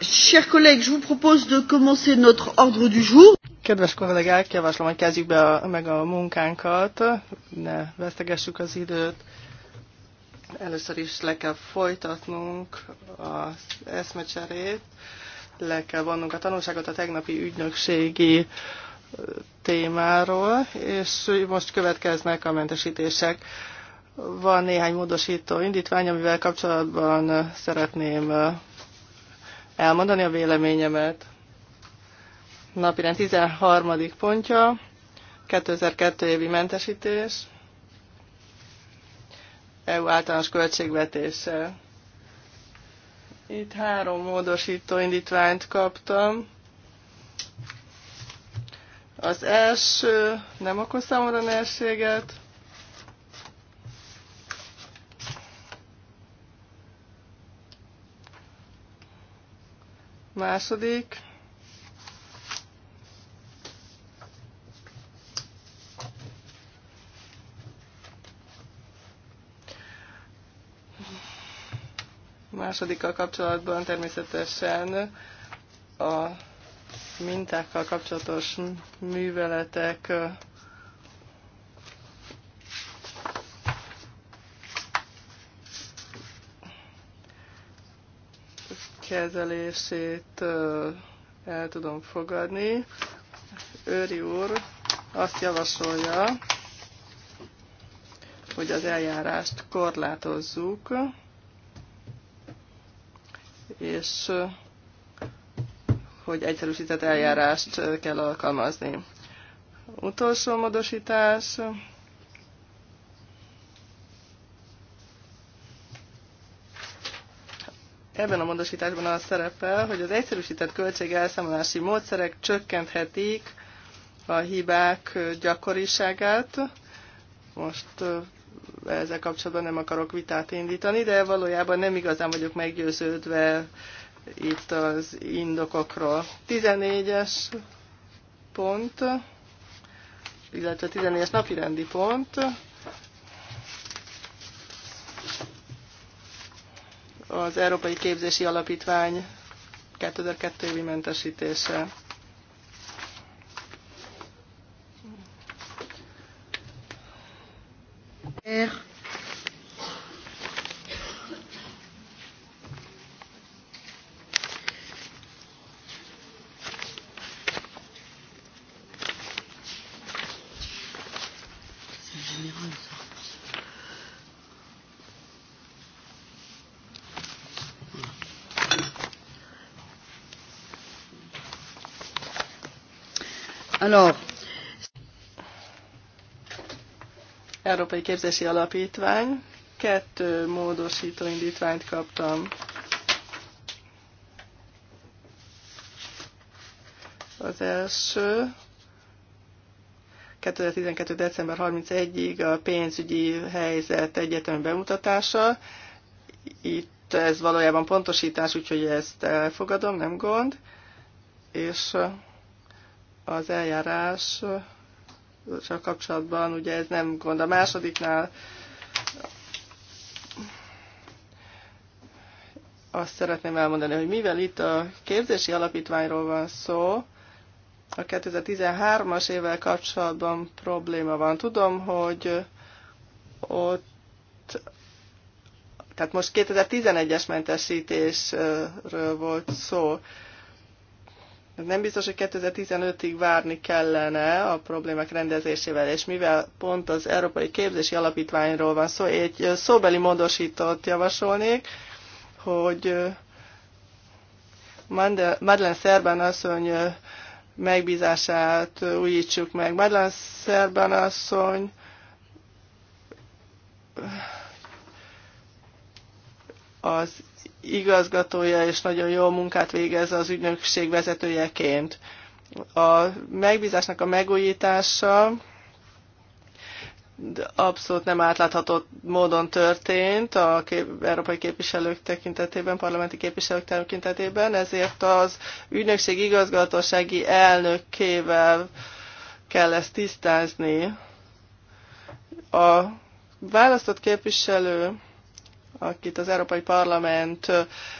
chers collègues, je vous propose de commencer notre ordre du jour. Kedves kollégák, javaslom, hogy kezdjük be a, meg a munkánkat, ne vesztegessük az időt. Először is le kell folytatnunk az eszmecserét, le kell vonnunk a tanulságot a tegnapi ügynökségi témáról, és most következnek a mentesítések. Van néhány módosító indítvány, amivel kapcsolatban szeretném elmondani a véleményemet. Napirend 13. pontja, 2002 évi mentesítés, EU általános költségvetése. Itt három módosító indítványt kaptam. Az első nem okoz számomra nehézséget. Második. Másodikkal kapcsolatban természetesen a mintákkal kapcsolatos műveletek kezelését el tudom fogadni. Őri úr azt javasolja, hogy az eljárást korlátozzuk, és hogy egyszerűsített eljárást kell alkalmazni. Utolsó módosítás, Ebben a módosításban az szerepel, hogy az egyszerűsített költségelszámolási módszerek csökkenthetik a hibák gyakoriságát. Most ezzel kapcsolatban nem akarok vitát indítani, de valójában nem igazán vagyok meggyőződve itt az indokokról. 14-es pont, illetve 14-es napirendi pont az Európai Képzési Alapítvány 2002 évi mentesítése. Alap. Európai Képzési Alapítvány. Kettő módosító indítványt kaptam. Az első 2012. december 31-ig a pénzügyi helyzet egyetemi bemutatása. Itt ez valójában pontosítás, úgyhogy ezt elfogadom, nem gond. És az eljárás csak kapcsolatban, ugye ez nem gond a másodiknál. Azt szeretném elmondani, hogy mivel itt a képzési alapítványról van szó, a 2013-as évvel kapcsolatban probléma van. Tudom, hogy ott, tehát most 2011-es mentesítésről volt szó, nem biztos, hogy 2015-ig várni kellene a problémák rendezésével, és mivel pont az Európai Képzési Alapítványról van szó, egy szóbeli módosított javasolnék, hogy Madeleine Szerben asszony megbízását újítsuk meg. Madeleine Szerben asszony az igazgatója, és nagyon jó munkát végez az ügynökség vezetőjeként. A megbízásnak a megújítása abszolút nem átlátható módon történt a kép- európai képviselők tekintetében, parlamenti képviselők tekintetében, ezért az ügynökség igazgatósági elnökével kell ezt tisztázni. A választott képviselő akit az Európai Parlament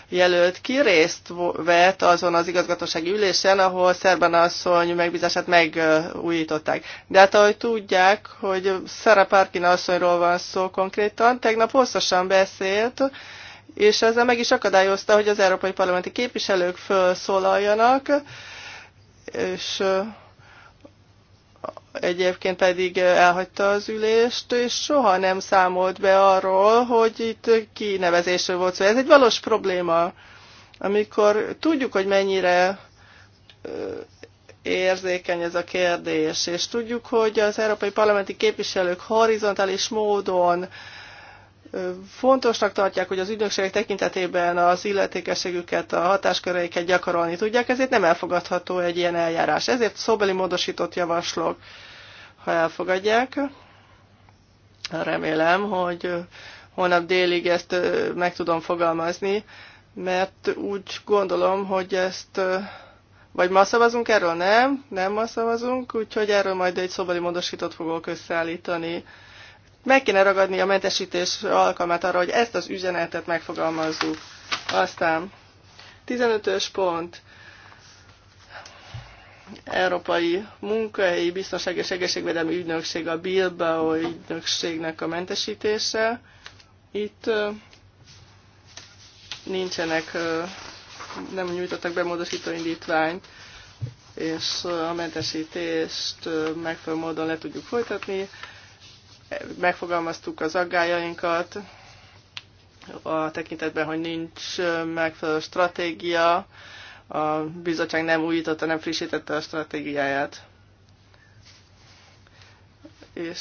jelölt ki, részt vett azon az igazgatósági ülésen, ahol Szerben asszony megbízását megújították. De hát ahogy tudják, hogy Szara Parkin asszonyról van szó konkrétan, tegnap hosszasan beszélt, és ezzel meg is akadályozta, hogy az európai parlamenti képviselők felszólaljanak, és egyébként pedig elhagyta az ülést, és soha nem számolt be arról, hogy itt kinevezésről volt szó. Ez egy valós probléma. Amikor tudjuk, hogy mennyire érzékeny ez a kérdés, és tudjuk, hogy az európai parlamenti képviselők horizontális módon fontosnak tartják, hogy az ügynökségek tekintetében az illetékességüket, a hatásköreiket gyakorolni tudják, ezért nem elfogadható egy ilyen eljárás. Ezért szóbeli módosított javaslok, ha elfogadják. Remélem, hogy holnap délig ezt meg tudom fogalmazni, mert úgy gondolom, hogy ezt vagy ma szavazunk erről? Nem, nem ma szavazunk, úgyhogy erről majd egy szobali módosítót fogok összeállítani meg kéne ragadni a mentesítés alkalmát arra, hogy ezt az üzenetet megfogalmazzuk. Aztán 15-ös pont. Európai Munkai Biztonság és Egészségvédelmi Ügynökség, a Bilbao ügynökségnek a mentesítése. Itt nincsenek, nem nyújtottak be módosító indítványt, és a mentesítést megfelelő módon le tudjuk folytatni megfogalmaztuk az aggájainkat a tekintetben, hogy nincs megfelelő stratégia, a bizottság nem újította, nem frissítette a stratégiáját. És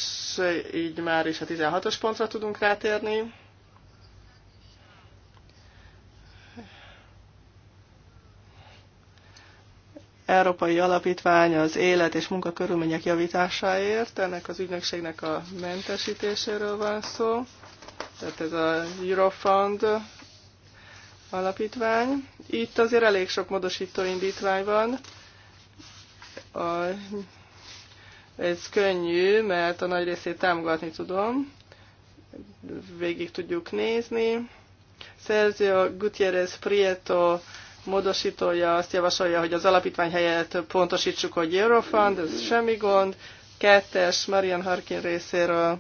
így már is a 16-os pontra tudunk rátérni. Európai Alapítvány az élet és munkakörülmények javításáért. Ennek az ügynökségnek a mentesítéséről van szó. Tehát ez a Eurofund alapítvány. Itt azért elég sok módosító indítvány van. A, ez könnyű, mert a nagy részét támogatni tudom. Végig tudjuk nézni. Sergio Gutierrez Prieto módosítója azt javasolja, hogy az alapítvány helyett pontosítsuk, hogy Eurofund, ez semmi gond. Kettes, Marian Harkin részéről,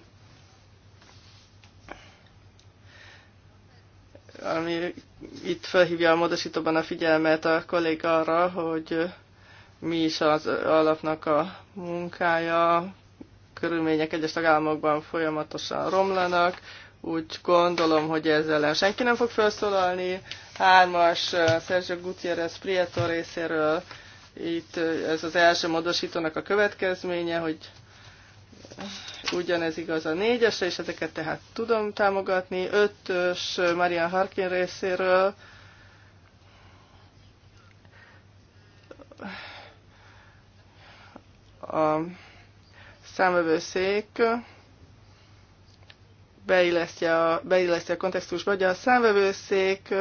ami itt felhívja a módosítóban a figyelmet a kolléga arra, hogy mi is az alapnak a munkája, körülmények egyes tagállamokban folyamatosan romlanak, úgy gondolom, hogy ezzel senki nem fog felszólalni. Hármas eh, Sergio Gutierrez Prieto részéről itt eh, ez az első módosítónak a következménye, hogy ugyanez igaz a négyesre, és ezeket tehát tudom támogatni. Ötös eh, Marian Harkin részéről a számövőszék beillesztje a, beillesztje a kontextusba, hogy a számvevőszék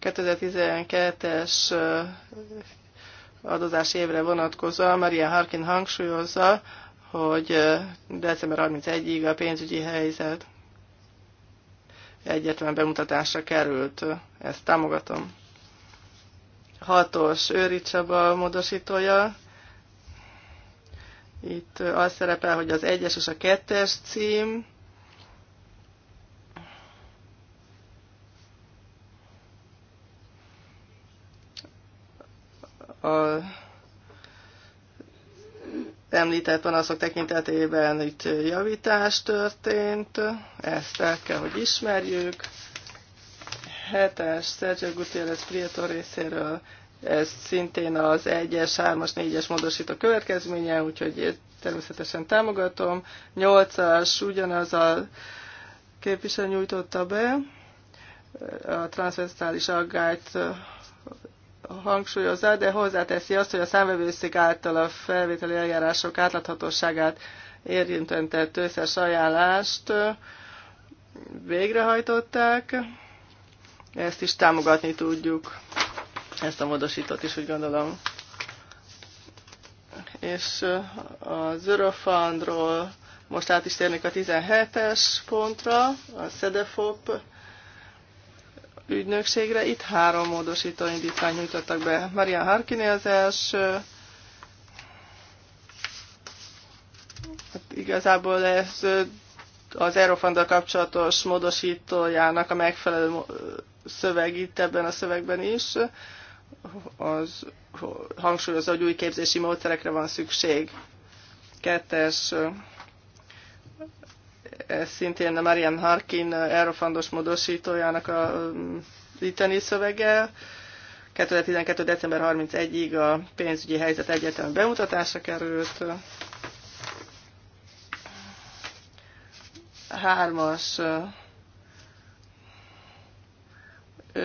...2012-es adozás évre vonatkozóan Maria Harkin hangsúlyozza, hogy december 31-ig a pénzügyi helyzet egyetlen bemutatásra került. Ezt támogatom. Hatos Őri Csaba módosítója. Itt az szerepel, hogy az egyes és a kettes cím. A említett panaszok tekintetében itt javítás történt, ezt el kell, hogy ismerjük hetes Sergio Gutiérrez Prieto részéről ez szintén az 1-es, 3-as, 4-es módosít a következménye, úgyhogy természetesen támogatom. 8-as ugyanaz a képviselő nyújtotta be, a transvestális aggályt hangsúlyozza, de hozzáteszi azt, hogy a számvevőszék által a felvételi eljárások átláthatóságát érintett összes ajánlást végrehajtották ezt is támogatni tudjuk, ezt a módosítót is úgy gondolom. És az Eurofundról most át is térnék a 17-es pontra, a SEDEFOP ügynökségre. Itt három módosító indítvány nyújtottak be. Maria Harkiné az első. Hát igazából ez az Aerofondal kapcsolatos módosítójának a megfelelő szöveg itt ebben a szövegben is, az hangsúlyozza, hogy új képzési módszerekre van szükség. Kettes, ez szintén a Marian Harkin Eurofondos módosítójának a um, itteni szövege. 2012. december 31-ig a pénzügyi helyzet egyetlen bemutatásra került. Hármas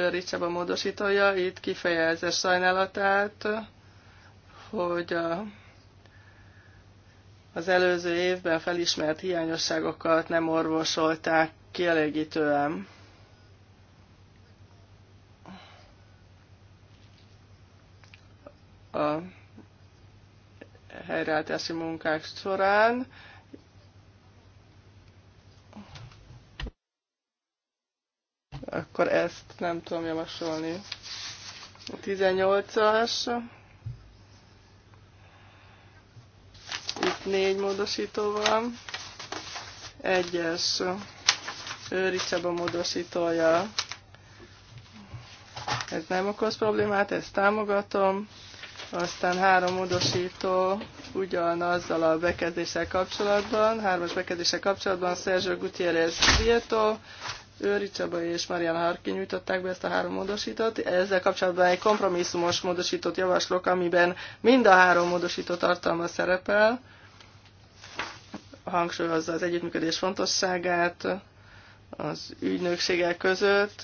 Ricsaba módosítója itt kifejezze sajnálatát, hogy a, az előző évben felismert hiányosságokat nem orvosolták kielégítően. A helyreálltási munkák során akkor ezt nem tudom javasolni. A 18-as. Itt négy módosító van. Egyes. Őri Csaba módosítója. Ez nem okoz problémát, ezt támogatom. Aztán három módosító ugyanazzal a bekezdéssel kapcsolatban, hármas bekezdéssel kapcsolatban Szerzső Gutierrez Vieto, Őri Csaba és Marian Harkin nyújtották be ezt a három módosítót. Ezzel kapcsolatban egy kompromisszumos módosítót javaslok, amiben mind a három módosító tartalma szerepel. Hangsúlyozza az együttműködés fontosságát az ügynökségek között,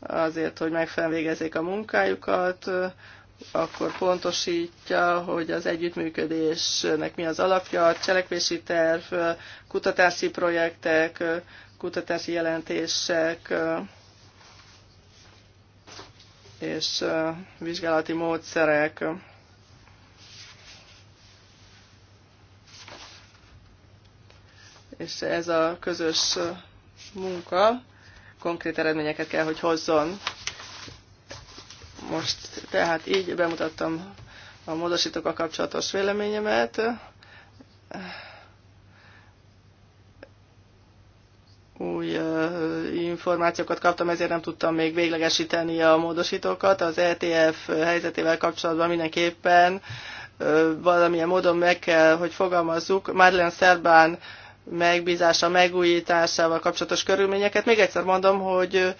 azért, hogy megfelelően végezzék a munkájukat, akkor pontosítja, hogy az együttműködésnek mi az alapja, cselekvési terv, kutatási projektek, kutatási jelentések és vizsgálati módszerek. És ez a közös munka konkrét eredményeket kell, hogy hozzon. Most tehát így bemutattam a módosítókkal kapcsolatos véleményemet. új információkat kaptam, ezért nem tudtam még véglegesíteni a módosítókat. Az ETF helyzetével kapcsolatban mindenképpen valamilyen módon meg kell, hogy fogalmazzuk. Madeleine Szerbán megbízása, megújításával kapcsolatos körülményeket. Még egyszer mondom, hogy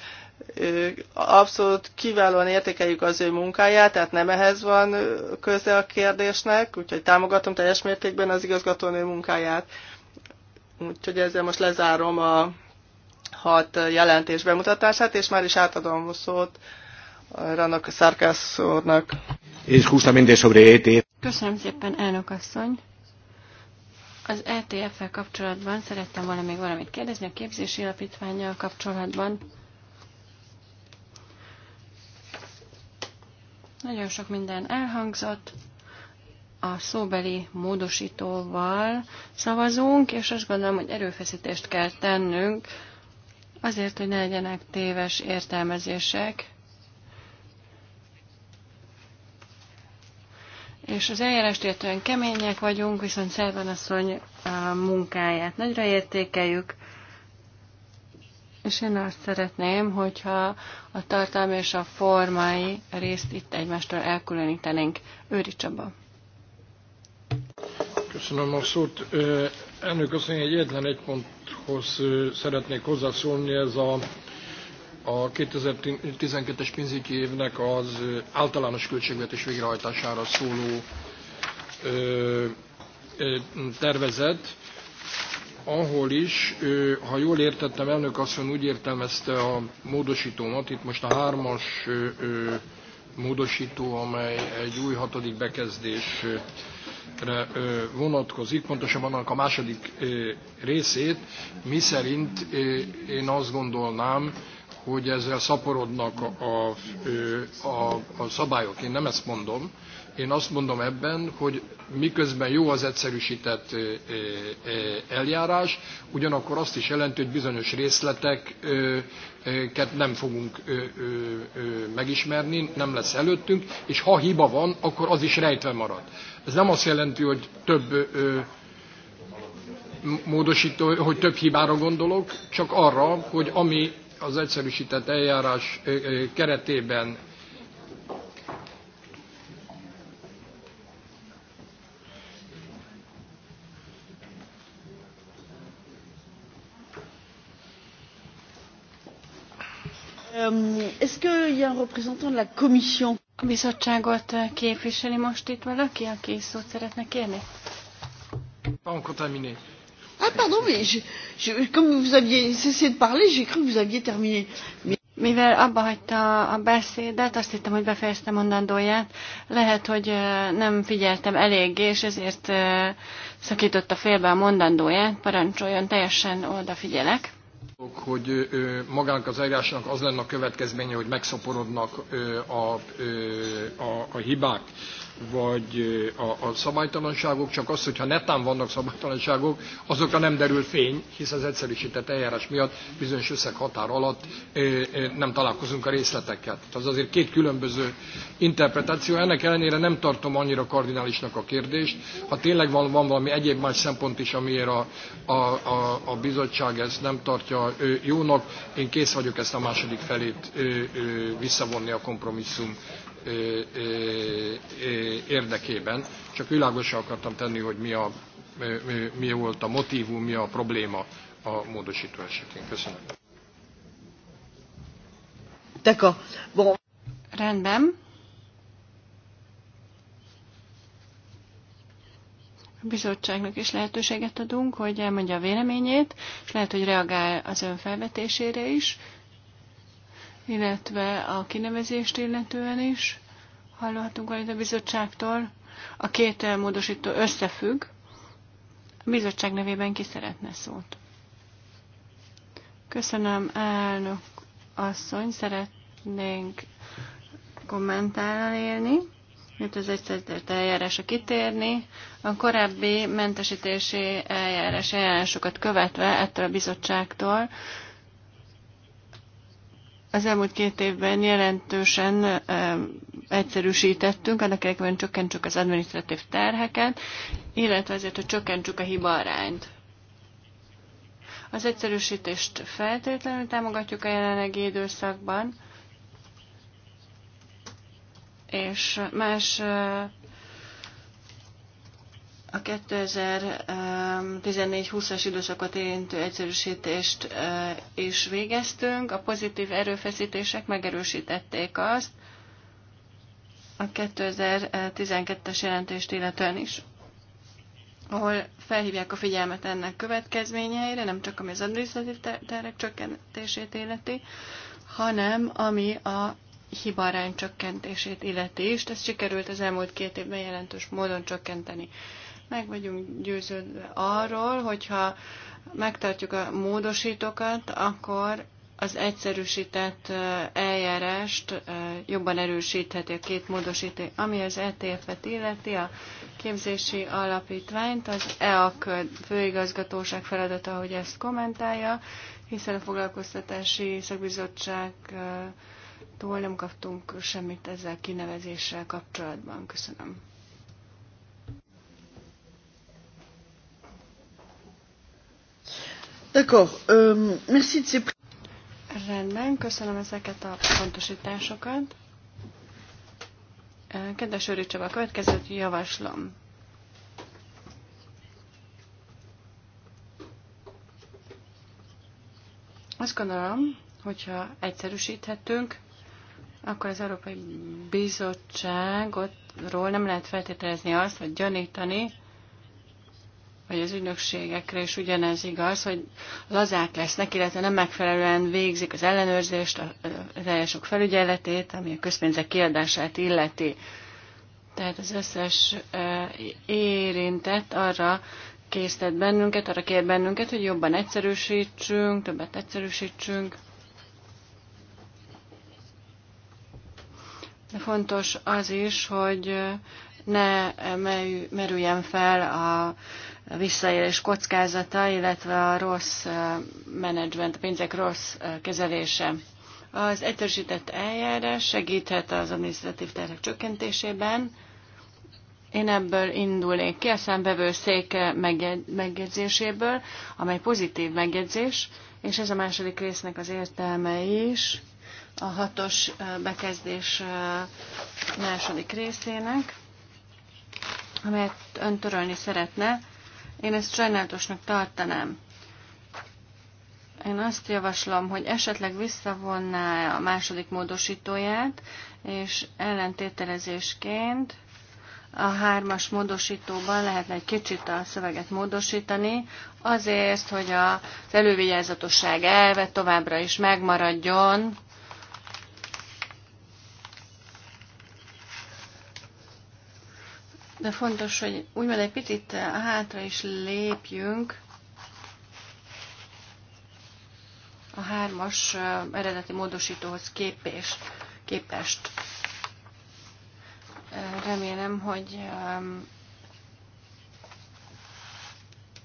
abszolút kiválóan értékeljük az ő munkáját, tehát nem ehhez van köze a kérdésnek, úgyhogy támogatom teljes mértékben az igazgatónő munkáját. Úgyhogy ezzel most lezárom a hat jelentés bemutatását, és már is átadom a szót Ranok Szárkász úrnak. És justamente sobre ET. Köszönöm szépen, elnök asszony. Az etf el kapcsolatban szerettem volna még valamit kérdezni a képzési alapítványjal kapcsolatban. Nagyon sok minden elhangzott. A szóbeli módosítóval szavazunk, és azt gondolom, hogy erőfeszítést kell tennünk Azért, hogy ne legyenek téves értelmezések, És az eljárást illetően kemények vagyunk, viszont Szerben asszony munkáját nagyra értékeljük, és én azt szeretném, hogyha a tartalmi és a formai részt itt egymástól elkülönítenénk. Őri Csaba. Köszönöm a szót. Elnök asszony, egyetlen egy ponthoz szeretnék hozzászólni, ez a a 2012-es pénzügyi évnek az általános költségvetés végrehajtására szóló ö, ö, tervezet, ahol is, ö, ha jól értettem, elnök asszony úgy értelmezte a módosítómat, itt most a hármas ö, ö, módosító, amely egy új hatodik bekezdés vonatkozik, pontosabban annak a második részét, mi szerint én azt gondolnám, hogy ezzel szaporodnak a, a, a szabályok. Én nem ezt mondom. Én azt mondom ebben, hogy miközben jó az egyszerűsített eljárás, ugyanakkor azt is jelenti, hogy bizonyos részleteket nem fogunk megismerni, nem lesz előttünk, és ha hiba van, akkor az is rejtve marad. Ez nem azt jelenti, hogy több ö, módosító, hogy több hibára gondolok, csak arra, hogy ami az egyszerűsített eljárás keretében Euh, est-ce qu'il y a un représentant de la Commission? bizottságot euh, képviseli most itt valaki, aki szót szeretne kérni? Ah pardon, mais je, je, comme vous aviez cessé de parler, j'ai cru que vous aviez terminé. Mais... Mivel abba hagyta a beszédet, azt hittem, hogy befejezte mondandóját. Lehet, hogy nem figyeltem eléggé, és ezért szakította félbe a mondandóját. Parancsoljon, teljesen odafigyelek. Hogy magának az eljárásnak az lenne a következménye, hogy megszaporodnak a, a, a hibák vagy a, a szabálytalanságok, csak az, hogyha netán vannak szabálytalanságok, azokra nem derül fény, hisz az egyszerűsített eljárás miatt bizonyos határ alatt nem találkozunk a részletekkel. Tehát az azért két különböző interpretáció. Ennek ellenére nem tartom annyira kardinálisnak a kérdést. Ha tényleg van, van valami egyéb más szempont is, amiért a, a, a, a bizottság ezt nem tartja jónak, én kész vagyok ezt a második felét visszavonni a kompromisszum érdekében. Csak világosan akartam tenni, hogy mi, a, mi volt a motivum, mi a probléma a módosító esetén. Köszönöm. Teka. Rendben. A bizottságnak is lehetőséget adunk, hogy elmondja a véleményét, és lehet, hogy reagál az ön felvetésére is, illetve a kinevezést illetően is. Hallhatunk valamit a bizottságtól. A két eh, módosító összefügg. A bizottság nevében ki szeretne szót? Köszönöm, elnök asszony, szeretnénk kommentállal élni, mert az egyszerűtett eljárásra kitérni. A korábbi mentesítési eljárás ajánlásokat követve ettől a bizottságtól az elmúlt két évben jelentősen egyszerűsítettünk, annak érdekében csökkentsük az administratív terheket, illetve azért, hogy csökkentsük a hiba arányt. Az egyszerűsítést feltétlenül támogatjuk a jelenlegi időszakban, és más a 2014-20-as időszakot érintő egyszerűsítést is végeztünk. A pozitív erőfeszítések megerősítették azt, a 2012-es jelentést illetően is, ahol felhívják a figyelmet ennek következményeire, nem csak ami az adminisztratív terek csökkentését illeti, hanem ami a hibarány csökkentését illeti is. Ezt sikerült az elmúlt két évben jelentős módon csökkenteni. Meg vagyunk győződve arról, hogyha megtartjuk a módosítókat, akkor az egyszerűsített eljárást jobban erősítheti a két módosító, ami az ETF-et illeti, a képzési alapítványt, az EAK főigazgatóság feladata, hogy ezt kommentálja, hiszen a foglalkoztatási túl nem kaptunk semmit ezzel kinevezéssel kapcsolatban. Köszönöm. Euh, Rendben, köszönöm ezeket a pontosításokat. Kedves Őri Csaba, következőt javaslom. Azt gondolom, hogyha egyszerűsíthetünk, akkor az Európai Bizottságotról nem lehet feltételezni azt, vagy gyanítani, vagy az ügynökségekre is ugyanez igaz, hogy lazák lesznek, illetve nem megfelelően végzik az ellenőrzést, a teljesok felügyeletét, ami a közpénzek kiadását illeti. Tehát az összes e, érintett arra késztet bennünket, arra kér bennünket, hogy jobban egyszerűsítsünk, többet egyszerűsítsünk. De fontos az is, hogy ne merüljen fel a visszaélés kockázata, illetve a rossz menedzsment, a pénzek rossz kezelése. Az egyszerűsített eljárás segíthet az adminisztratív terhek csökkentésében. Én ebből indulnék ki a széke megjegyzéséből, amely pozitív megjegyzés, és ez a második résznek az értelme is a hatos bekezdés második részének, amelyet ön törölni szeretne. Én ezt sajnálatosnak tartanám. Én azt javaslom, hogy esetleg visszavonná a második módosítóját, és ellentételezésként a hármas módosítóban lehetne egy kicsit a szöveget módosítani, azért, hogy az elővigyázatosság elve továbbra is megmaradjon, de fontos, hogy úgymond egy picit hátra is lépjünk a hármas eredeti módosítóhoz képés, képest. Remélem, hogy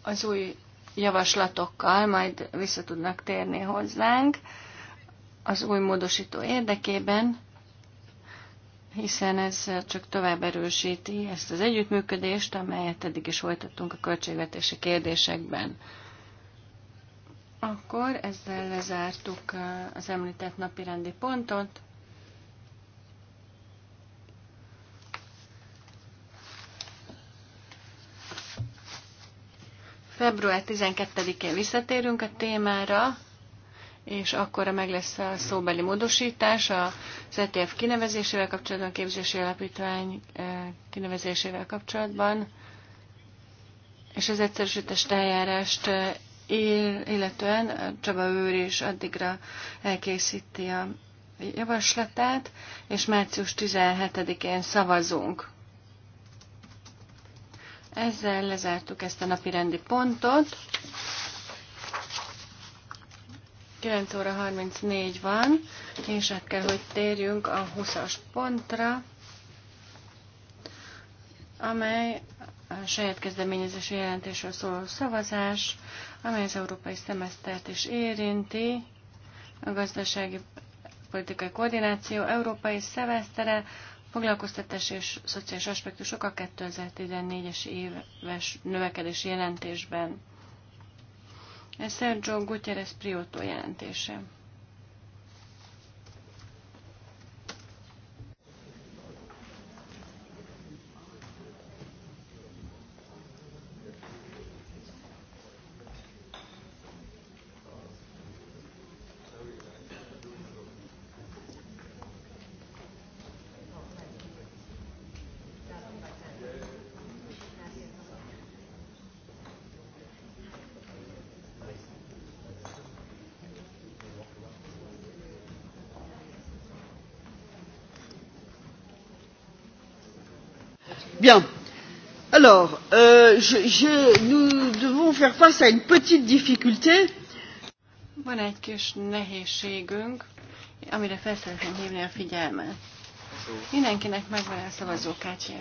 az új javaslatokkal majd vissza tudnak térni hozzánk az új módosító érdekében hiszen ez csak tovább erősíti ezt az együttműködést, amelyet eddig is folytattunk a költségvetési kérdésekben. Akkor ezzel lezártuk az említett rendi pontot. Február 12-én visszatérünk a témára és akkor meg lesz a szóbeli módosítás az ETF kinevezésével kapcsolatban, képzési alapítvány eh, kinevezésével kapcsolatban, és az egyszerűsítés eljárást eh, illetően Csaba őr is addigra elkészíti a javaslatát, és március 17-én szavazunk. Ezzel lezártuk ezt a napi rendi pontot. 9 óra 34 van, és át kell, hogy térjünk a 20-as pontra, amely a saját kezdeményezési jelentésről szóló szavazás, amely az európai szemesztert is érinti, a gazdasági politikai koordináció európai szemesztere, foglalkoztatás és szociális aspektusok a 2014-es éves növekedési jelentésben. Ez Sergio Gutierrez Prioto jelentése. Bien. Alors, euh, je, je, nous devons faire face à une petite difficulté. Van egy kis nehézségünk, amire fel szeretném hívni a figyelmet. Mindenkinek megvan a szavazókártya.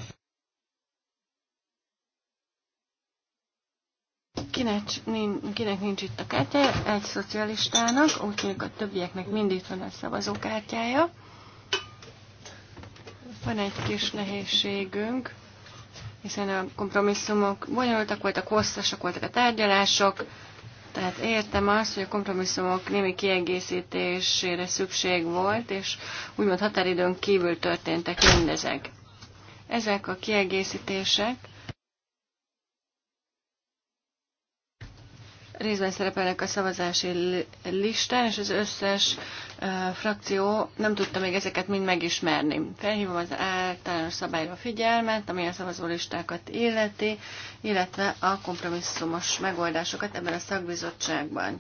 Kinek, nin, kinek nincs itt a kártya, egy szocialistának, úgyhogy a többieknek mindig van a szavazókártyája. Van egy kis nehézségünk hiszen a kompromisszumok bonyolultak voltak, hosszasak voltak a tárgyalások, tehát értem azt, hogy a kompromisszumok némi kiegészítésére szükség volt, és úgymond határidőn kívül történtek mindezek. Ezek a kiegészítések részben szerepelnek a szavazási listán, és az összes frakció nem tudta még ezeket mind megismerni. Felhívom az általános szabályra figyelmet, ami a szavazólistákat illeti, illetve a kompromisszumos megoldásokat ebben a szakbizottságban.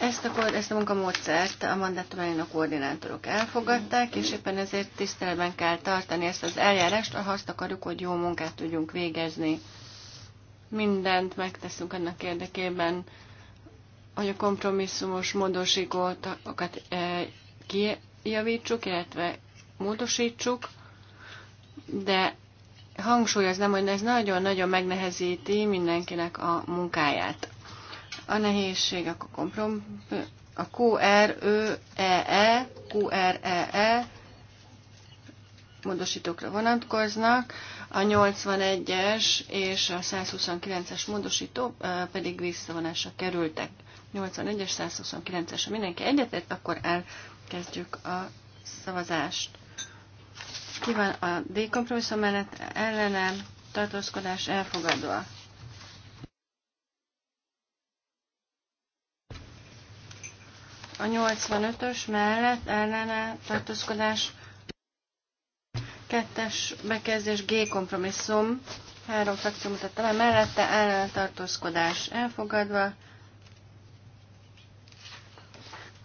Ezt a, ezt a munkamódszert a mandátumáin a koordinátorok elfogadták, és éppen ezért tiszteletben kell tartani ezt az eljárást, ha azt akarjuk, hogy jó munkát tudjunk végezni mindent megteszünk annak érdekében, hogy a kompromisszumos módosítókat eh, kijavítsuk, illetve módosítsuk, de hangsúlyoznám, hogy ez nagyon-nagyon megnehezíti mindenkinek a munkáját. A nehézség a komprom, a e QREE e, e módosítókra vonatkoznak, a 81-es és a 129-es módosító pedig visszavonásra kerültek. 81-es, 129-es. Ha mindenki egyetért, akkor elkezdjük a szavazást. Ki van a D kompromisszum mellett ellenem tartózkodás elfogadva. A 85-ös mellett ellene tartózkodás elfogadva Kettes bekezdés G kompromisszum. Három frakció mutatta be mellette, ellentartózkodás elfogadva.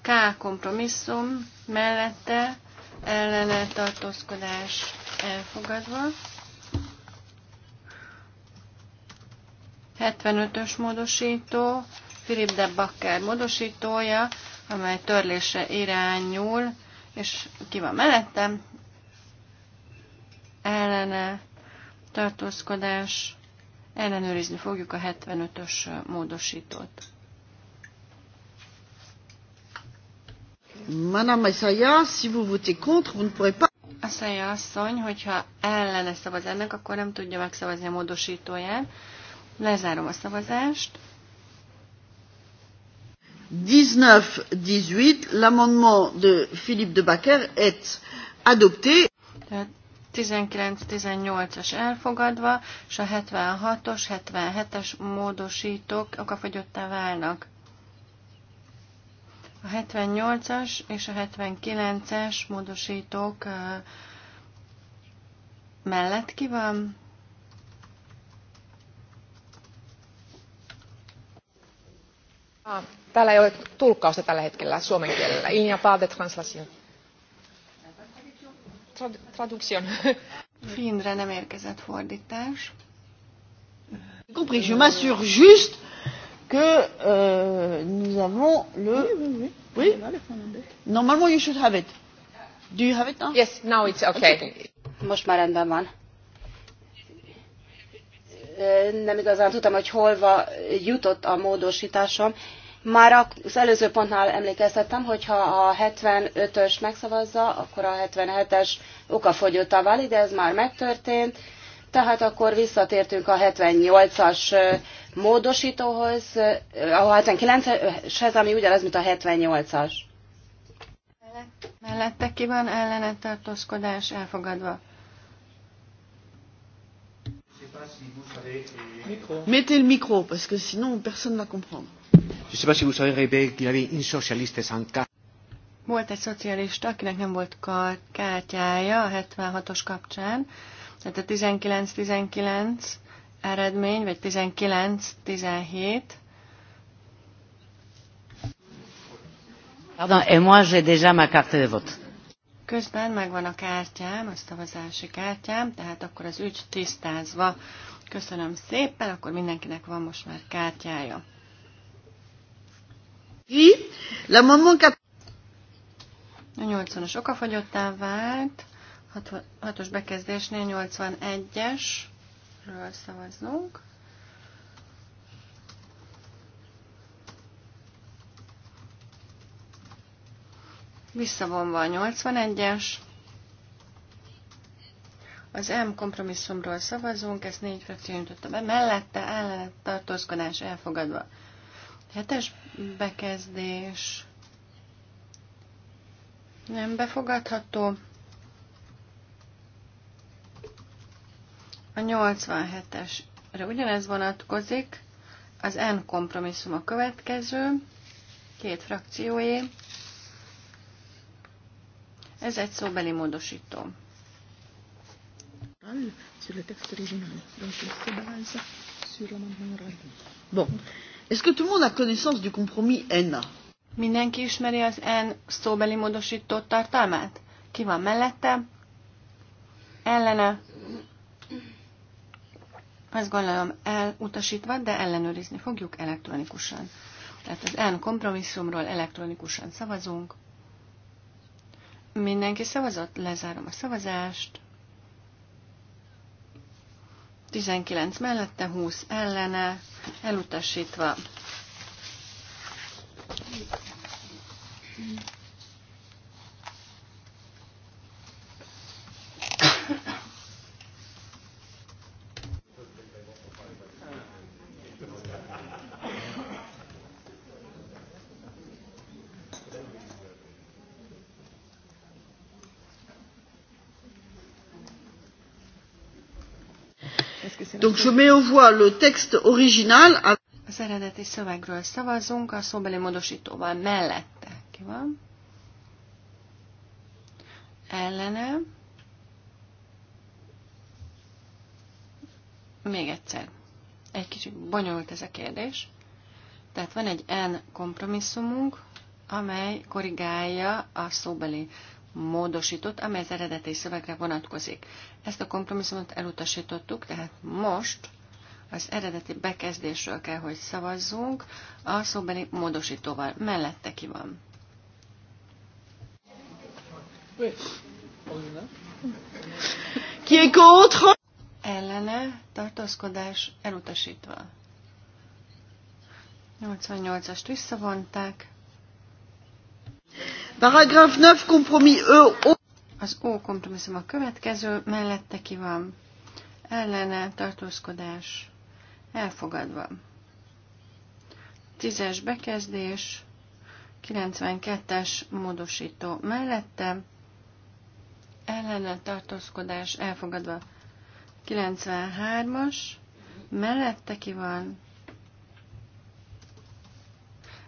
K kompromisszum mellette, ellentartózkodás elfogadva. 75-ös módosító, Philip de Bakker módosítója, amely törlése irányul, és ki van mellettem, ellene tartózkodás, ellenőrizni fogjuk a 75-ös módosítót. Madame Assaya, si vous votez contre, vous ne pourrez pas... Assaya asszony, hogyha ellene szavaz ennek, akkor nem tudja megszavazni a módosítóját. Lezárom a szavazást. 19-18, l'amendement de Philippe de Backer est adopté. Tehát 19-18-as elfogadva, és a 76-os, 77-es módosítók okafogyottá válnak. A 78-as és a 79-es módosítók mellett ki van? Täällä ei ole tulkkausta tällä hetkellä suomen kielellä. Inja n'y a pas translation trad- traduction. Finnre nem érkezett fordítás. Compris, je m'assure juste que euh, nous avons le... Oui, oui, oui. oui? Normalement, you should have it. Do you have it now? Yes, now it's okay. It's okay. Most már rendben van. Nem igazán tudtam, hogy holva jutott a módosításom. Már az előző pontnál emlékeztettem, ha a 75-ös megszavazza, akkor a 77-es okafogyottá válik, de ez már megtörtént. Tehát akkor visszatértünk a 78-as módosítóhoz, a 79 eshez ami ugyanaz, mint a 78-as. Mellette ki van ellene tartózkodás elfogadva. Mettez le micro, parce que sinon personne ne va comprendre. Je sais pas si vous savez, Rebé, qu'il avait une socialiste sans carte. Volt egy szocialista, akinek nem volt kártyája a 76-os kapcsán, tehát a 19-19 eredmény, vagy 19-17. Pardon, et moi j'ai déjà ma carte de vote. Közben megvan a kártyám, a szavazási kártyám, tehát akkor az ügy tisztázva. Köszönöm szépen, akkor mindenkinek van most már kártyája. A 80-as okafagyottá vált, 6-os bekezdésnél 81-esről szavaznunk. Visszavonva a 81-es. Az M kompromisszumról szavazunk, ezt négy frakció nyújtotta be, mellette ellene tartózkodás elfogadva. Hetes bekezdés nem befogadható. A 87-esre ugyanez vonatkozik. Az N kompromisszum a következő, két frakcióé. Ez egy szóbeli módosító. Sur le texte original, donc il se base sur l'amendement oral. Bon, Est-ce que tout le monde a connaissance du compromis NA? Mindenki ismeri az N szóbeli módosított tartalmát? Ki van mellette? Ellene? Azt gondolom elutasítva, de ellenőrizni fogjuk elektronikusan. Tehát az N kompromisszumról elektronikusan szavazunk. Mindenki szavazott? Lezárom a szavazást. 19 mellette, 20 ellene, elutasítva. Donc je mets au voix le texte original. Az eredeti szövegről szavazunk, a szóbeli módosítóval mellette. Ki van? Ellene. Még egyszer. Egy kicsit bonyolult ez a kérdés. Tehát van egy N kompromisszumunk, amely korrigálja a szóbeli módosított, amely az eredeti szövegre vonatkozik. Ezt a kompromisszumot elutasítottuk, tehát most az eredeti bekezdésről kell, hogy szavazzunk a szóbeli módosítóval. Mellette ki van. Ki contre? Ellene tartózkodás elutasítva. 88-ast visszavonták. Paragraf 9 kompromis E. Az O kompromisszum a következő, mellette ki van ellene tartózkodás elfogadva. 10-es bekezdés, 92-es módosító mellette, ellene tartózkodás elfogadva. 93-as, mellette ki van,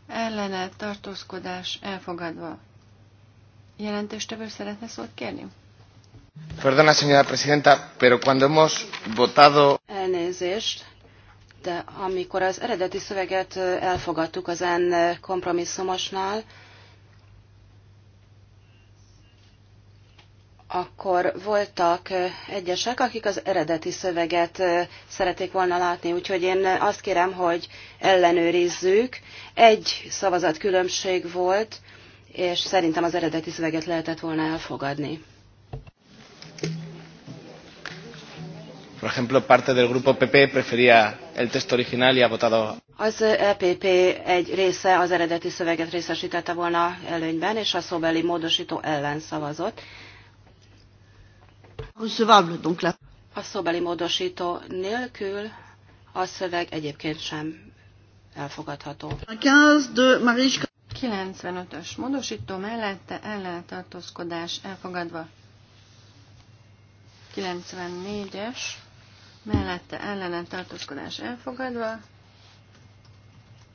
ellene tartózkodás elfogadva. Jelentéstevő szeretne szót kérni? Perdona, señora presidenta, pero cuando hemos votado... Elnézést, de amikor az eredeti szöveget elfogadtuk az en kompromisszumosnál, akkor voltak egyesek, akik az eredeti szöveget szerették volna látni, úgyhogy én azt kérem, hogy ellenőrizzük. Egy szavazat különbség volt, és szerintem az eredeti szöveget lehetett volna elfogadni. Por ejemplo, parte del grupo PP prefería el texto original y ha votado. Az EPP egy része az eredeti szöveget részesítette volna előnyben, és a szóbeli módosító ellen szavazott. A szóbeli módosító nélkül a szöveg egyébként sem elfogadható. 15 de 95-ös módosító mellette ellentartózkodás elfogadva. 94-es mellette ellentartózkodás elfogadva.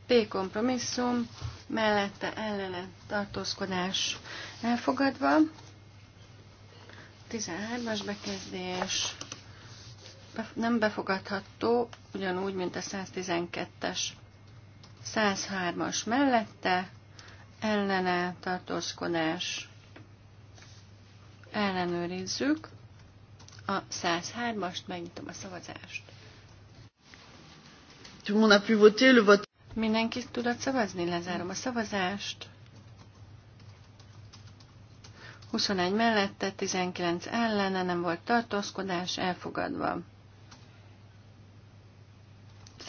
P kompromisszum mellette ellentartózkodás elfogadva. 13-as bekezdés nem befogadható, ugyanúgy, mint a 112-es. 103-as mellette ellene tartózkodás ellenőrizzük. A 103-ast megnyitom a szavazást. Mindenki tudott szavazni, lezárom a szavazást. 21 mellette, 19 ellene, nem volt tartózkodás, elfogadva.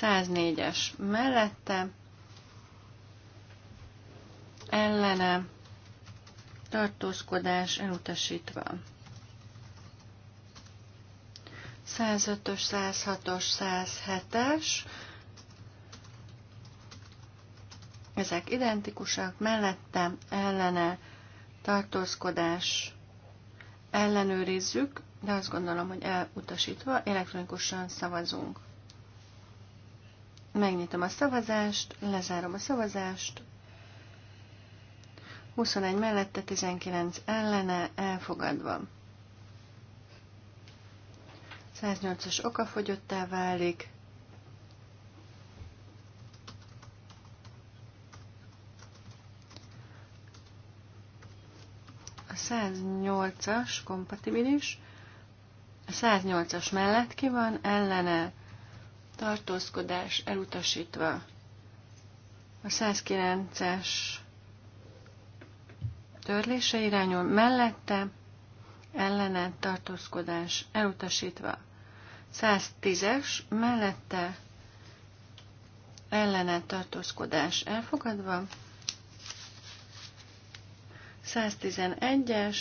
104-es mellette, ellene tartózkodás elutasítva. 105-ös, 106-os, 107-es, ezek identikusak, mellette ellene tartózkodás ellenőrizzük, de azt gondolom, hogy elutasítva elektronikusan szavazunk. Megnyitom a szavazást, lezárom a szavazást, 21 mellette, 19 ellene, elfogadva. 108-as fogyottá válik. A 108-as kompatibilis. A 108-as mellett ki van, ellene tartózkodás elutasítva. A 109-es törlése irányul mellette, ellene tartózkodás elutasítva. 110-es mellette ellene tartózkodás elfogadva. 111-es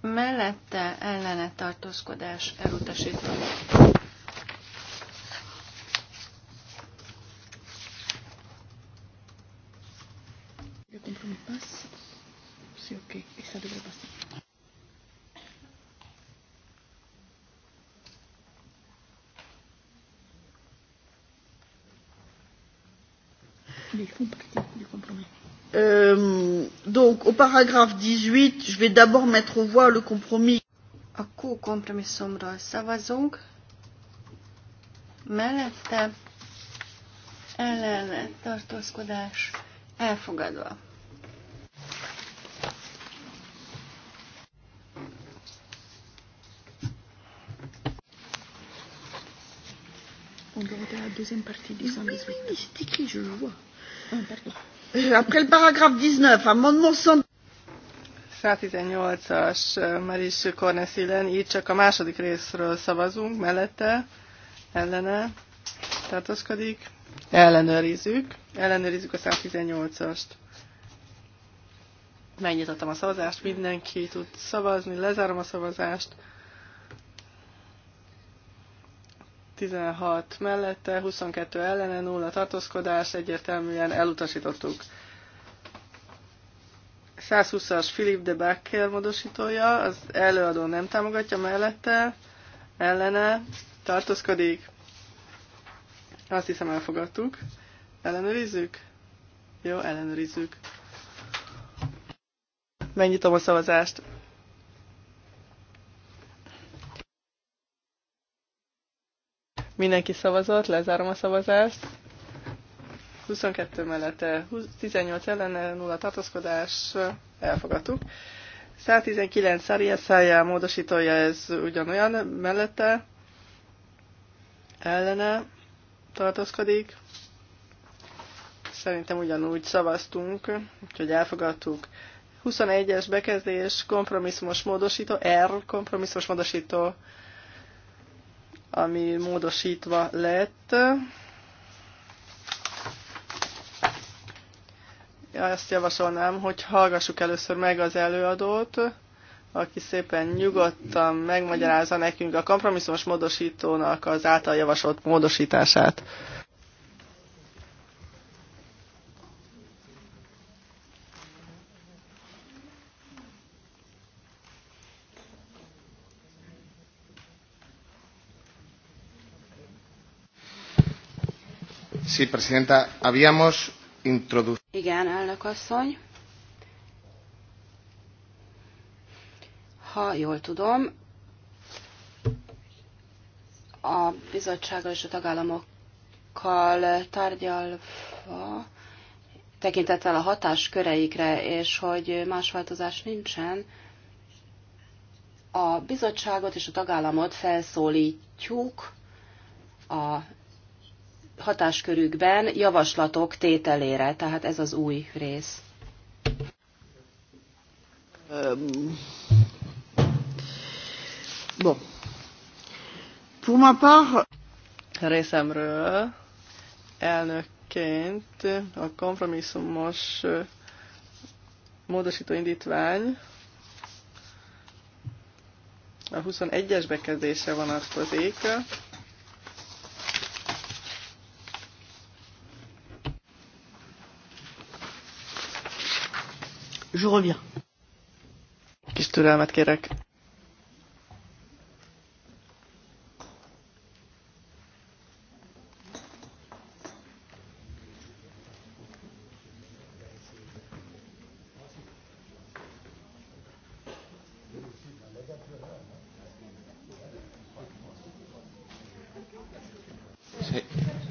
mellette ellene tartózkodás elutasítva. sí, ok, e ça devrait passer. Euh, donc, au paragraphe 18, je vais d'abord mettre au voie le compromis. A Q kompromisszumról szavazunk, mellette ellen tartózkodás elfogadva. deuxième partie du 118. Oui, c'est écrit, je le vois. Ah, euh, après le paragraphe 19, amendement 100... 118-as euh, Maris Kornesilen, így csak a második részről szavazunk, mellette, ellene, tartozkodik, ellenőrizzük, ellenőrizzük a 118-ast. Megnyitottam a szavazást, mindenki tud szavazni, lezárom a szavazást, 16 mellette, 22 ellene, 0 tartózkodás, egyértelműen elutasítottuk. 120-as Philip de Becker módosítója, az előadó nem támogatja mellette, ellene, tartózkodik. Azt hiszem elfogadtuk. Ellenőrizzük? Jó, ellenőrizzük. Megnyitom a szavazást. Mindenki szavazott, lezárom a szavazást. 22 mellette, 18 ellene, 0 tartózkodás, elfogadtuk. 119 Szariaszája módosítója, ez ugyanolyan mellette, ellene tartózkodik. Szerintem ugyanúgy szavaztunk, úgyhogy elfogadtuk. 21-es bekezdés, kompromisszumos módosító, R kompromisszumos módosító ami módosítva lett. ezt javasolnám, hogy hallgassuk először meg az előadót, aki szépen nyugodtan megmagyarázza nekünk a kompromisszumos módosítónak az által javasolt módosítását. Sí, presidenta, habíamos introducido. Igen, elnök asszony. Ha jól tudom, a bizottsággal és a tagállamokkal tárgyalva tekintettel a hatásköreikre, és hogy más változás nincsen, a bizottságot és a tagállamot felszólítjuk a hatáskörükben javaslatok tételére, tehát ez az új rész. Um, bon. Pour ma part... Részemről elnökként a kompromisszumos módosító indítvány a 21-es bekezdése vonatkozik. Je reviens. Kis türelmet kérek.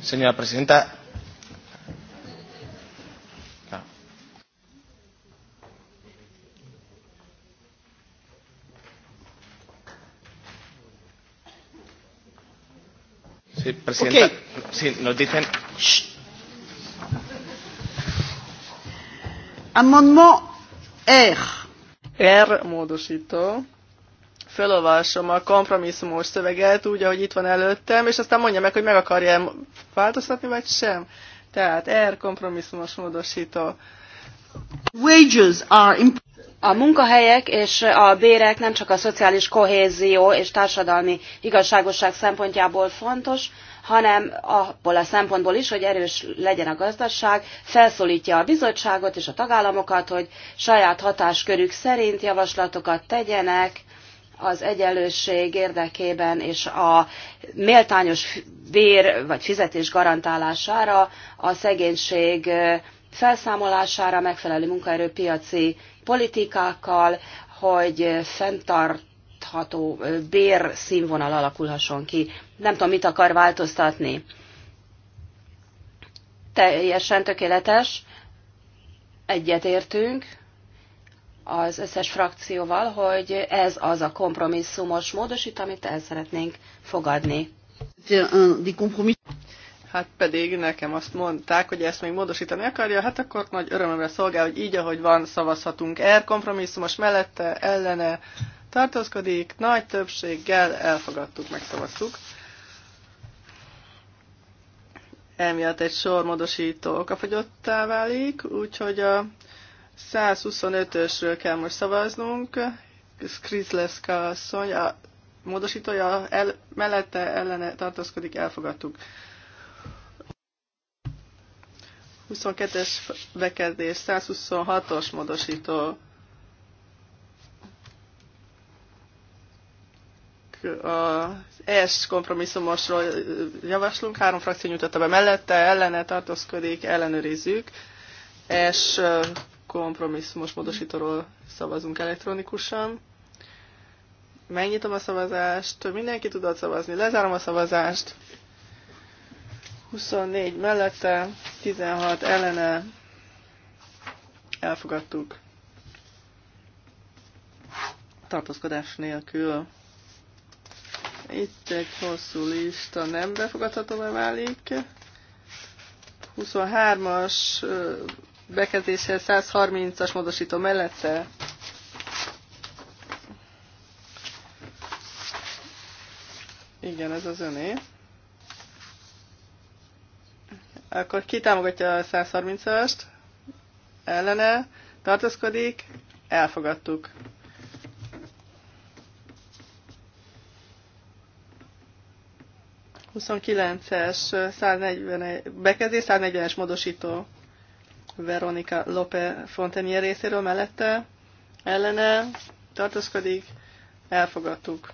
Señora presidenta, Presidenta, okay. sí, nos dicen... Shh. Amendment R. R módosító. Fölolvasom a kompromisszumos szöveget úgy, ahogy itt van előttem, és aztán mondja meg, hogy meg akarja változtatni, vagy sem. Tehát R kompromisszumos módosító. Wages are a munkahelyek és a bérek nem csak a szociális kohézió és társadalmi igazságosság szempontjából fontos, hanem abból a szempontból is, hogy erős legyen a gazdaság, felszólítja a bizottságot és a tagállamokat, hogy saját hatáskörük szerint javaslatokat tegyenek az egyenlőség érdekében és a méltányos bér vagy fizetés garantálására, a szegénység felszámolására, megfelelő munkaerőpiaci politikákkal, hogy fenntart fenntartható bérszínvonal alakulhasson ki. Nem tudom, mit akar változtatni. Teljesen tökéletes, egyetértünk az összes frakcióval, hogy ez az a kompromisszumos módosít, amit el szeretnénk fogadni. Hát pedig nekem azt mondták, hogy ezt még módosítani akarja, hát akkor nagy örömömre szolgál, hogy így, ahogy van, szavazhatunk er kompromisszumos mellette, ellene, tartózkodik, nagy többséggel elfogadtuk, megszavaztuk. Emiatt egy sor módosító okafogyottá válik, úgyhogy a 125-ösről kell most szavaznunk. Skrizleszka asszony, a módosítója el, mellette ellene tartózkodik, elfogadtuk. 22-es bekezdés, 126-os módosító az ES kompromisszumosról javaslunk, három frakció nyújtotta be mellette, ellene tartózkodik, ellenőrizzük. ES kompromisszumos módosítóról szavazunk elektronikusan. Megnyitom a szavazást, mindenki tudott szavazni, lezárom a szavazást. 24 mellette, 16 ellene, elfogadtuk. Tartózkodás nélkül. Itt egy hosszú lista nem a válik. 23-as bekezdéshez 130-as módosító mellette Igen, ez az öné. Akkor ki támogatja a 130-ast? Ellene? tartozkodik? Elfogadtuk. 29-es 140 bekezdés, 140-es módosító Veronika Lope Fontenier részéről mellette ellene tartozkodik, elfogadtuk.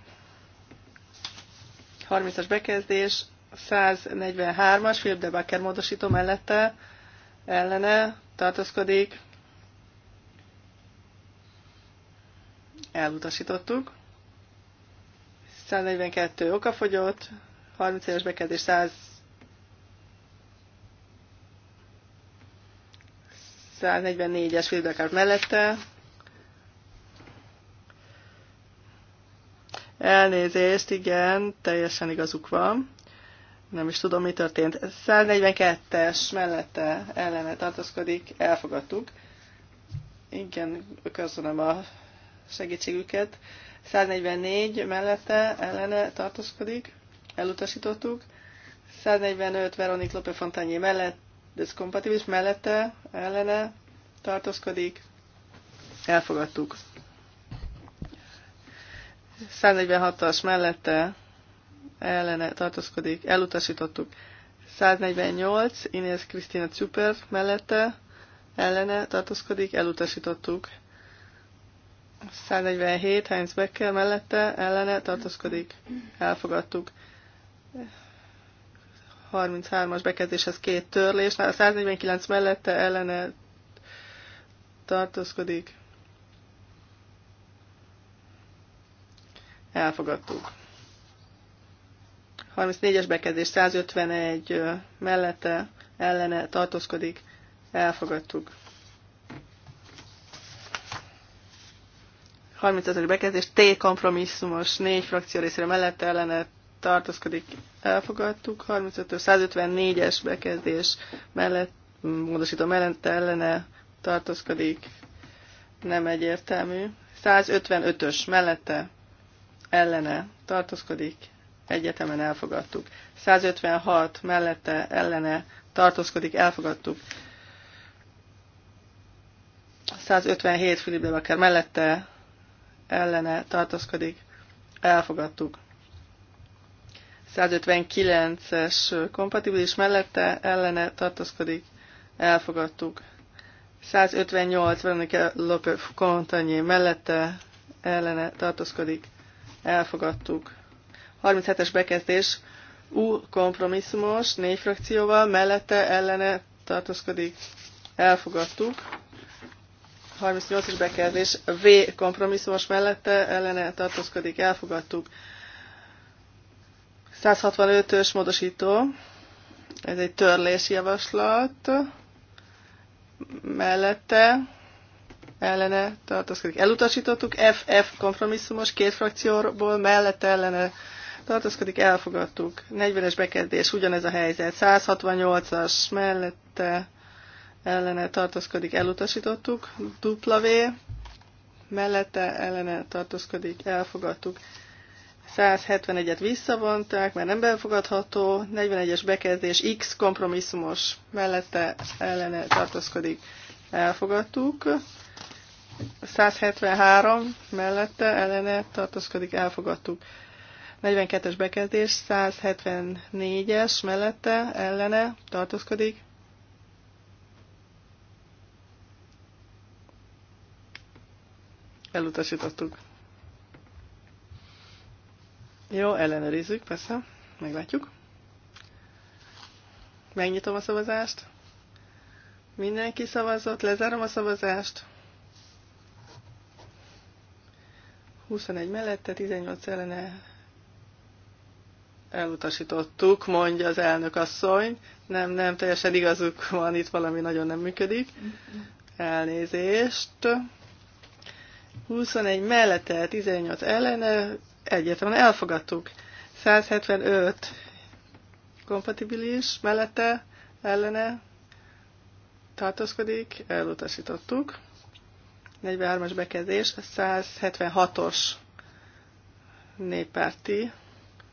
30-as bekezdés, 143-as Philip de Bakker módosító mellette ellene tartozkodik, elutasítottuk. 142 okafogyott, 30 éves bekezdés 100 144-es Wilbekár mellette. Elnézést, igen, teljesen igazuk van. Nem is tudom, mi történt. 142-es mellette ellene tartozkodik, elfogadtuk. Igen, köszönöm a segítségüket. 144 mellette ellene tartozkodik elutasítottuk. 145 Veronik Lope Fontányi mellett, ez kompatibilis, mellette, ellene tartózkodik, elfogadtuk. 146-as mellette ellene tartózkodik, elutasítottuk. 148, Inés Krisztina Csuper mellette ellene tartózkodik, elutasítottuk. 147, Heinz Becker mellette ellene tartózkodik, elfogadtuk. 33-as bekezdéshez két törlés, a 149 mellette ellene tartózkodik. Elfogadtuk. 34-es bekezdés 151 mellette ellene tartózkodik. Elfogadtuk. 35-es bekezdés T kompromisszumos négy frakció részére mellette ellene tartózkodik, elfogadtuk. 35 154-es bekezdés mellett, módosító mellett ellene tartózkodik, nem egyértelmű. 155-ös mellette ellene tartózkodik, egyetemen elfogadtuk. 156 mellette ellene tartózkodik, elfogadtuk. 157 Filip Debaker mellette ellene tartózkodik, elfogadtuk. 159-es kompatibilis mellette ellene tartozkodik, elfogadtuk. 158 Veronika López Kontanyé mellette ellene tartozkodik, elfogadtuk. 37-es bekezdés U kompromisszumos, négy frakcióval, mellette ellene tartozkodik, elfogadtuk. 38 es bekezdés V kompromisszumos mellette ellene tartozkodik, elfogadtuk. 165-ös módosító, ez egy törlési javaslat, mellette ellene tartózkodik. Elutasítottuk, FF kompromisszumos, két frakcióból mellette ellene tartózkodik, elfogadtuk. 40-es bekezdés, ugyanez a helyzet. 168-as mellette ellene tartózkodik, elutasítottuk. W mellette ellene tartózkodik, elfogadtuk. 171-et visszavonták, mert nem befogadható, 41-es bekezdés X kompromisszumos mellette ellene tartózkodik. Elfogadtuk. 173 mellette ellene tartózkodik, elfogadtuk. 42-es bekezdés, 174-es mellette ellene tartózkodik. Elutasítottuk. Jó, ellenőrizzük, persze. Meglátjuk. Megnyitom a szavazást. Mindenki szavazott, lezárom a szavazást. 21 mellette, 18 ellene elutasítottuk, mondja az elnök asszony. Nem, nem, teljesen igazuk van, itt valami nagyon nem működik. Elnézést. 21 mellette, 18 ellene, egyetlen elfogadtuk. 175 kompatibilis, mellette, ellene tartózkodik, elutasítottuk. 43-as bekezdés, 176-os néppárti,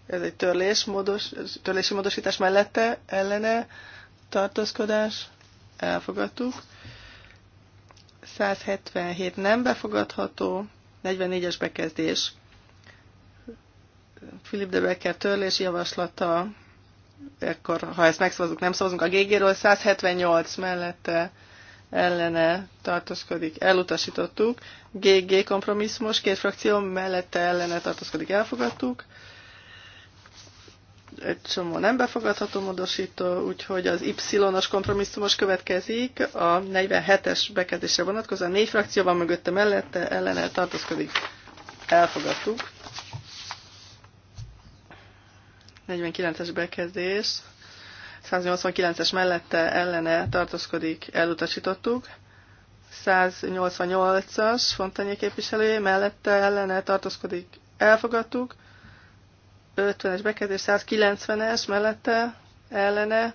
ez egy törlés, módos, törlési módosítás mellette, ellene tartózkodás, elfogadtuk. 177 nem befogadható, 44-es bekezdés Philip de Becker törlés javaslata, akkor ha ezt megszavazunk, nem szavazunk a GG-ről, 178 mellette ellene tartózkodik, elutasítottuk. GG kompromisszumos, két frakció mellette ellene tartózkodik, elfogadtuk. Egy csomó nem befogadható módosító, úgyhogy az Y-os kompromisszumos következik, a 47-es bekezdésre vonatkozóan négy frakció van mögötte mellette, ellene tartózkodik, elfogadtuk. 49-es bekezdés, 189-es mellette ellene tartózkodik, elutasítottuk. 188-as Fontanyé képviselője mellette ellene tartózkodik, elfogadtuk. 50-es bekezdés, 190-es mellette ellene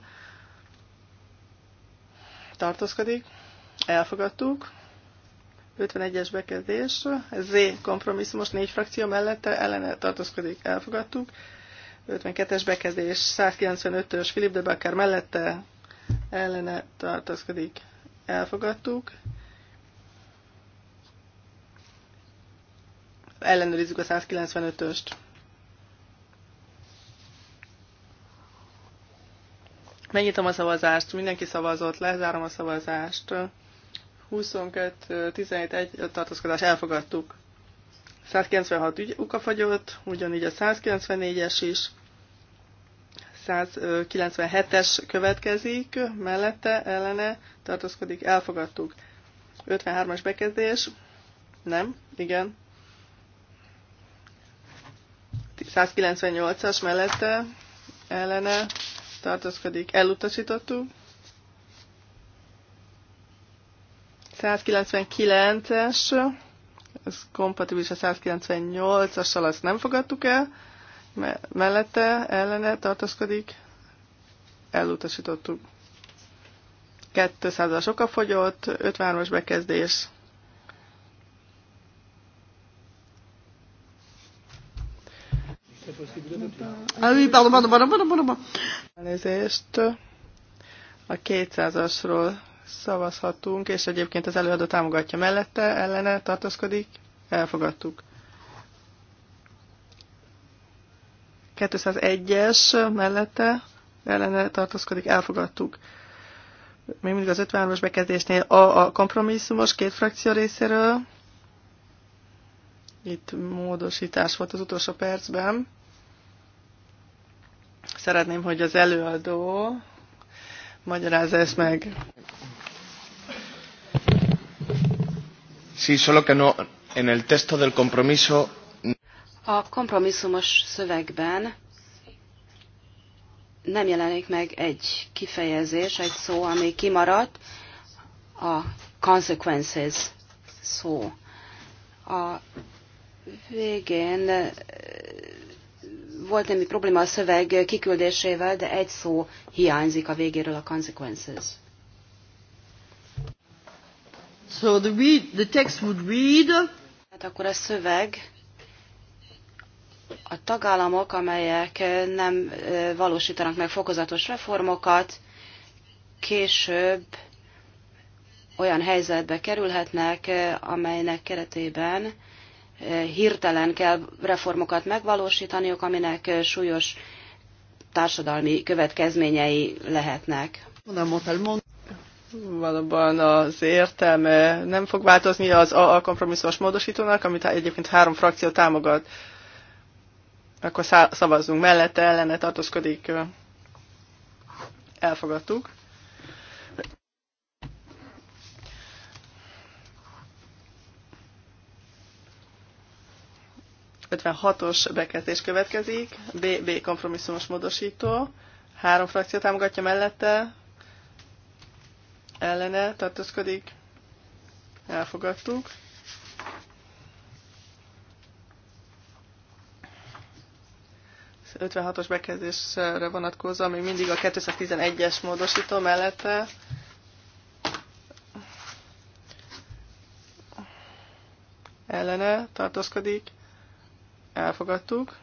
tartózkodik, elfogadtuk. 51-es bekezdés, Z kompromisszumos négy frakció mellette ellene tartózkodik, elfogadtuk. 52-es bekezdés, 195-ös Filip de Bakker mellette ellene tartozkodik, Elfogadtuk. Ellenőrizzük a 195-öst. Megnyitom a szavazást, mindenki szavazott, lezárom a szavazást. 22-17-1 tartózkodás elfogadtuk. 196 ügy ukafagyott, ugyanígy a 194-es is, 197-es következik, mellette, ellene tartózkodik, elfogadtuk. 53-as bekezdés, nem, igen. 198-as mellette, ellene tartózkodik, elutasítottuk. 199-es, ez kompatibilis a 198-assal, azt nem fogadtuk el mellette, ellene tartozkodik. elutasítottuk. 200-as okafogyott, 53-as bekezdés. Ah, oui, pardon, pardon, pardon, Elnézést. A 200-asról szavazhatunk, és egyébként az előadó támogatja mellette, ellene tartozkodik. Elfogadtuk. 201-es mellette ellene tartózkodik, elfogadtuk. Még mindig az 53-as bekezdésnél a, a kompromisszumos két frakció részéről. Itt módosítás volt az utolsó percben. Szeretném, hogy az előadó magyarázza ezt meg. Sí, solo que no, en el texto del compromiso a kompromisszumos szövegben nem jelenik meg egy kifejezés, egy szó, ami kimaradt, a consequences szó. A végén eh, volt némi probléma a szöveg kiküldésével, de egy szó hiányzik a végéről a consequences. So the, read, the text would read. Hát akkor a szöveg a tagállamok, amelyek nem valósítanak meg fokozatos reformokat, később olyan helyzetbe kerülhetnek, amelynek keretében hirtelen kell reformokat megvalósítaniuk, aminek súlyos társadalmi következményei lehetnek. Valóban az értelme nem fog változni az a kompromisszumos módosítónak, amit egyébként három frakció támogat akkor szavazzunk mellette, ellene tartózkodik. Elfogadtuk. os bekezdés következik, B B kompromisszumos módosító, három frakció támogatja mellette, ellene tartózkodik, elfogadtuk. 56-os bekezdésre vonatkozó, ami mindig a 211-es módosító mellette ellene tartózkodik. Elfogadtuk.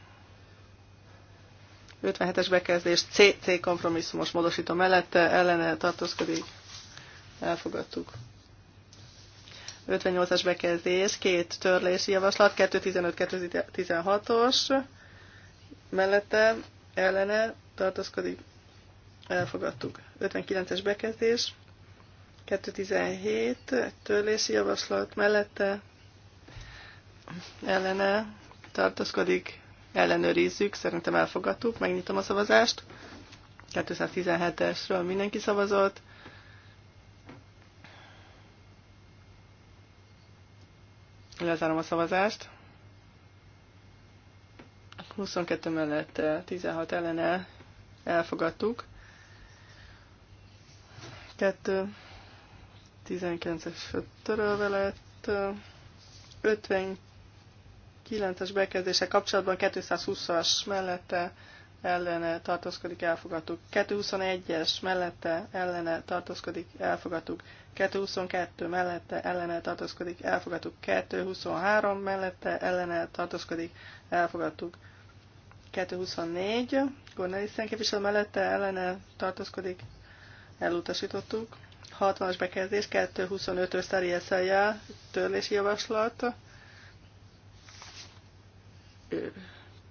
57-es bekezdés CC kompromisszumos módosító mellette ellene tartózkodik. Elfogadtuk. 58-as bekezdés, két törlési javaslat, 215-216-os mellette ellene tartozkodik, elfogadtuk. 59-es bekezdés, 217, törlési javaslat mellette ellene tartozkodik, ellenőrizzük, szerintem elfogadtuk, megnyitom a szavazást. 217-esről mindenki szavazott. Lezárom a szavazást. 22 mellette, 16 ellene elfogadtuk. 2, 19-es törölve lett, 59-es eh, bekezdése kapcsolatban 220-as mellette ellene tartózkodik, elfogadtuk. 221-es mellette ellene tartózkodik, elfogadtuk. 222 mellette ellene tartózkodik, elfogadtuk. 223 mellette ellene tartózkodik, elfogadtuk. 224, Gornelissen képviselő mellette ellene tartózkodik, elutasítottuk. 60-as bekezdés, 225-ös Szerieszelje törlési javaslat.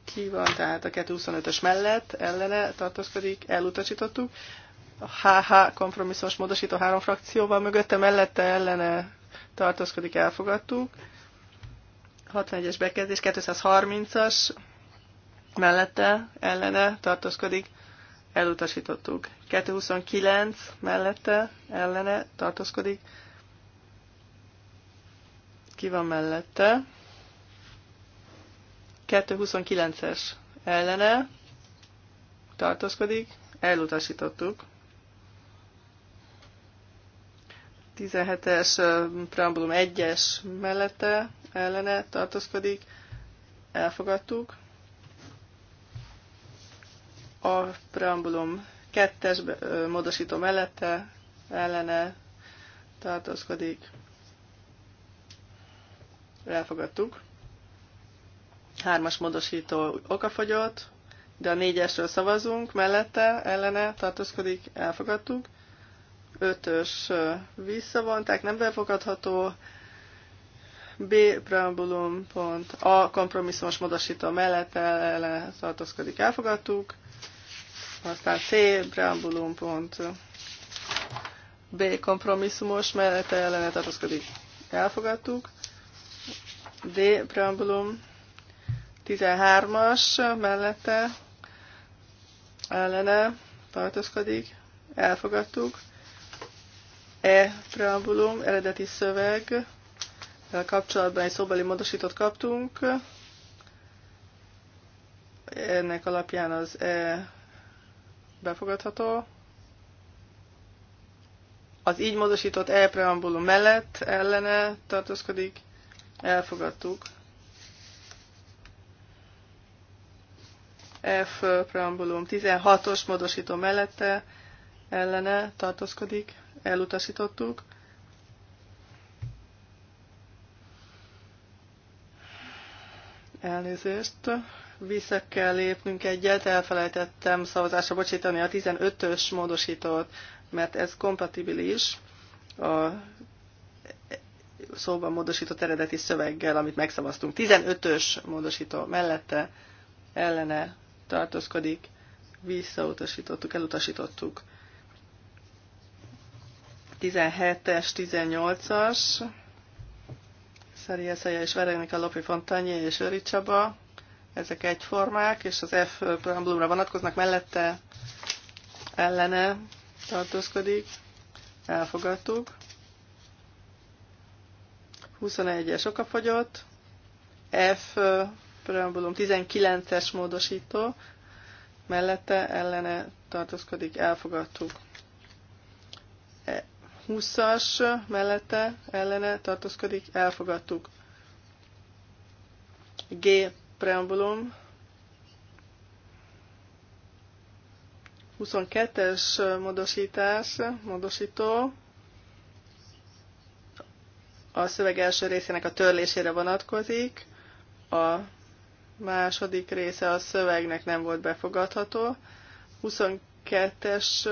Ki van tehát a 225-ös mellett, ellene tartózkodik, elutasítottuk. A HH kompromisszumos módosító három frakcióval mögötte, mellette ellene tartózkodik, elfogadtuk. 61-es bekezdés, 230-as mellette, ellene tartózkodik, elutasítottuk. 229 mellette, ellene tartózkodik, ki van mellette, 229-es ellene tartózkodik, elutasítottuk. 17-es preambulum 1-es mellette ellene tartózkodik, elfogadtuk. A preambulum kettes módosító mellette ellene tartózkodik. Elfogadtuk. Hármas módosító okafogyott, de a négyesről szavazunk, mellette, ellene tartózkodik, elfogadtuk. Ötös visszavonták, nem befogadható. B preambulum pont A kompromisszumos módosító mellette, ellene tartózkodik, elfogadtuk. Aztán C, preambulum pont. B, kompromisszumos, mellette ellene tartozkodik. Elfogadtuk. D, preambulum. 13-as mellette ellene tartozkodik. Elfogadtuk. E, preambulum, eredeti szöveg. kapcsolatban egy szóbeli módosítót kaptunk ennek alapján az e befogadható. Az így módosított elpreambulum mellett ellene tartózkodik, elfogadtuk. F preambulum 16-os módosító mellette ellene tartózkodik, elutasítottuk. Elnézést, vissza kell lépnünk egyet, elfelejtettem szavazásra bocsítani a 15-ös módosítót, mert ez kompatibilis a szóban módosított eredeti szöveggel, amit megszavaztunk. 15-ös módosító mellette ellene tartózkodik, visszautasítottuk, elutasítottuk. 17-es, 18-as, Szerieszeje és verenika Lopi Fontanyi és Öri Csaba ezek egyformák, és az F preambulumra vonatkoznak, mellette ellene tartózkodik, elfogadtuk. 21-es okafogyott, F preambulum 19-es módosító, mellette ellene tartózkodik, elfogadtuk. 20-as e, mellette ellene tartózkodik, elfogadtuk. G preambulum. 22-es módosítás, módosító, a szöveg első részének a törlésére vonatkozik, a második része a szövegnek nem volt befogadható. 22-es,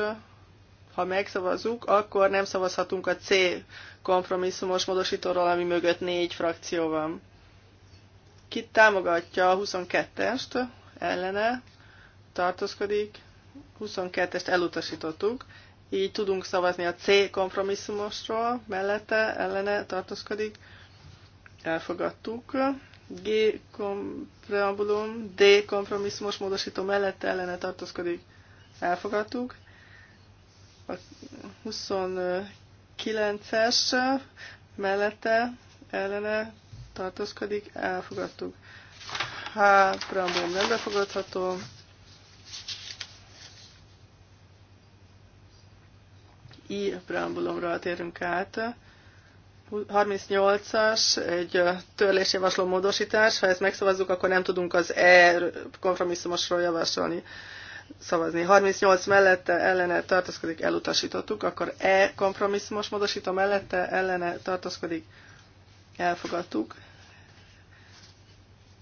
ha megszavazzuk, akkor nem szavazhatunk a C kompromisszumos módosítóról, ami mögött négy frakció van. Ki támogatja a 22-est ellene, tartózkodik, 22-est elutasítottuk, így tudunk szavazni a C kompromisszumosról, mellette, ellene tartózkodik, elfogadtuk. G preambulum, D kompromisszumos módosító mellette, ellene tartózkodik, elfogadtuk. A 29-es mellette, ellene tartózkodik, elfogadtuk. Hát, preambulum nem befogadható. I preambulumra térünk át. 38-as, egy törlésjavasló módosítás. Ha ezt megszavazzuk, akkor nem tudunk az E kompromisszumosról javasolni szavazni. 38 mellette ellene tartozkodik, elutasítottuk, akkor E kompromisszumos módosító mellette ellene tartozkodik, elfogadtuk.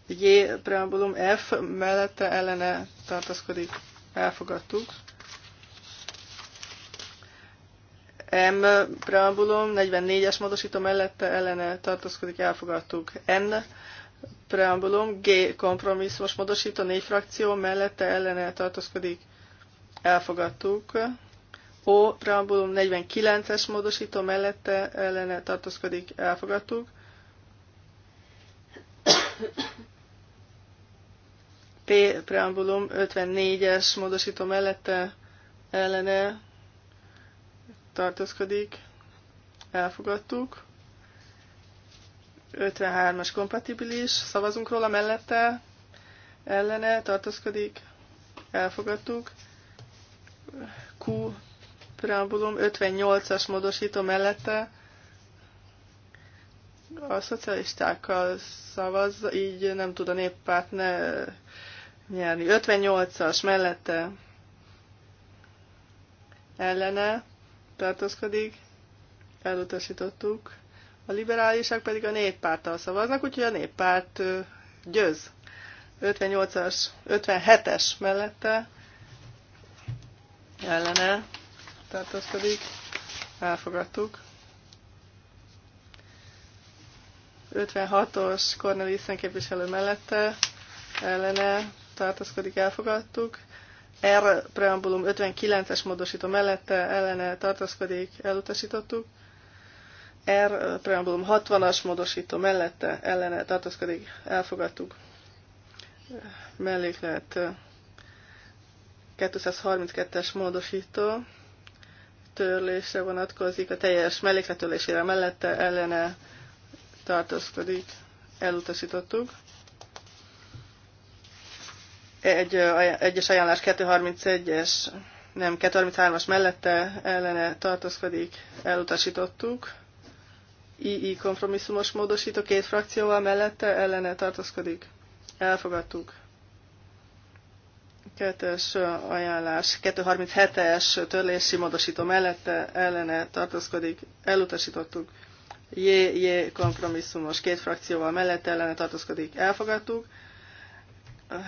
J e preambulum F mellette ellene tartaszkodik, elfogadtuk. M preambulum 44-es módosító mellette ellene tartaszkodik, elfogadtuk. N preambulum G kompromisszumos módosító négy frakció mellette ellene tartaszkodik, elfogadtuk. O preambulum 49-es módosító mellette ellene tartózkodik, elfogadtuk. P preambulum 54-es módosító mellette ellene tartózkodik. Elfogadtuk. 53-as kompatibilis, szavazunk róla mellette, ellene tartózkodik, elfogadtuk. Q preambulum 58-as módosító mellette a szocialistákkal szavaz, így nem tud a néppárt ne nyerni. 58-as mellette ellene tartózkodik, elutasítottuk. A liberálisak pedig a néppárttal szavaznak, úgyhogy a néppárt győz. 58-as, 57-es mellette ellene tartózkodik, elfogadtuk. 56-os Cornelissen képviselő mellette ellene tartózkodik, elfogadtuk. R preambulum 59-es módosító mellette ellene tartózkodik, elutasítottuk. R preambulum 60-as módosító mellette ellene tartózkodik, elfogadtuk. Melléklet 232-es módosító törlésre vonatkozik, a teljes mellékletörlésére mellette ellene tartózkodik, elutasítottuk. Egy, egyes ajánlás 231-es, nem 233-as mellette ellene tartózkodik, elutasítottuk. II kompromisszumos módosító két frakcióval mellette ellene tartózkodik, elfogadtuk. Kettes ajánlás, 237-es törlési módosító mellette ellene tartózkodik, elutasítottuk. JJ J kompromisszumos két frakcióval mellett ellene tartózkodik, elfogadtuk.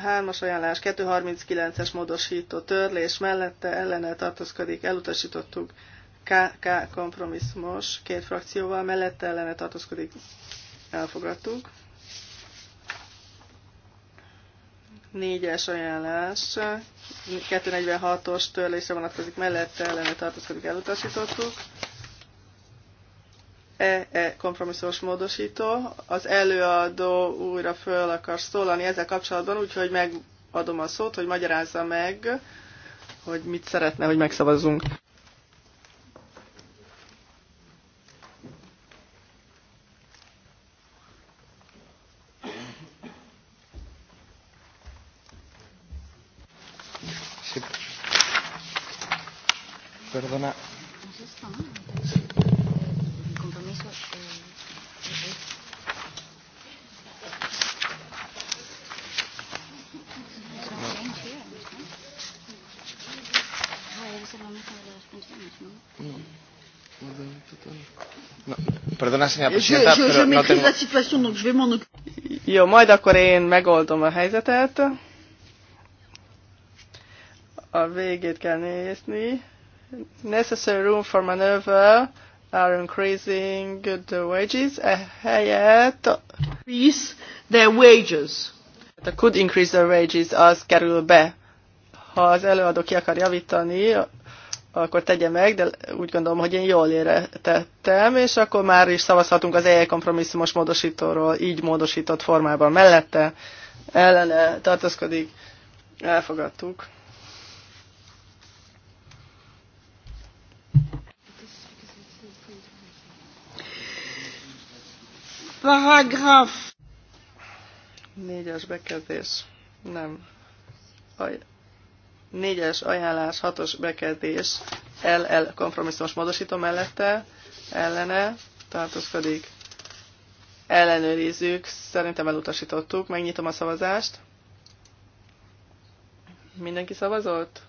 Hármas ajánlás, 239-es módosító törlés mellette ellene tartózkodik, elutasítottuk. KK kompromisszumos két frakcióval mellette ellene tartózkodik, elfogadtuk. négyes ajánlás, 246-os törlésre vonatkozik mellette ellene tartózkodik, elutasítottuk. E-e kompromisszós módosító. Az előadó újra föl akar szólani ezzel kapcsolatban, úgyhogy megadom a szót, hogy magyarázza meg, hogy mit szeretne, hogy megszavazzunk. Perdona. Perdona, señora presidenta, je, je, je no tengo... donc je vais Jó, majd akkor én megoldom a helyzetet. A végét kell nézni. Necessary room for maneuver are increasing the wages. Ehelyett... Increase their wages. The hát could increase their wages, az kerül be. Ha az előadó ki akar javítani, akkor tegye meg, de úgy gondolom, hogy én jól éretettem, és akkor már is szavazhatunk az EE kompromisszumos módosítóról, így módosított formában mellette, ellene tartozkodik, elfogadtuk. Paragraf. Négyes bekezdés. Nem. Aj, Négyes ajánlás, hatos bekezdés, LL kompromisszumos módosító mellette, ellene, tartózkodik. Ellenőrizzük, szerintem elutasítottuk, megnyitom a szavazást. Mindenki szavazott?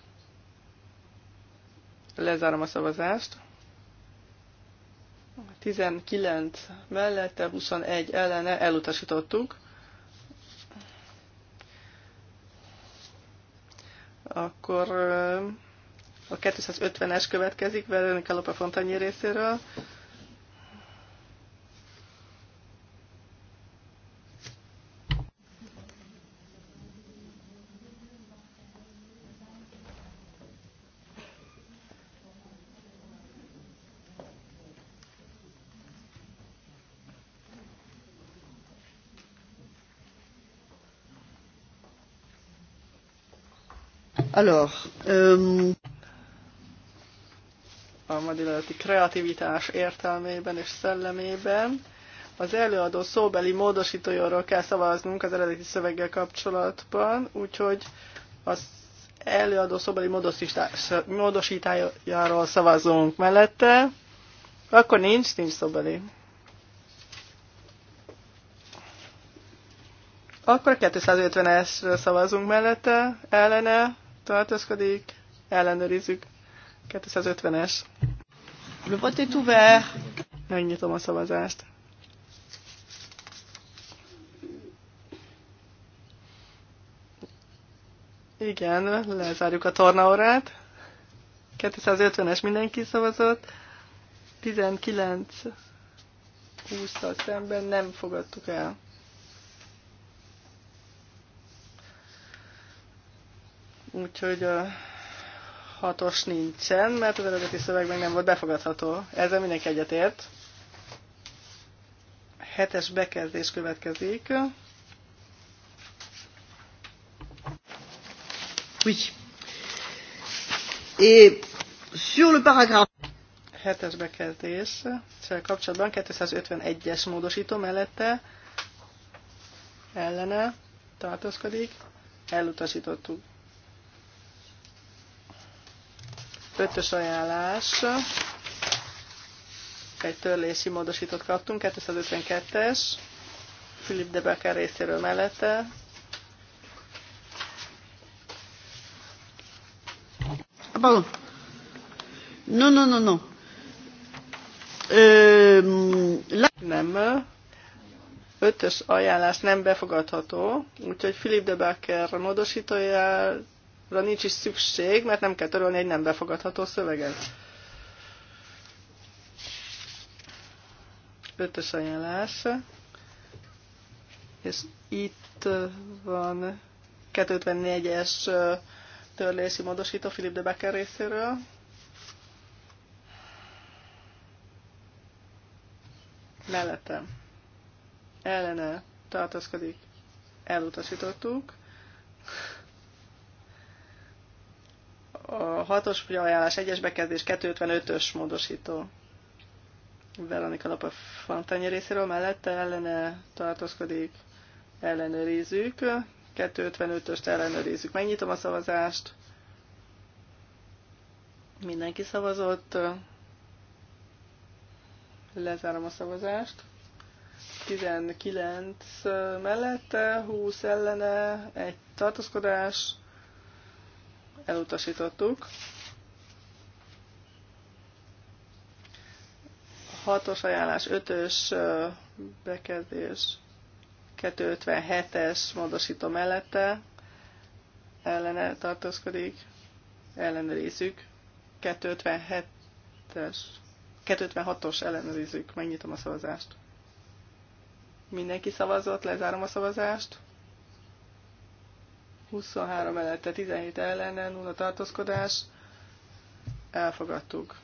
Lezárom a szavazást. 19 mellette, 21 ellene elutasítottuk. Akkor a 250-es következik Veronika Lope fontanyi részéről. Alors, euh... a madilati kreativitás értelmében és szellemében az előadó szóbeli módosítójáról kell szavaznunk az eredeti szöveggel kapcsolatban, úgyhogy az előadó szóbeli módosítójáról szavazunk mellette. Akkor nincs, nincs szóbeli. Akkor 250-esről szavazunk mellette, ellene, tartózkodik, ellenőrizzük. 250-es. Le vote est ouvert. Megnyitom a szavazást. Igen, lezárjuk a tornaórát. 250-es mindenki szavazott. 19 20 szemben nem fogadtuk el. Úgyhogy a hatos nincsen, mert az eredeti szöveg meg nem volt befogadható. Ezzel mindenki egyetért. Hetes bekezdés következik. Oui. Et sur le paragraphe hetes bekezdés kapcsolatban 251-es módosító mellette ellene tartózkodik, elutasítottuk. Ötös ajánlás. Egy törlési módosítót kaptunk, 252-es. Philip de Becker részéről mellette. Ah, pardon. No, no, no, no. Euh, nem ötös ajánlás nem befogadható, úgyhogy Philip de Becker módosítóját nincs is szükség, mert nem kell törölni egy nem befogadható szöveget. Ötös ajánlás. És itt van 254-es törlési módosító Philip de Becker részéről. Mellettem. Ellene tartozkodik. Elutasítottuk a hatos ajánlás, egyes bekezdés, 255-ös módosító. Veronika Lapa Fantanyi részéről mellette ellene tartózkodik, ellenőrizzük. 255-öst ellenőrizzük. Megnyitom a szavazást. Mindenki szavazott. Lezárom a szavazást. 19 mellette, 20 ellene, egy tartózkodás, elutasítottuk. Hatos ajánlás, ötös bekezdés, 257-es módosító mellette ellene tartózkodik, ellenőrizzük. 257-es, 256-os ellenőrizzük, megnyitom a szavazást. Mindenki szavazott, lezárom a szavazást. 23 mellette 17 ellene, nulla tartózkodás. Elfogadtuk.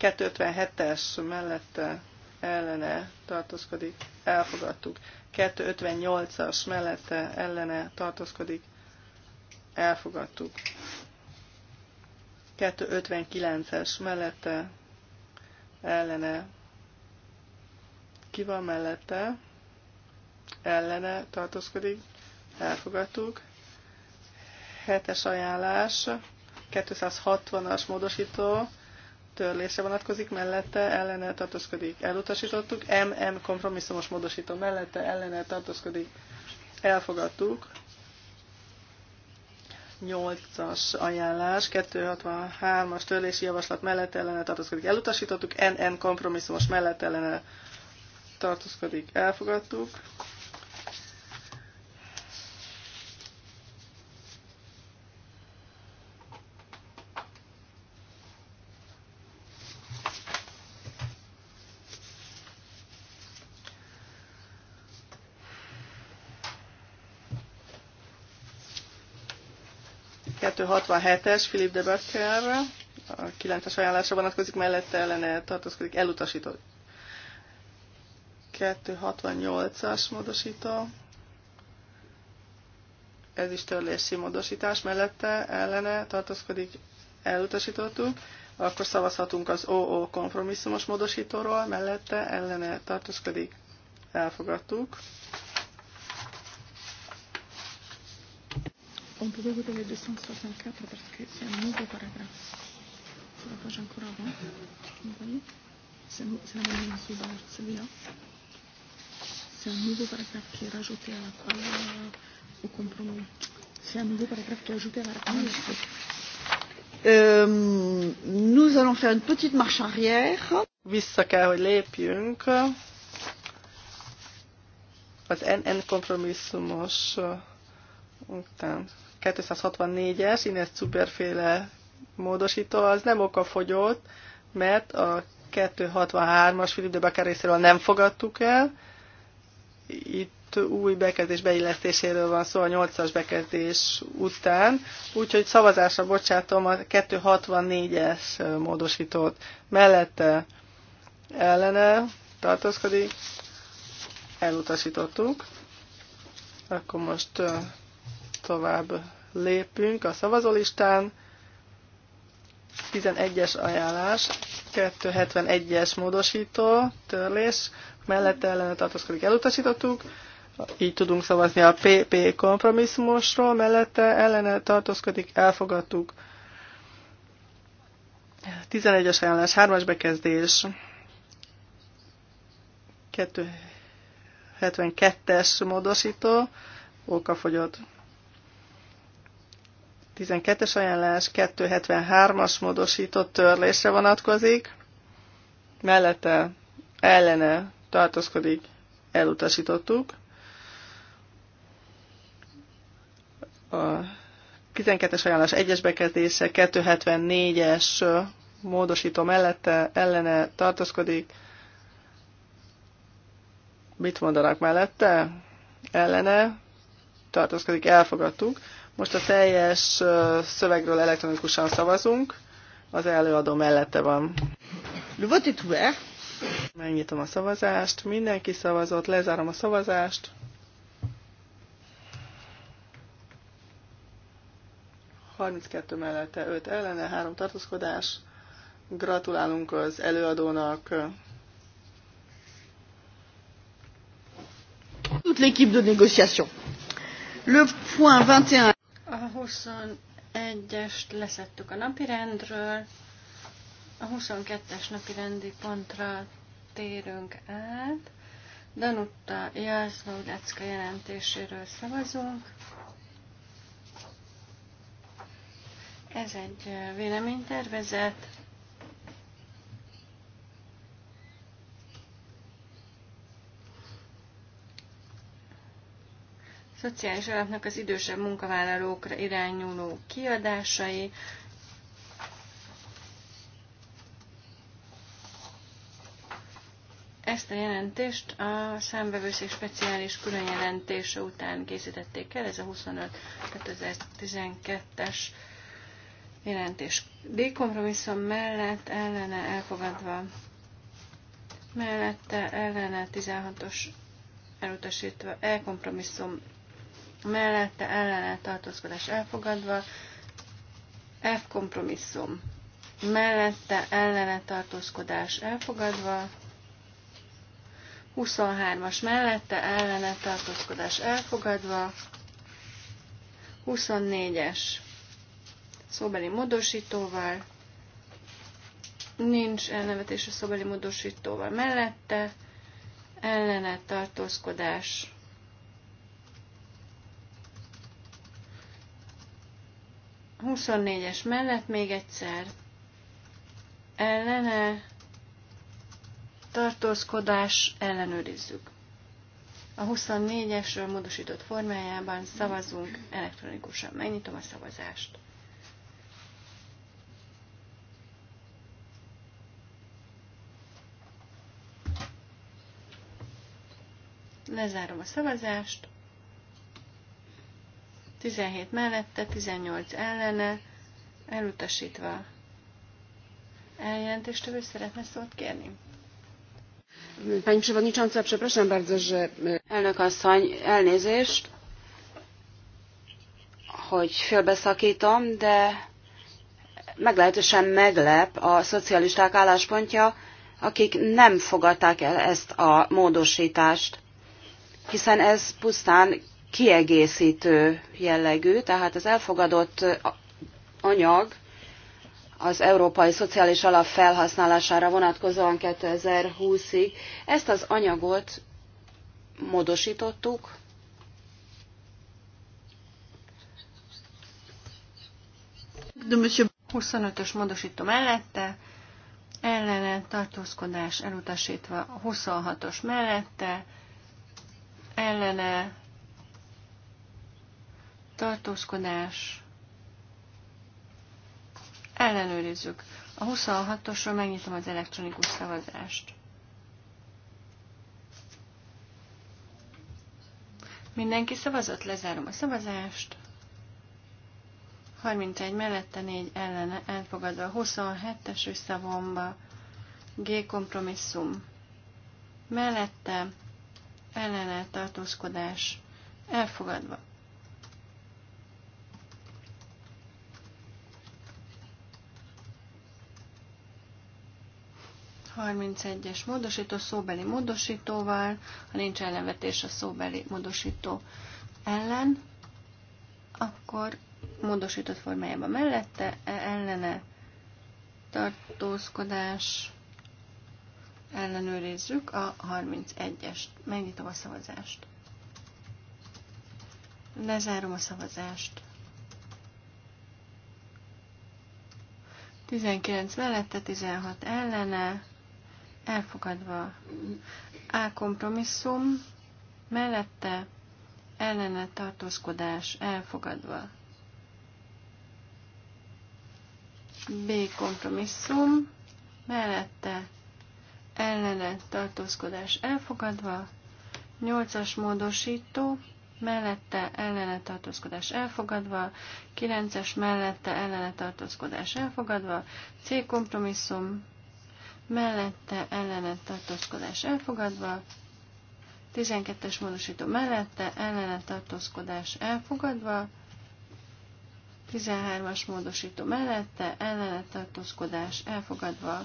257-es mellette ellene tartózkodik. Elfogadtuk. 258-as mellette ellene tartózkodik. Elfogadtuk. 259-es mellette ellene ki van mellette, ellene tartózkodik, elfogadtuk. Hetes ajánlás, 260-as módosító, törlése vonatkozik, mellette ellene tartózkodik. Elutasítottuk, MM kompromisszumos módosító mellette ellene tartózkodik. Elfogadtuk. 8-as ajánlás, 263-as törlési javaslat mellett ellene tartózkodik. Elutasítottuk, NN kompromisszumos mellett ellene tartózkodik. Elfogadtuk. 67-es Philip de Becker, a 9-es ajánlásra vonatkozik, mellette ellene tartózkodik, elutasító. 268-as módosító. Ez is törlési módosítás mellette ellene tartózkodik, elutasítottuk. Akkor szavazhatunk az OO kompromisszumos módosítóról, mellette ellene tartózkodik, elfogadtuk. on pouvait voter le 264 parce que c'est un nouveau paragraphe. Sur la page encore avant, vous voyez C'est la même chose, celui-là. C'est un nouveau paragraphe qui est rajouté à la, à la, euh, au compromis. C'est un nouveau paragraphe qui est ajouté à la page. euh, Nous allons faire une petite marche arrière. Vissza kell, hogy Az NN kompromisszumos után. 264-es Ines szuperféle módosító, az nem okafogyott, mert a 263-as Philip de Bacar részéről nem fogadtuk el. Itt új bekezdés beillesztéséről van szó a 8-as bekezdés után, úgyhogy szavazásra bocsátom a 264-es módosítót. Mellette ellene tartózkodik, elutasítottuk. Akkor most tovább lépünk a szavazólistán. 11-es ajánlás, 271-es módosító, törlés, mellette ellene tartózkodik, elutasítottuk. Így tudunk szavazni a PP kompromisszumosról, mellette ellene tartózkodik, elfogadtuk. 11-es ajánlás, 3-as bekezdés, 272-es módosító, okafogyott. 12-es ajánlás 273-as módosított törlésre vonatkozik, mellette ellene tartózkodik, elutasítottuk. A 12-es ajánlás 1-es bekezdése 274-es módosító mellette ellene tartózkodik. Mit mondanak mellette? Ellene tartózkodik, elfogadtuk. Most a teljes szövegről elektronikusan szavazunk. Az előadó mellette van. Le vote est ouvert. Megnyitom a szavazást. Mindenki szavazott. Lezárom a szavazást. 32 mellette 5 ellene, 3 tartózkodás. Gratulálunk az előadónak. Toute l'équipe de négociation. Le point 21. A 21-est leszettük a napirendről, a 22-es napirendi pontra térünk át. Danutta Jászlódecka jelentéséről szavazunk. Ez egy eh, véleménytervezet. szociális alapnak az idősebb munkavállalókra irányuló kiadásai, Ezt a jelentést a számbevőszék speciális különjelentése után készítették el, ez a 25 es jelentés. D kompromisszum mellett ellene elfogadva, mellette ellene 16-os elutasítva, elkompromisszum kompromisszum mellette ellene tartózkodás elfogadva, F kompromisszum, mellette ellene tartózkodás elfogadva, 23-as mellette ellene tartózkodás elfogadva, 24-es szóbeli módosítóval, nincs elnevetés a szóbeli módosítóval mellette, ellene tartózkodás 24-es mellett még egyszer ellene tartózkodás ellenőrizzük. A 24-esről módosított formájában szavazunk elektronikusan. Megnyitom a szavazást. Lezárom a szavazást. 17 mellette, 18 ellene, elutasítva. Eljelentéstől szeretne szót kérni? Pani Przewodnicząca, przepraszam bardzo, że... E, Elnök asszony, elnézést, hogy félbeszakítom, de meglehetősen meglep a szocialisták álláspontja, akik nem fogadták el ezt a módosítást, hiszen ez pusztán kiegészítő jellegű, tehát az elfogadott anyag az Európai Szociális Alap felhasználására vonatkozóan 2020-ig. Ezt az anyagot módosítottuk, de monsieur... 25-ös módosító mellette, ellene tartózkodás elutasítva 26-os mellette, ellene tartózkodás, ellenőrizzük. A 26-osról megnyitom az elektronikus szavazást. Mindenki szavazott, lezárom a szavazást. 31 mellette 4 ellene elfogadva 27-es ő szavomba. G kompromisszum. Mellette ellene tartózkodás elfogadva. 31-es módosító szóbeli módosítóval, ha nincs ellenvetés a szóbeli módosító ellen, akkor módosított formájában mellette, e, ellene tartózkodás ellenőrizzük a 31-est. Megnyitom a szavazást. Lezárom a szavazást. 19 mellette, 16 ellene, elfogadva. A kompromisszum, mellette ellene tartózkodás elfogadva. B kompromisszum, mellette ellene tartózkodás elfogadva. 8-as módosító, mellette ellene tartózkodás elfogadva, 9-es mellette ellene tartózkodás elfogadva, C kompromisszum mellette ellenet tartózkodás elfogadva, 12-es módosító mellette ellenet tartózkodás elfogadva, 13-as módosító mellette ellenet tartózkodás elfogadva.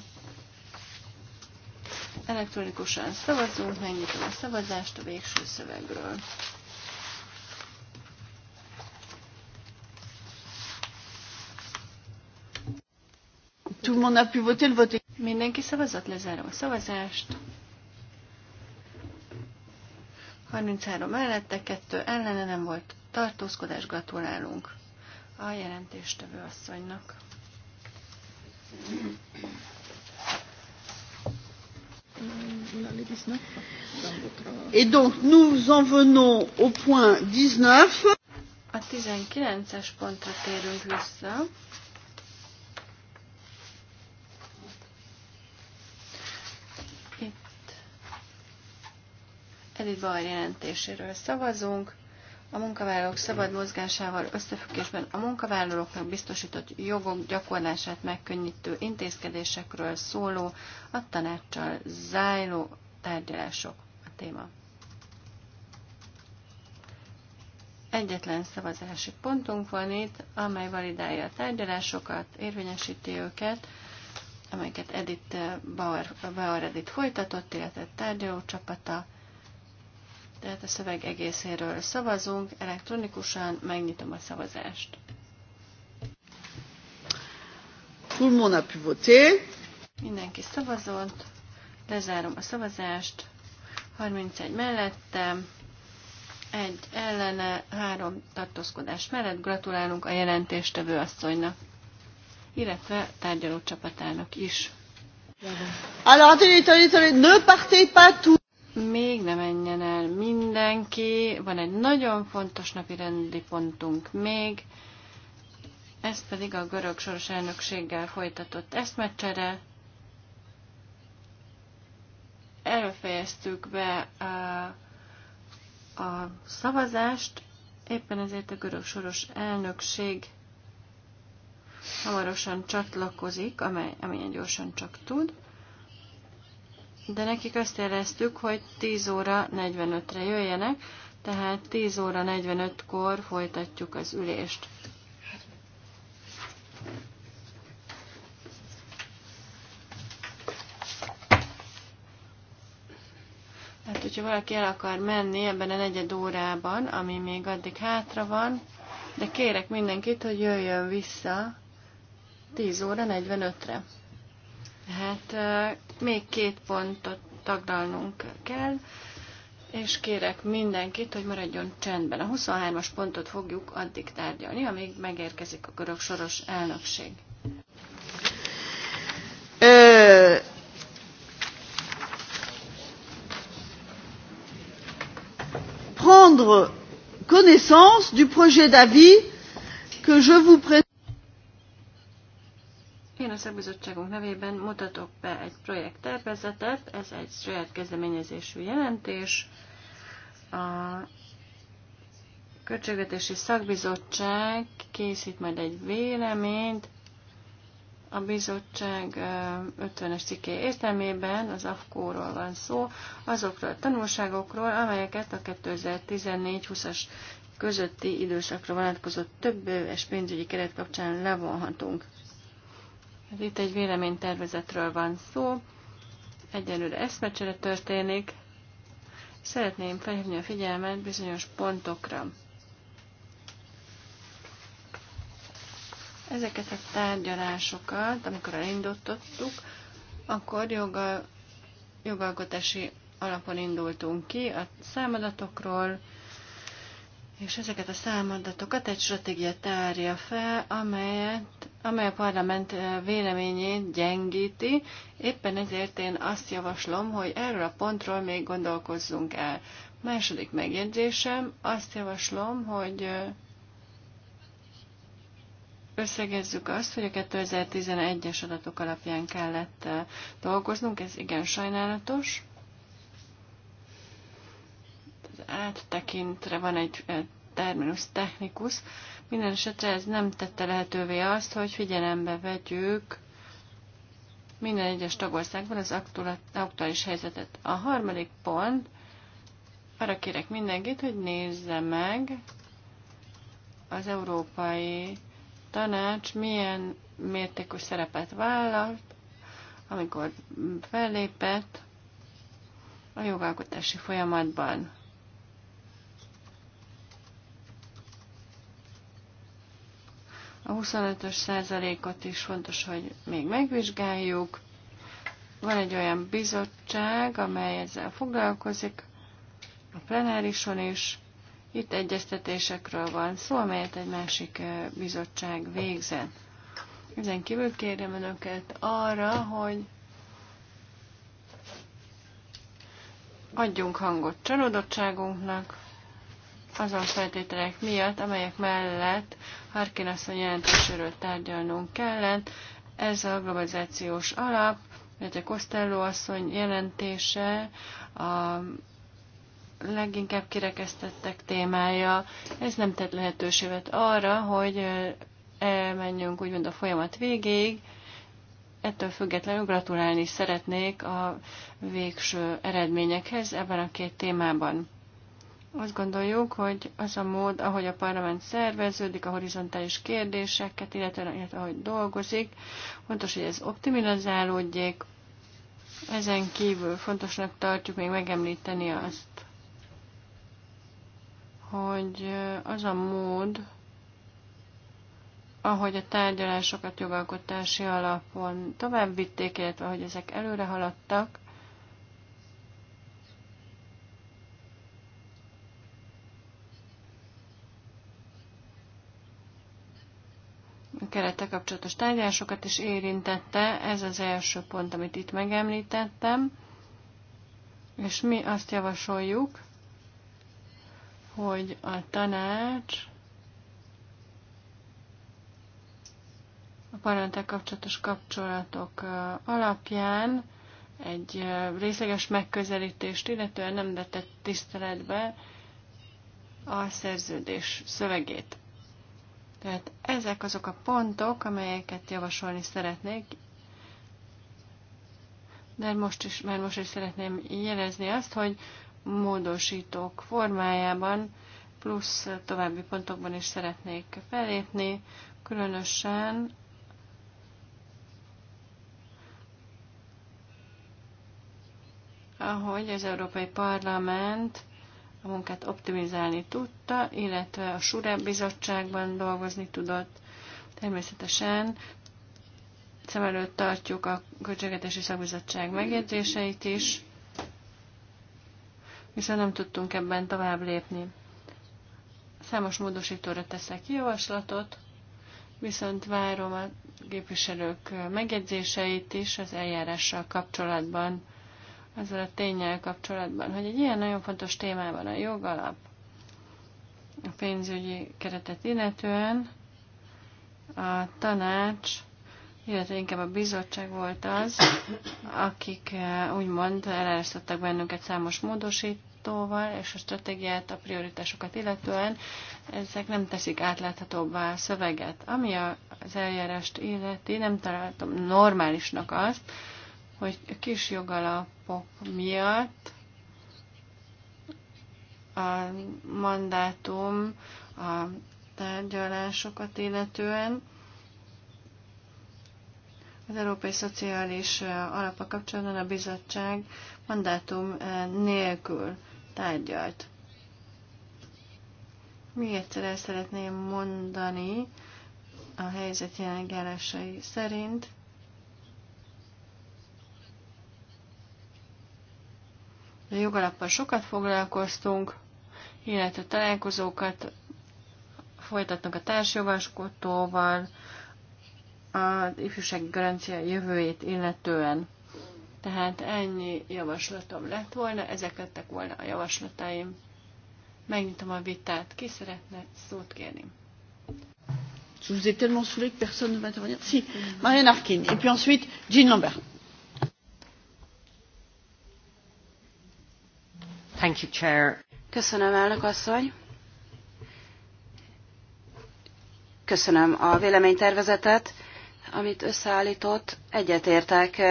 Elektronikusan szavazunk, megnyitom a szavazást a végső szövegről. Tout le monde a pu voter le vote. Mindenki szavazott, lezárom a szavazást. 33 mellette, 2 ellene nem volt tartózkodás, gratulálunk a jelentéstevő asszonynak. Et donc nous en venons au point 19. A 19-es pontra térünk vissza. David Bauer jelentéséről szavazunk. A munkavállalók szabad mozgásával összefüggésben a munkavállalóknak biztosított jogok gyakorlását megkönnyítő intézkedésekről szóló, a tanácssal zájló tárgyalások a téma. Egyetlen szavazási pontunk van itt, amely validálja a tárgyalásokat, érvényesíti őket, amelyeket Edith Bauer, Bauer Edith folytatott, illetve tárgyaló csapata. Tehát a szöveg egészéről szavazunk, elektronikusan megnyitom a szavazást. Tout le monde a pu voter. Mindenki szavazott, lezárom a szavazást, 31 mellettem, egy ellene, három tartózkodás mellett gratulálunk a jelentéstevő asszonynak, illetve tárgyaló csapatának is. Alors, attendez, attendez, ne partez pas tout még ne menjen el mindenki, van egy nagyon fontos napi rendi pontunk még, ez pedig a görög soros elnökséggel folytatott eszmecsere. Elfejeztük be a, a szavazást, éppen ezért a görög soros elnökség hamarosan csatlakozik, amely, amilyen gyorsan csak tud de nekik azt jeleztük, hogy 10 óra 45-re jöjjenek, tehát 10 óra 45-kor folytatjuk az ülést. Tehát, hogyha valaki el akar menni ebben a negyed órában, ami még addig hátra van, de kérek mindenkit, hogy jöjjön vissza 10 óra 45-re. Hát még két pontot taglalnunk kell, és kérek mindenkit, hogy maradjon csendben. A 23-as pontot fogjuk addig tárgyalni, amíg megérkezik a görög soros elnökség. Ö... Prendre connaissance du projet d'avis que je vous présente. Én a szakbizottságunk nevében mutatok be egy projekttervezetet, ez egy saját kezdeményezésű jelentés. A Költségvetési Szakbizottság készít majd egy véleményt a bizottság 50-es cikké értelmében, az AFKÓ-ról van szó, azokról a tanulságokról, amelyeket a 2014-20-as közötti időszakra vonatkozott több éves pénzügyi keret kapcsán levonhatunk. Ez itt egy véleménytervezetről van szó, egyelőre eszmecsere történik. Szeretném felhívni a figyelmet bizonyos pontokra. Ezeket a tárgyalásokat, amikor elindítottuk, akkor joga, jogalkotási alapon indultunk ki a számadatokról, és ezeket a számadatokat egy stratégia tárja fel, amelyet, amely a parlament véleményét gyengíti. Éppen ezért én azt javaslom, hogy erről a pontról még gondolkozzunk el. Második megjegyzésem, azt javaslom, hogy összegezzük azt, hogy a 2011-es adatok alapján kellett dolgoznunk, ez igen sajnálatos az áttekintre van egy terminus technikus. Minden esetre ez nem tette lehetővé azt, hogy figyelembe vegyük minden egyes tagországban az aktuális helyzetet. A harmadik pont, arra kérek mindenkit, hogy nézze meg az Európai Tanács milyen mértékű szerepet vállalt, amikor fellépett a jogalkotási folyamatban. A 25-ös százalékot is fontos, hogy még megvizsgáljuk. Van egy olyan bizottság, amely ezzel foglalkozik, a plenárison is. Itt egyeztetésekről van szó, amelyet egy másik bizottság végzett. Ezen kívül kérem Önöket arra, hogy adjunk hangot csalódottságunknak azon feltételek miatt, amelyek mellett Harkin asszony jelentéséről tárgyalnunk kellett. Ez a globalizációs alap, illetve Costello asszony jelentése a leginkább kirekesztettek témája. Ez nem tett lehetőséget arra, hogy elmenjünk úgymond a folyamat végéig. Ettől függetlenül gratulálni szeretnék a végső eredményekhez ebben a két témában. Azt gondoljuk, hogy az a mód, ahogy a parlament szerveződik, a horizontális kérdéseket, illetve, illetve ahogy dolgozik, fontos, hogy ez optimizálódjék. Ezen kívül fontosnak tartjuk még megemlíteni azt, hogy az a mód, ahogy a tárgyalásokat jogalkotási alapon tovább vitték, illetve hogy ezek előre haladtak, kerete kapcsolatos tárgyalásokat is érintette. Ez az első pont, amit itt megemlítettem. És mi azt javasoljuk, hogy a tanács a parlamentek kapcsolatos kapcsolatok alapján egy részleges megközelítést, illetően nem vetett tiszteletbe a szerződés szövegét. Tehát ezek azok a pontok, amelyeket javasolni szeretnék, de most is, mert most is szeretném jelezni azt, hogy módosítók formájában plusz további pontokban is szeretnék felépni, különösen ahogy az Európai Parlament a munkát optimizálni tudta, illetve a Sure bizottságban dolgozni tudott. Természetesen szem előtt tartjuk a Költségetési Szakbizottság megjegyzéseit is, viszont nem tudtunk ebben tovább lépni. Számos módosítóra teszek javaslatot, viszont várom a képviselők megjegyzéseit is az eljárással kapcsolatban ezzel a tényel kapcsolatban, hogy egy ilyen nagyon fontos témában a jogalap, a pénzügyi keretet illetően a tanács, illetve inkább a bizottság volt az, akik eh, úgymond elárasztottak bennünket számos módosítóval, és a stratégiát, a prioritásokat illetően ezek nem teszik átláthatóbbá a szöveget. Ami az eljárást illeti, nem találtam normálisnak azt, hogy a kis jogalapok miatt a mandátum a tárgyalásokat illetően az Európai Szociális Alapa kapcsolatban a bizottság mandátum nélkül tárgyalt. Még egyszer el szeretném mondani a helyzet jelenlegi szerint, A jogalappal sokat foglalkoztunk, illetve találkozókat folytatnak a társjogaskodtóval, az ifjúsági garancia jövőjét illetően. Tehát ennyi javaslatom lett volna, ezek lettek volna a javaslataim. Megnyitom a vitát, ki szeretne szót kérni? Je vous ai tellement saoulé que personne ne va intervenir. Si, Marianne Arkin, et puis ensuite Jean Lambert. Thank you, Chair. Köszönöm, elnök asszony. Köszönöm a véleménytervezetet, amit összeállított. Egyetértek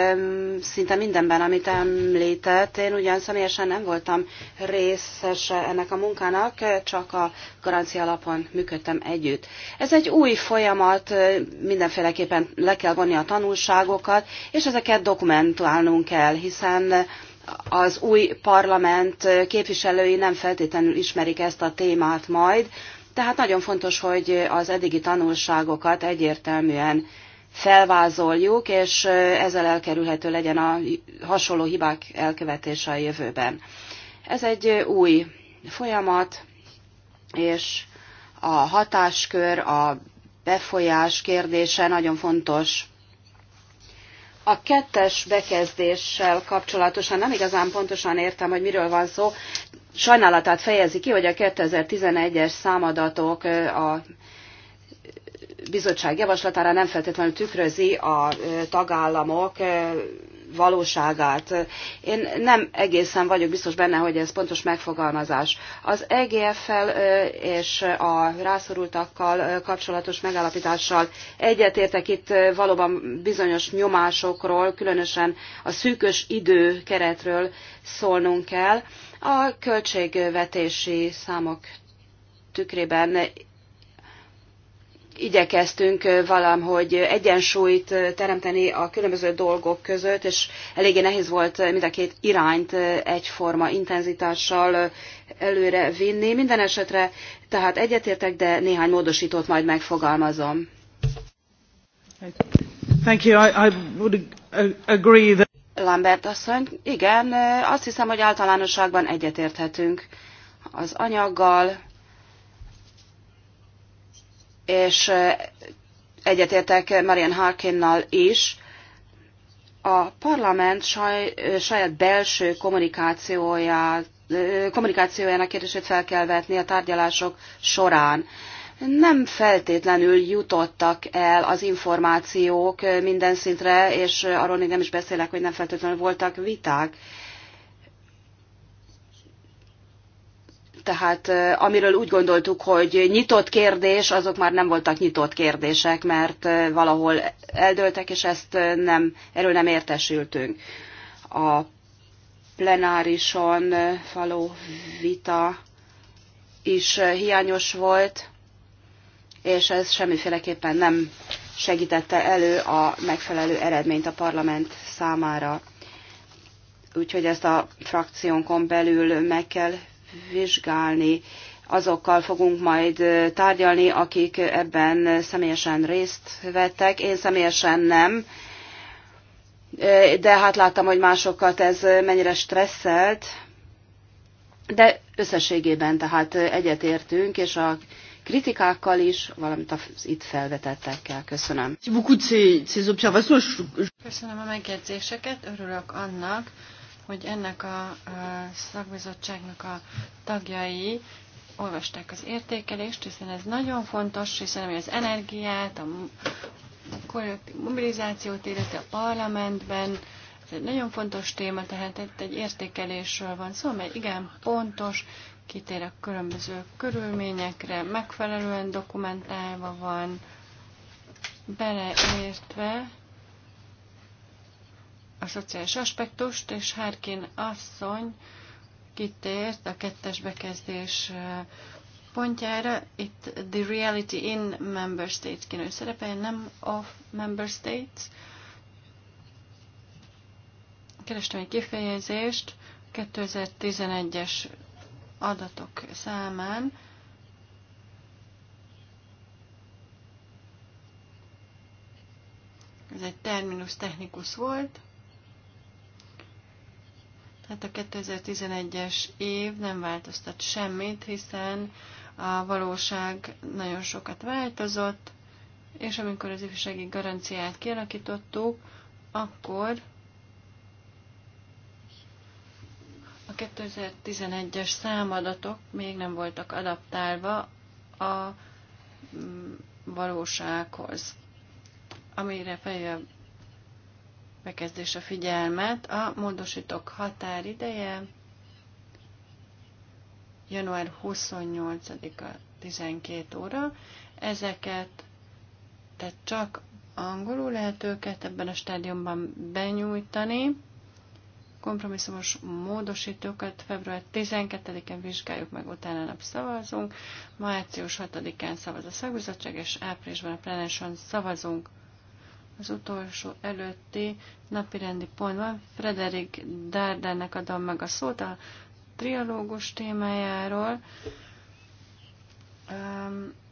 szinte mindenben, amit említett. Én ugyan személyesen nem voltam részes ennek a munkának, csak a garancia alapon működtem együtt. Ez egy új folyamat, mindenféleképpen le kell vonni a tanulságokat, és ezeket dokumentálnunk kell, hiszen az új parlament képviselői nem feltétlenül ismerik ezt a témát majd, tehát nagyon fontos, hogy az eddigi tanulságokat egyértelműen felvázoljuk, és ezzel elkerülhető legyen a hasonló hibák elkövetése a jövőben. Ez egy új folyamat, és a hatáskör, a befolyás kérdése nagyon fontos a kettes bekezdéssel kapcsolatosan nem igazán pontosan értem, hogy miről van szó. Sajnálatát fejezi ki, hogy a 2011-es számadatok a bizottság javaslatára nem feltétlenül tükrözi a tagállamok valóságát. Én nem egészen vagyok biztos benne, hogy ez pontos megfogalmazás. Az EGF-fel és a rászorultakkal kapcsolatos megállapítással egyetértek itt valóban bizonyos nyomásokról, különösen a szűkös időkeretről szólnunk kell. A költségvetési számok tükrében igyekeztünk valahogy egyensúlyt teremteni a különböző dolgok között, és eléggé nehéz volt mind a két irányt egyforma intenzitással előre vinni. Minden esetre tehát egyetértek, de néhány módosítót majd megfogalmazom. Thank you. I, I would agree that... Lambert asszony, igen, azt hiszem, hogy általánosságban egyetérthetünk az anyaggal, és egyetértek Marian Harkinnal is, a parlament saj, saját belső kommunikációját, kommunikációjának kérdését fel kell vetni a tárgyalások során. Nem feltétlenül jutottak el az információk minden szintre, és arról még nem is beszélek, hogy nem feltétlenül voltak viták Tehát amiről úgy gondoltuk, hogy nyitott kérdés, azok már nem voltak nyitott kérdések, mert valahol eldőltek, és ezt nem, erről nem értesültünk. A plenárison faló vita is hiányos volt, és ez semmiféleképpen nem segítette elő a megfelelő eredményt a parlament számára. Úgyhogy ezt a frakciónkon belül meg kell vizsgálni. Azokkal fogunk majd tárgyalni, akik ebben személyesen részt vettek. Én személyesen nem, de hát láttam, hogy másokat ez mennyire stresszelt. De összességében tehát egyetértünk, és a kritikákkal is, valamint az itt felvetettekkel. Köszönöm. Köszönöm a megjegyzéseket, örülök annak, hogy ennek a szakbizottságnak a tagjai olvasták az értékelést, hiszen ez nagyon fontos, hiszen ami az energiát, a mobilizációt illeti a parlamentben, ez egy nagyon fontos téma, tehát itt egy értékelésről van szó, mely igen pontos, kitér a különböző körülményekre, megfelelően dokumentálva van, beleértve a szociális aspektust, és Harkin asszony kitért a kettes bekezdés pontjára. Itt the reality in member states kinő szerepel, nem of member states. Kerestem egy kifejezést 2011-es adatok számán. Ez egy terminus technikus volt, tehát a 2011-es év nem változtat semmit, hiszen a valóság nagyon sokat változott, és amikor az ifjúsági garanciát kialakítottuk, akkor a 2011-es számadatok még nem voltak adaptálva a mm, valósághoz, amire feljebb bekezdés a figyelmet. A módosítók határideje január 28-a 12 óra. Ezeket, tehát csak angolul lehet őket ebben a stádiumban benyújtani. Kompromisszumos módosítókat február 12-en vizsgáljuk meg, utána nap szavazunk. Március 6-án szavaz a szakbizottság, és áprilisban a plenáson szavazunk az utolsó előtti napirendi pontban Frederik Dárdának adom meg a szót a trialógus témájáról.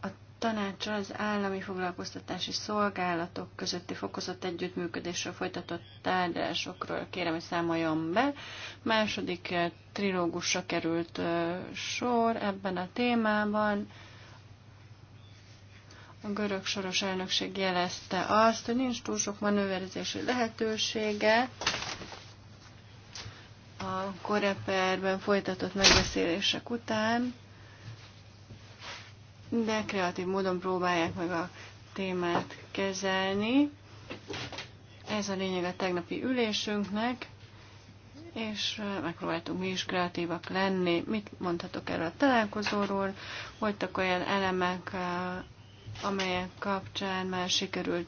A tanácsra az állami foglalkoztatási szolgálatok közötti fokozott együttműködésről folytatott tárgyalásokról kérem, hogy számoljon be. Második trilógusra került sor ebben a témában. A görög soros elnökség jelezte azt, hogy nincs túl sok manőverezési lehetősége. A koreperben folytatott megbeszélések után, de kreatív módon próbálják meg a témát kezelni. Ez a lényeg a tegnapi ülésünknek, és megpróbáltunk mi is kreatívak lenni. Mit mondhatok erről a találkozóról? Voltak olyan elemek, amelyek kapcsán már sikerült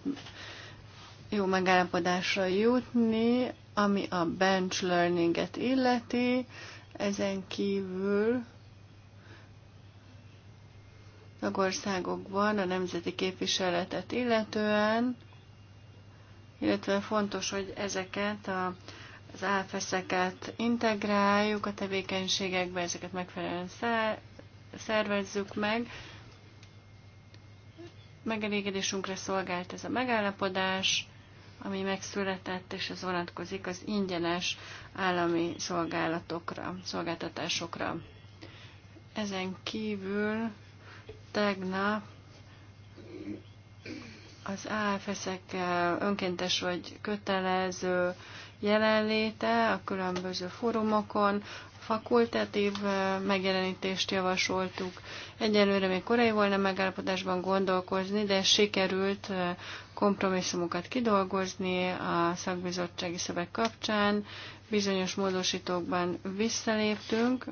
jó megállapodásra jutni, ami a bench learninget illeti, ezen kívül tagországokban a nemzeti képviseletet illetően, illetve fontos, hogy ezeket a, az áfeszeket integráljuk a tevékenységekbe, ezeket megfelelően szervezzük meg, megelégedésünkre szolgált ez a megállapodás, ami megszületett, és ez vonatkozik az ingyenes állami szolgálatokra, szolgáltatásokra. Ezen kívül tegnap az AFS-ek eh, önkéntes vagy kötelező jelenléte a különböző fórumokon, fakultatív megjelenítést javasoltuk. Egyelőre még korai volna megállapodásban gondolkozni, de sikerült kompromisszumokat kidolgozni a szakbizottsági szöveg kapcsán. Bizonyos módosítókban visszaléptünk,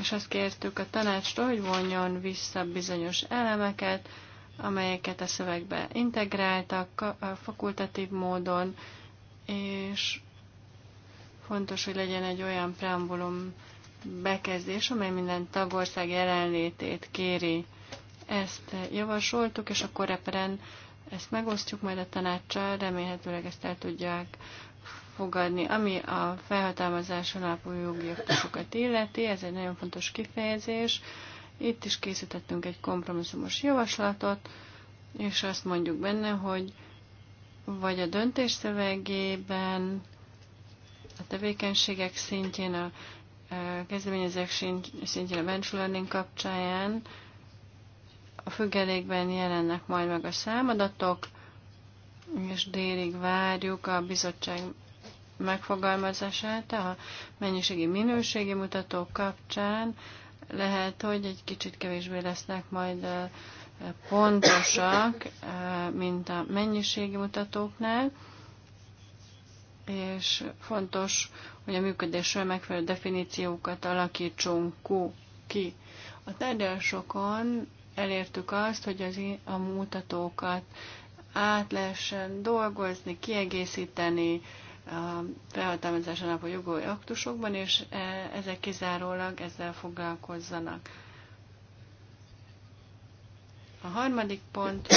és azt kértük a tanácstól, hogy vonjon vissza bizonyos elemeket, amelyeket a szövegbe integráltak fakultatív módon, és Fontos, hogy legyen egy olyan preambulum bekezdés, amely minden tagország jelenlétét kéri. Ezt javasoltuk, és akkor reperen ezt megosztjuk majd a tanácssal, remélhetőleg ezt el tudják fogadni. Ami a felhatalmazáson alapú jogi aktusokat illeti, ez egy nagyon fontos kifejezés. Itt is készítettünk egy kompromisszumos javaslatot, és azt mondjuk benne, hogy vagy a döntés szövegében, a tevékenységek szintjén, a kezdeményezők szintjén, a bench learning kapcsán. A függelékben jelennek majd meg a számadatok, és délig várjuk a bizottság megfogalmazását a mennyiségi minőségi mutatók kapcsán. Lehet, hogy egy kicsit kevésbé lesznek majd pontosak, mint a mennyiségi mutatóknál és fontos, hogy a működésről megfelelő definíciókat alakítsunk ki. A tárgyalásokon elértük azt, hogy az, a mutatókat át lehessen dolgozni, kiegészíteni a felhatalmazás alapú jogi aktusokban, és e- ezek kizárólag ezzel foglalkozzanak. A harmadik pont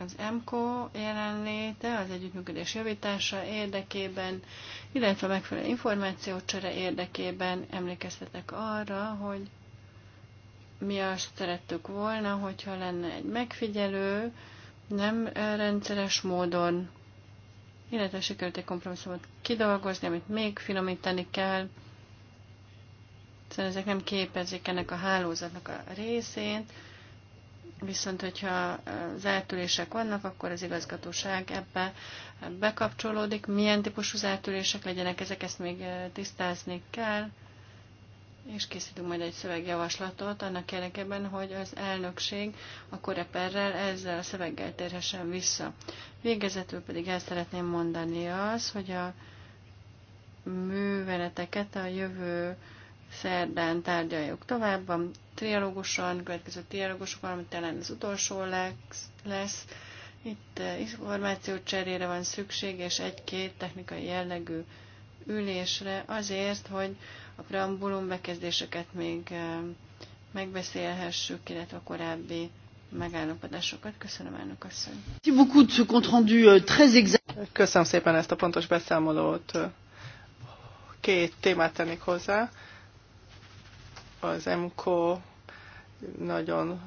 az EMCO jelenléte az együttműködés javítása érdekében, illetve megfelelő információcsere érdekében emlékeztetek arra, hogy mi azt szerettük volna, hogyha lenne egy megfigyelő, nem rendszeres módon, illetve sikerült egy kompromisszumot kidolgozni, amit még finomítani kell, hiszen szóval ezek nem képezik ennek a hálózatnak a részét, Viszont, hogyha az eltűlések vannak, akkor az igazgatóság ebbe bekapcsolódik. Milyen típusú zártülések legyenek ezek, ezt még eh, tisztázni kell. És készítünk majd egy szövegjavaslatot annak érdekében, hogy az elnökség a koreperrel ezzel a szöveggel térhessen vissza. Végezetül pedig el szeretném mondani az, hogy a műveleteket a jövő szerdán tárgyaljuk tovább trialóguson, következő trialógusokon, valamint talán az utolsó lesz. Itt eh, információ cserére van szükség, és egy-két technikai jellegű ülésre azért, hogy a preambulum bekezdéseket még eh, megbeszélhessük, illetve a korábbi megállapodásokat. Köszönöm, elnök asszony. Euh, Köszönöm szépen ezt a pontos beszámolót. Két témát tennék hozzá. Az MKO nagyon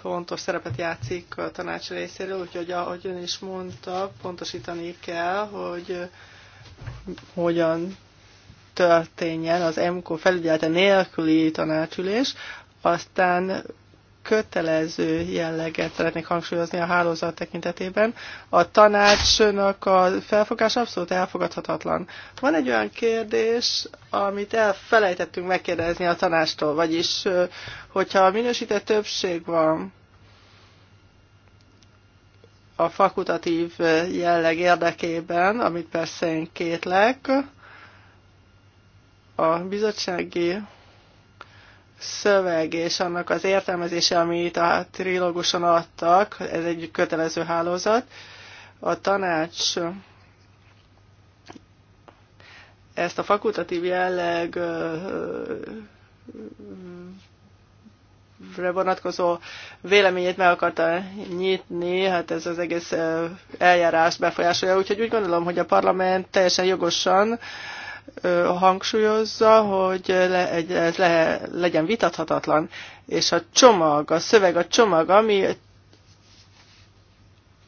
fontos szerepet játszik a tanács részéről, úgyhogy ahogy ön is mondta, pontosítani kell, hogy hogyan történjen az MKO felügyelete nélküli tanácsülés, aztán kötelező jelleget szeretnék hangsúlyozni a hálózat tekintetében. A tanácsnak a felfogás abszolút elfogadhatatlan. Van egy olyan kérdés, amit elfelejtettünk megkérdezni a tanástól, vagyis hogyha a minősített többség van, a fakultatív jelleg érdekében, amit persze én kétlek, a bizottsági szöveg és annak az értelmezése, amit a trilóguson adtak, ez egy kötelező hálózat. A tanács ezt a fakultatív jelleg vonatkozó véleményét meg akarta nyitni, hát ez az egész eljárás befolyásolja, úgyhogy úgy gondolom, hogy a parlament teljesen jogosan hangsúlyozza, hogy le, egy, ez le, legyen vitathatatlan, és a csomag, a szöveg, a csomag, ami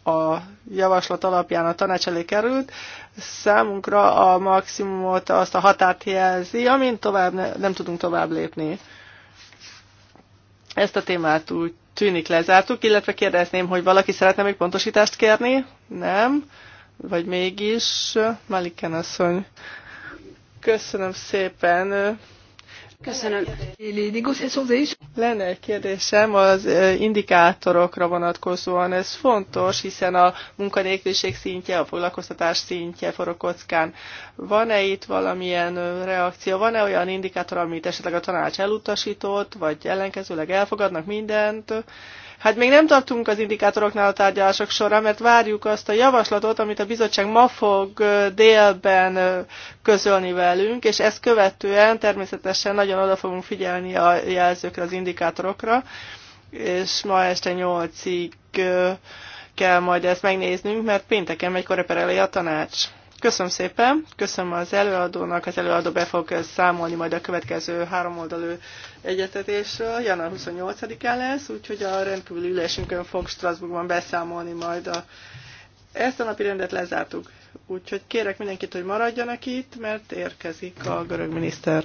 a javaslat alapján a tanács elé került, számunkra a maximumot, azt a határt jelzi, amint tovább ne, nem tudunk tovább lépni. Ezt a témát úgy tűnik lezártuk, illetve kérdezném, hogy valaki szeretne még pontosítást kérni? Nem? Vagy mégis? Maliken asszony. Köszönöm szépen. Köszönöm. Lenne egy kérdésem az indikátorokra vonatkozóan. Ez fontos, hiszen a munkanélküliség szintje, a foglalkoztatás szintje forog kockán. Van-e itt valamilyen reakció? Van-e olyan indikátor, amit esetleg a tanács elutasított, vagy ellenkezőleg elfogadnak mindent? Hát még nem tartunk az indikátoroknál a tárgyalások során, mert várjuk azt a javaslatot, amit a bizottság ma fog délben közölni velünk, és ezt követően természetesen nagyon oda fogunk figyelni a jelzőkre, az indikátorokra, és ma este nyolcig kell majd ezt megnéznünk, mert pénteken megy korreper elé a tanács. Köszönöm szépen, köszönöm az előadónak, az előadó be fog számolni majd a következő háromoldalú egyetetésről, január 28-án lesz, úgyhogy a rendkívüli ülésünkön fog Strasbourgban beszámolni majd a... Ezt a napi rendet lezártuk, úgyhogy kérek mindenkit, hogy maradjanak itt, mert érkezik a görög miniszter.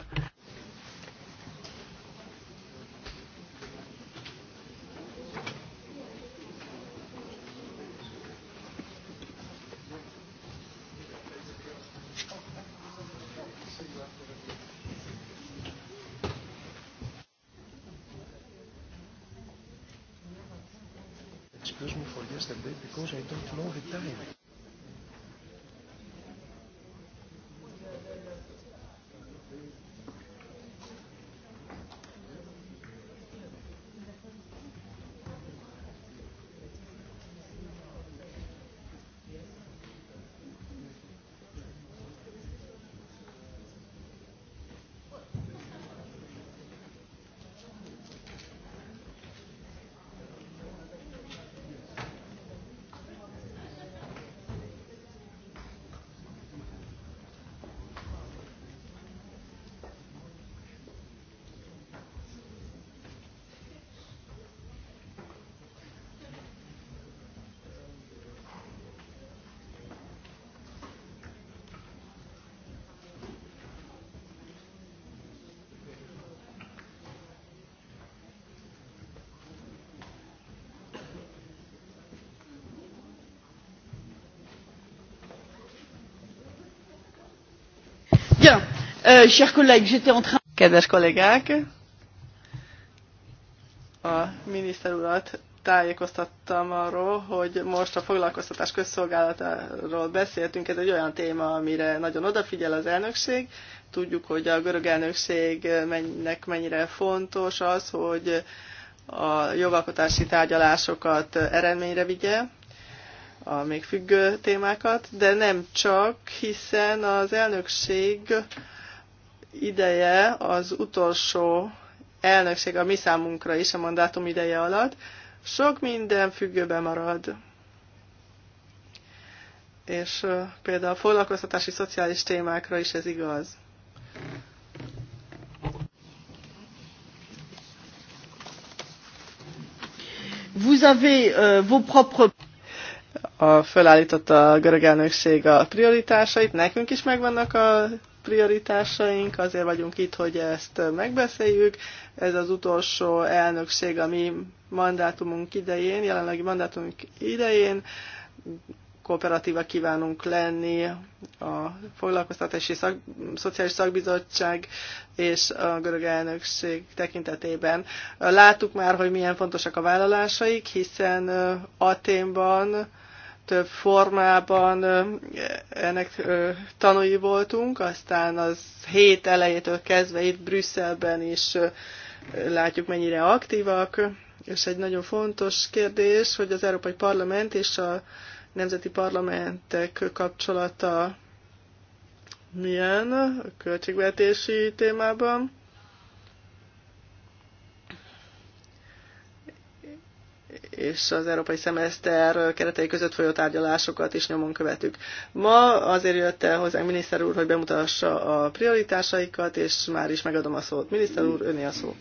Euh, Kedves kollégák, a miniszter urat tájékoztattam arról, hogy most a foglalkoztatás közszolgálatáról beszéltünk. Ez egy olyan téma, amire nagyon odafigyel az elnökség. Tudjuk, hogy a görög elnökségnek mennyire fontos az, hogy a jogalkotási tárgyalásokat eredményre vigye, a még függő témákat, de nem csak, hiszen az elnökség ideje az utolsó elnökség a mi számunkra is a mandátum ideje alatt. Sok minden függőbe marad. És például a foglalkoztatási szociális témákra is ez igaz. Vous avez uh, vos propres a, fölállította a görög elnökség a prioritásait, nekünk is megvannak a prioritásaink, azért vagyunk itt, hogy ezt megbeszéljük. Ez az utolsó elnökség a mi mandátumunk idején, jelenlegi mandátumunk idején. Kooperatíva kívánunk lenni a Foglalkoztatási Szak, Szociális Szakbizottság és a görög elnökség tekintetében. Láttuk már, hogy milyen fontosak a vállalásaik, hiszen Aténban több formában ennek tanúi voltunk, aztán az hét elejétől kezdve itt Brüsszelben is látjuk, mennyire aktívak, és egy nagyon fontos kérdés, hogy az Európai Parlament és a nemzeti parlamentek kapcsolata milyen a költségvetési témában. és az európai szemeszter keretei között folyó tárgyalásokat is nyomon követük. Ma azért jött el hozzánk miniszter úr, hogy bemutassa a prioritásaikat, és már is megadom a szót. Miniszter úr, öné a szó.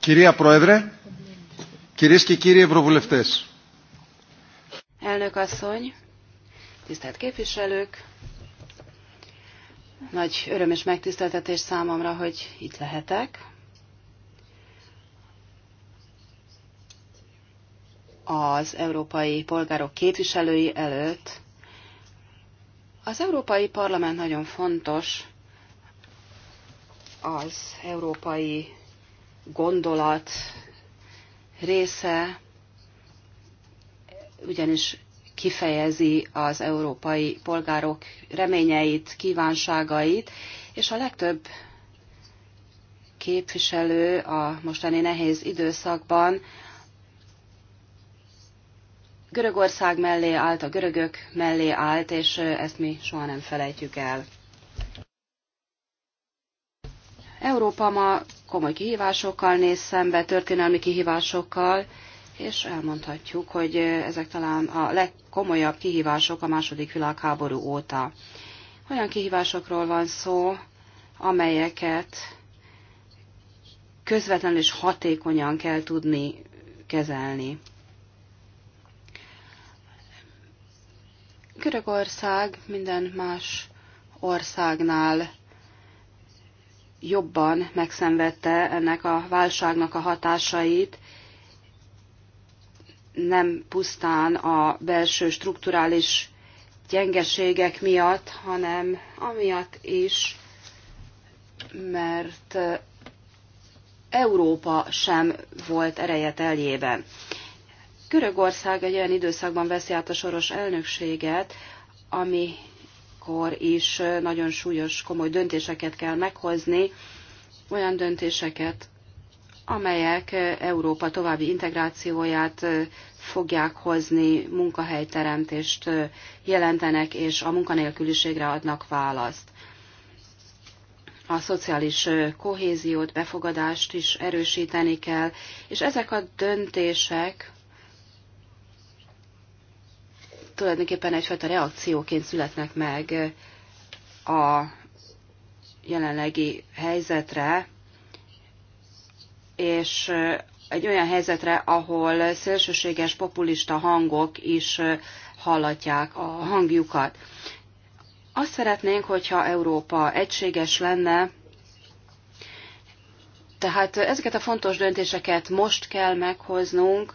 Kiria Proedre, κυρίες και κύριοι Elnök asszony, tisztelt képviselők, nagy öröm és megtiszteltetés számomra, hogy itt lehetek. Az európai polgárok képviselői előtt. Az Európai Parlament nagyon fontos az európai gondolat része, ugyanis kifejezi az európai polgárok reményeit, kívánságait, és a legtöbb képviselő a mostani nehéz időszakban Görögország mellé állt, a görögök mellé állt, és ezt mi soha nem felejtjük el. Európa ma komoly kihívásokkal néz szembe, történelmi kihívásokkal, és elmondhatjuk, hogy ezek talán a legkomolyabb kihívások a második világháború óta. Olyan kihívásokról van szó, amelyeket közvetlenül és hatékonyan kell tudni kezelni. Görögország minden más országnál jobban megszenvedte ennek a válságnak a hatásait, nem pusztán a belső strukturális gyengeségek miatt, hanem amiatt is, mert Európa sem volt ereje teljében. Görögország egy olyan időszakban veszi át a soros elnökséget, amikor is nagyon súlyos, komoly döntéseket kell meghozni, olyan döntéseket, amelyek eh, Európa további integrációját eh, fogják hozni, munkahelyteremtést eh, jelentenek, és a munkanélküliségre adnak választ. A szociális kohéziót, befogadást is erősíteni kell, és ezek a döntések tulajdonképpen egyfajta reakcióként születnek meg a jelenlegi helyzetre, és egy olyan helyzetre, ahol szélsőséges populista hangok is hallatják a hangjukat. Azt szeretnénk, hogyha Európa egységes lenne, tehát ezeket a fontos döntéseket most kell meghoznunk,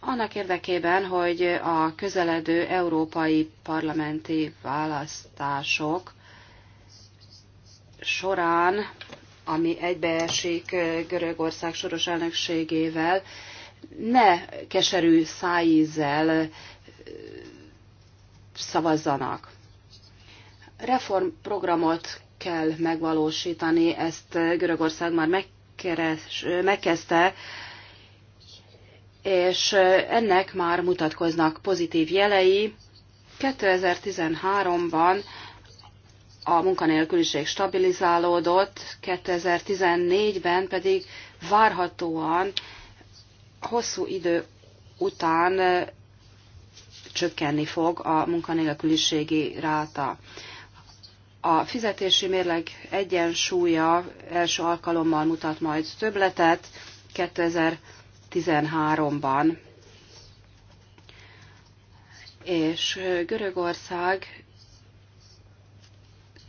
annak érdekében, hogy a közeledő európai parlamenti választások során ami egybeesik Görögország soros elnökségével, ne keserű szájízzel szavazzanak. Reformprogramot kell megvalósítani, ezt Görögország már megkeres, megkezdte, és ennek már mutatkoznak pozitív jelei. 2013-ban a munkanélküliség stabilizálódott, 2014-ben pedig várhatóan hosszú idő után csökkenni fog a munkanélküliségi ráta. A fizetési mérleg egyensúlya első alkalommal mutat majd többletet 2013-ban. És Görögország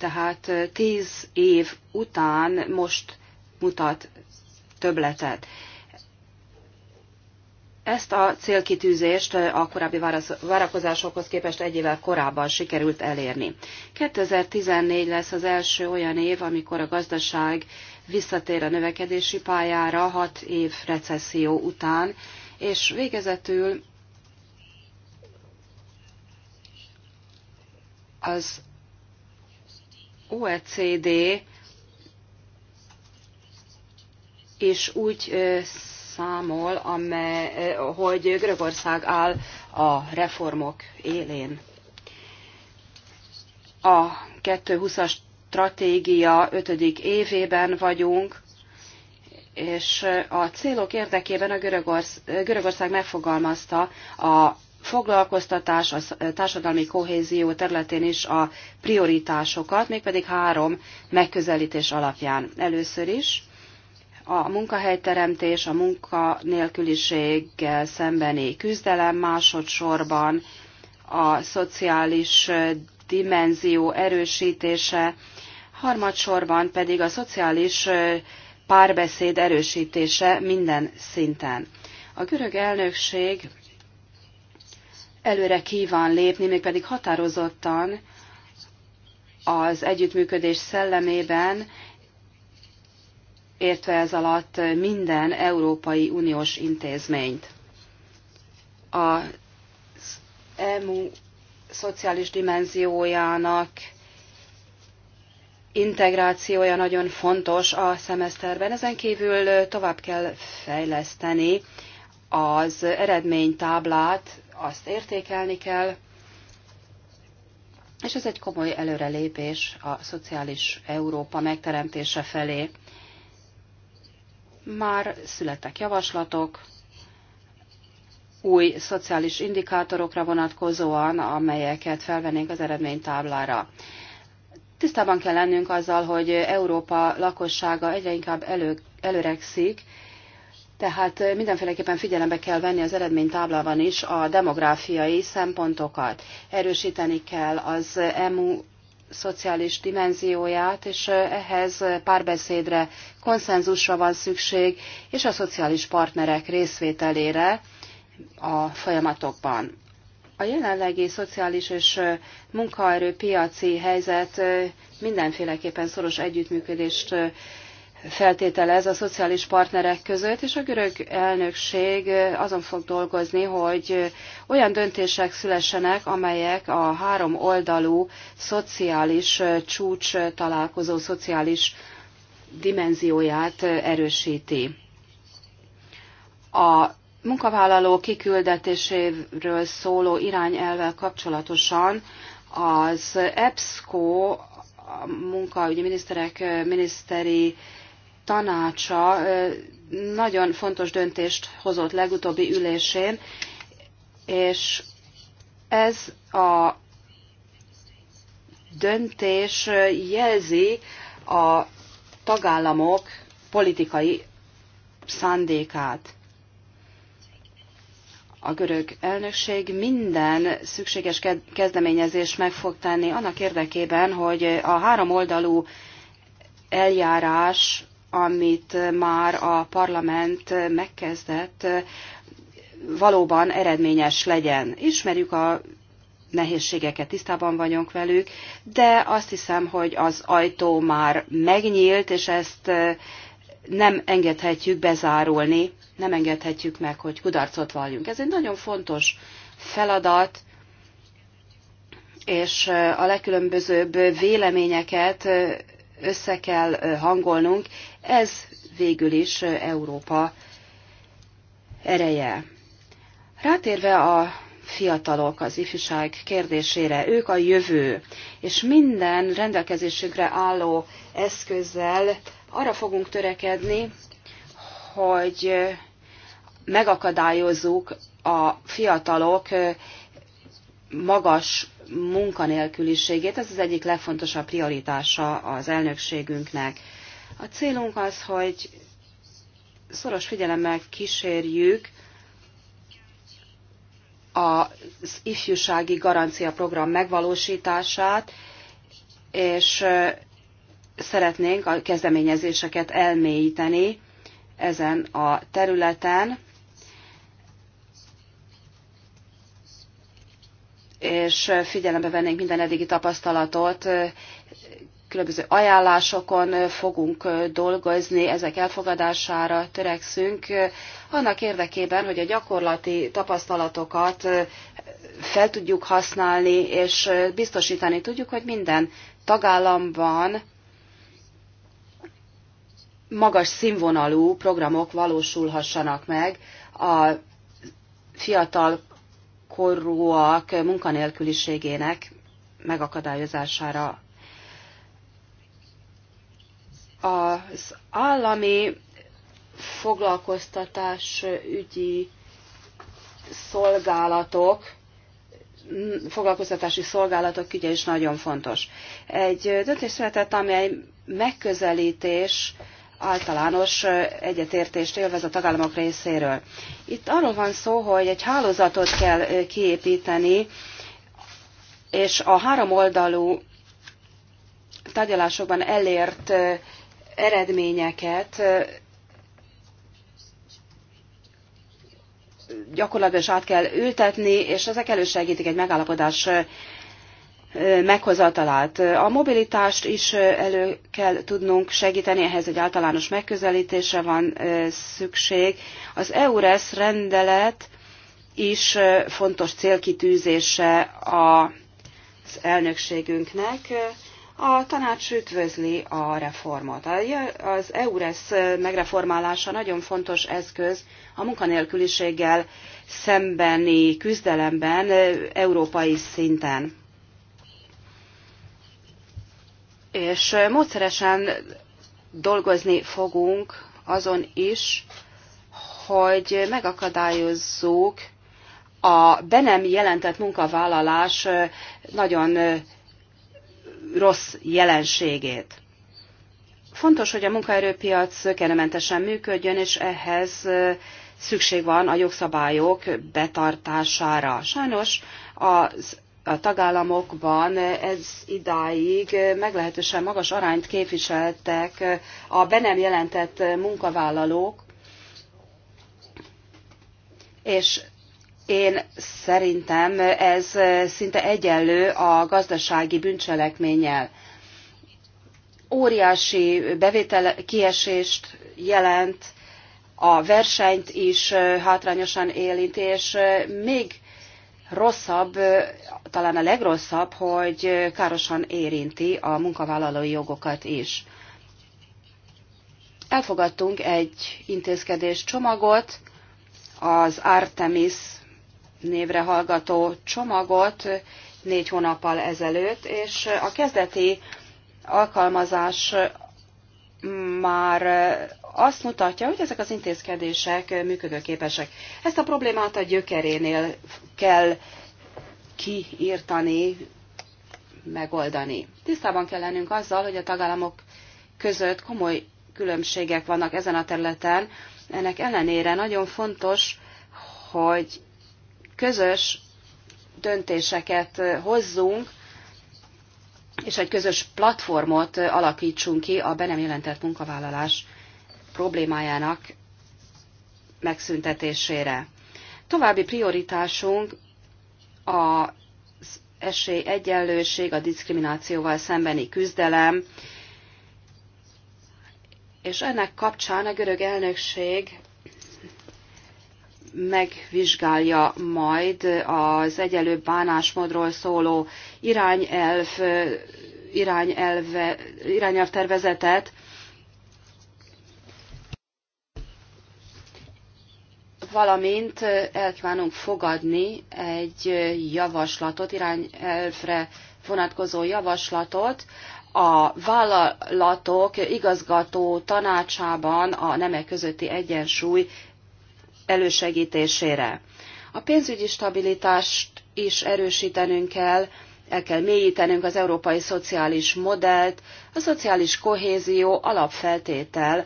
tehát tíz év után most mutat töbletet. Ezt a célkitűzést a korábbi várakozásokhoz képest egy évvel korábban sikerült elérni. 2014 lesz az első olyan év, amikor a gazdaság visszatér a növekedési pályára 6 év recesszió után, és végezetül az OECD is úgy számol, amely, hogy Görögország áll a reformok élén. A 2020-as stratégia 5. évében vagyunk, és a célok érdekében a Görögorsz Görögország megfogalmazta a foglalkoztatás, a társadalmi kohézió területén is a prioritásokat, mégpedig három megközelítés alapján. Először is a munkahelyteremtés, a munkanélküliséggel szembeni küzdelem másodszorban, a szociális dimenzió erősítése, harmadsorban pedig a szociális párbeszéd erősítése minden szinten. A görög elnökség előre kíván lépni, mégpedig határozottan az együttműködés szellemében, értve ez alatt minden Európai Uniós intézményt. Az EMU szociális dimenziójának integrációja nagyon fontos a szemeszterben. Ezen kívül tovább kell fejleszteni az eredménytáblát, azt értékelni kell, és ez egy komoly előrelépés a szociális Európa megteremtése felé. Már születtek javaslatok, új szociális indikátorokra vonatkozóan, amelyeket felvennénk az eredménytáblára. Tisztában kell lennünk azzal, hogy Európa lakossága egyre inkább elő, előregszik, tehát mindenféleképpen figyelembe kell venni az eredménytáblában is a demográfiai szempontokat. Erősíteni kell az EMU szociális dimenzióját, és ehhez párbeszédre, konszenzusra van szükség, és a szociális partnerek részvételére a folyamatokban. A jelenlegi szociális és munkaerőpiaci helyzet mindenféleképpen szoros együttműködést feltételez a szociális partnerek között, és a görög elnökség azon fog dolgozni, hogy olyan döntések szülessenek, amelyek a három oldalú szociális csúcs találkozó szociális dimenzióját erősíti. A munkavállaló kiküldetéséről szóló irányelvel kapcsolatosan az EBSCO a munkaügyi miniszterek miniszteri tanácsa nagyon fontos döntést hozott legutóbbi ülésén, és ez a döntés jelzi a tagállamok politikai szándékát. A görög elnökség minden szükséges kezdeményezést meg fog tenni annak érdekében, hogy a három oldalú eljárás amit már a parlament megkezdett, valóban eredményes legyen. Ismerjük a nehézségeket, tisztában vagyunk velük, de azt hiszem, hogy az ajtó már megnyílt, és ezt nem engedhetjük bezárulni, nem engedhetjük meg, hogy kudarcot valljunk. Ez egy nagyon fontos feladat, és a legkülönbözőbb véleményeket össze kell hangolnunk. Ez végül is Európa ereje. Rátérve a fiatalok, az ifjúság kérdésére, ők a jövő, és minden rendelkezésükre álló eszközzel arra fogunk törekedni, hogy megakadályozzuk a fiatalok magas munkanélküliségét. Ez az egyik legfontosabb prioritása az elnökségünknek. A célunk az, hogy szoros figyelemmel kísérjük az ifjúsági garancia program megvalósítását, és szeretnénk a kezdeményezéseket elmélyíteni ezen a területen. és figyelembe vennénk minden eddigi tapasztalatot, különböző ajánlásokon fogunk dolgozni, ezek elfogadására törekszünk, annak érdekében, hogy a gyakorlati tapasztalatokat fel tudjuk használni, és biztosítani tudjuk, hogy minden tagállamban magas színvonalú programok valósulhassanak meg a fiatal korúak munkanélküliségének megakadályozására. Az állami foglalkoztatás ügyi szolgálatok, foglalkoztatási szolgálatok ügye is nagyon fontos. Egy döntés született, amely megközelítés általános egyetértést élvez a tagállamok részéről. Itt arról van szó, hogy egy hálózatot kell kiépíteni, és a három oldalú tárgyalásokban elért eredményeket gyakorlatban is át kell ültetni, és ezek elősegítik egy megállapodás meghozatalát. A mobilitást is elő kell tudnunk segíteni, ehhez egy általános megközelítésre van szükség. Az EURES rendelet is fontos célkitűzése az elnökségünknek. A tanács üdvözli a reformot. Az EURES megreformálása nagyon fontos eszköz a munkanélküliséggel szembeni küzdelemben európai szinten. és módszeresen dolgozni fogunk azon is, hogy megakadályozzuk a be nem jelentett munkavállalás nagyon rossz jelenségét. Fontos, hogy a munkaerőpiac zökenőmentesen működjön, és ehhez szükség van a jogszabályok betartására. Sajnos az a tagállamokban ez idáig meglehetősen magas arányt képviseltek a be nem jelentett munkavállalók, és én szerintem ez szinte egyenlő a gazdasági bűncselekménnyel. Óriási bevétel kiesést jelent, a versenyt is hátrányosan élint, és még rosszabb, talán a legrosszabb, hogy károsan érinti a munkavállalói jogokat is. Elfogadtunk egy intézkedés csomagot, az Artemis névre hallgató csomagot négy hónappal ezelőtt, és a kezdeti alkalmazás már azt mutatja, hogy ezek az intézkedések működőképesek. Ezt a problémát a gyökerénél kell kiírtani, megoldani. Tisztában kell lennünk azzal, hogy a tagállamok között komoly különbségek vannak ezen a területen. Ennek ellenére nagyon fontos, hogy közös döntéseket hozzunk, és egy közös platformot alakítsunk ki a be nem jelentett munkavállalás problémájának megszüntetésére. További prioritásunk az esélyegyenlőség, a diszkriminációval szembeni küzdelem, és ennek kapcsán a görög elnökség megvizsgálja majd az egyelőbb bánásmódról szóló irányelv, irányelve, irányelv tervezetet, valamint elkívánunk fogadni egy javaslatot, irányelvre vonatkozó javaslatot, a vállalatok igazgató tanácsában a nemek közötti egyensúly elősegítésére. A pénzügyi stabilitást is erősítenünk kell, el kell mélyítenünk az európai szociális modellt, a szociális kohézió alapfeltétel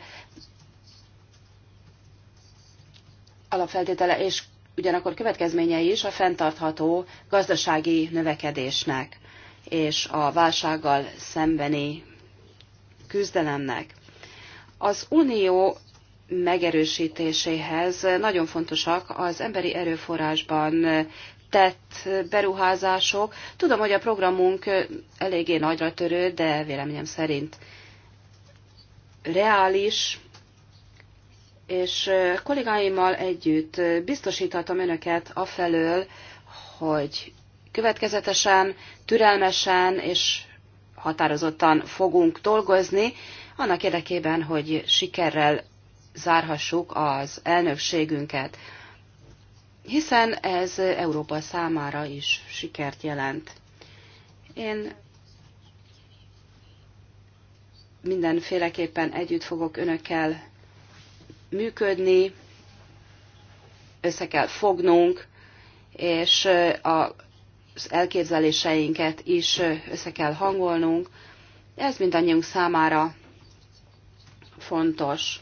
alapfeltétele és ugyanakkor következménye is a fenntartható gazdasági növekedésnek és a válsággal szembeni küzdelemnek. Az unió megerősítéséhez nagyon fontosak az emberi erőforrásban tett beruházások. Tudom, hogy a programunk eléggé nagyra törő, de véleményem szerint reális, és kollégáimmal együtt biztosíthatom önöket afelől, hogy következetesen, türelmesen és határozottan fogunk dolgozni, annak érdekében, hogy sikerrel zárhassuk az elnökségünket, hiszen ez Európa számára is sikert jelent. Én mindenféleképpen együtt fogok önökkel működni, össze kell fognunk, és az elképzeléseinket is össze kell hangolnunk. Ez mindannyiunk számára fontos,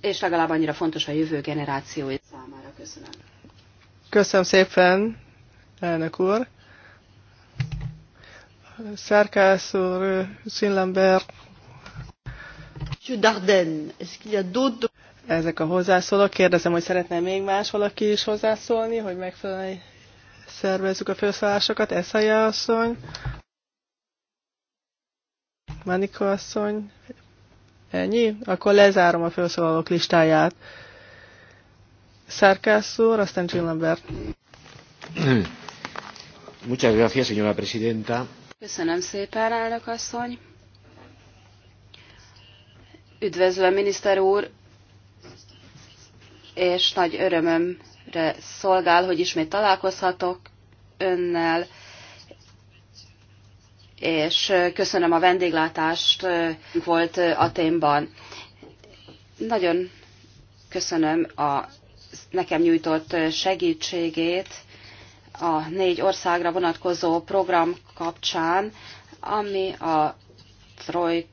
és legalább annyira fontos a jövő generációi számára. Köszönöm. Köszönöm szépen, elnök úr. Szerkász úr, Szillember ezek a hozzászólók. Kérdezem, hogy szeretne még más valaki is hozzászólni, hogy megfelelően szervezzük a felszállásokat. Eszaja asszony, Manika asszony, ennyi? Akkor lezárom a felszólalók listáját. Szárkász úr, aztán Jean Muchas gracias, señora presidenta. Köszönöm szépen, elnök asszony. Üdvözlöm, miniszter úr, és nagy örömömre szolgál, hogy ismét találkozhatok önnel, és köszönöm a vendéglátást, volt Aténban. Nagyon köszönöm a nekem nyújtott segítségét a négy országra vonatkozó program kapcsán, ami a trojka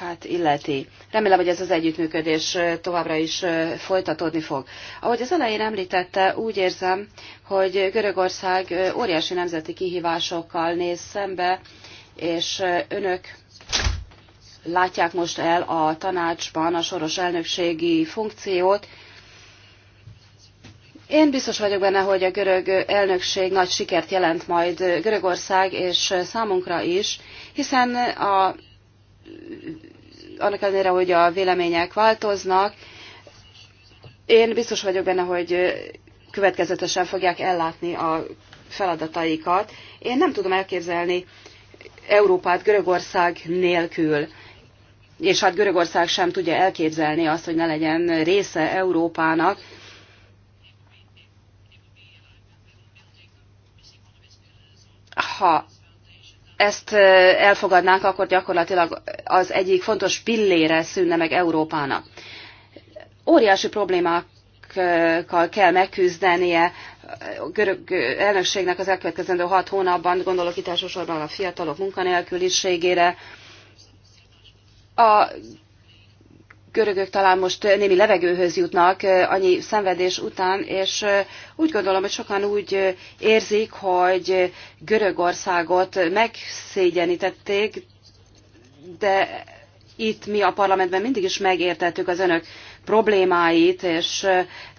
Hát illeti. Remélem, hogy ez az együttműködés továbbra is folytatódni fog. Ahogy az elején említette, úgy érzem, hogy Görögország óriási nemzeti kihívásokkal néz szembe, és önök látják most el a tanácsban a soros elnökségi funkciót. Én biztos vagyok benne, hogy a görög elnökség nagy sikert jelent majd Görögország és számunkra is, hiszen a annak ellenére, hogy a vélemények változnak, én biztos vagyok benne, hogy következetesen fogják ellátni a feladataikat. Én nem tudom elképzelni Európát Görögország nélkül, és hát Görögország sem tudja elképzelni azt, hogy ne legyen része Európának. Ha ezt elfogadnánk, akkor gyakorlatilag az egyik fontos pillére szűnne meg Európának. Óriási problémákkal kell megküzdenie a görög elnökségnek az elkövetkezendő hat hónapban, gondolok itt elsősorban a fiatalok munkanélküliségére. A görögök talán most némi levegőhöz jutnak annyi szenvedés után, és úgy gondolom, hogy sokan úgy érzik, hogy Görögországot megszégyenítették, de itt mi a parlamentben mindig is megértettük az önök problémáit, és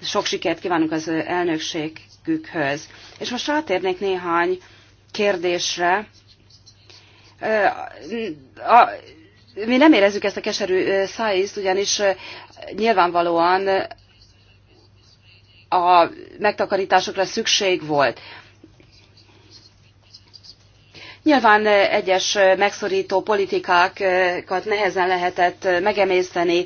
sok sikert kívánunk az elnökségükhöz. És most rátérnék néhány kérdésre. A mi nem érezzük ezt a keserű szájízt, ugyanis nyilvánvalóan a megtakarításokra szükség volt. Nyilván egyes megszorító politikákat nehezen lehetett megemészteni,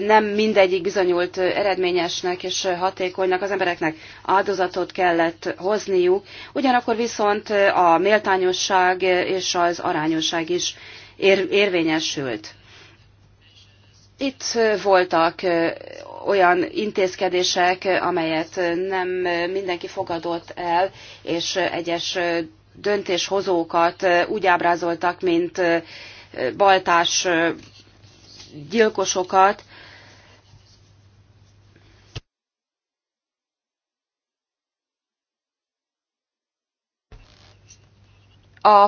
nem mindegyik bizonyult eredményesnek és hatékonynak, az embereknek áldozatot kellett hozniuk, ugyanakkor viszont a méltányosság és az arányosság is érvényesült. Itt voltak olyan intézkedések, amelyet nem mindenki fogadott el, és egyes döntéshozókat úgy ábrázoltak, mint baltás gyilkosokat. A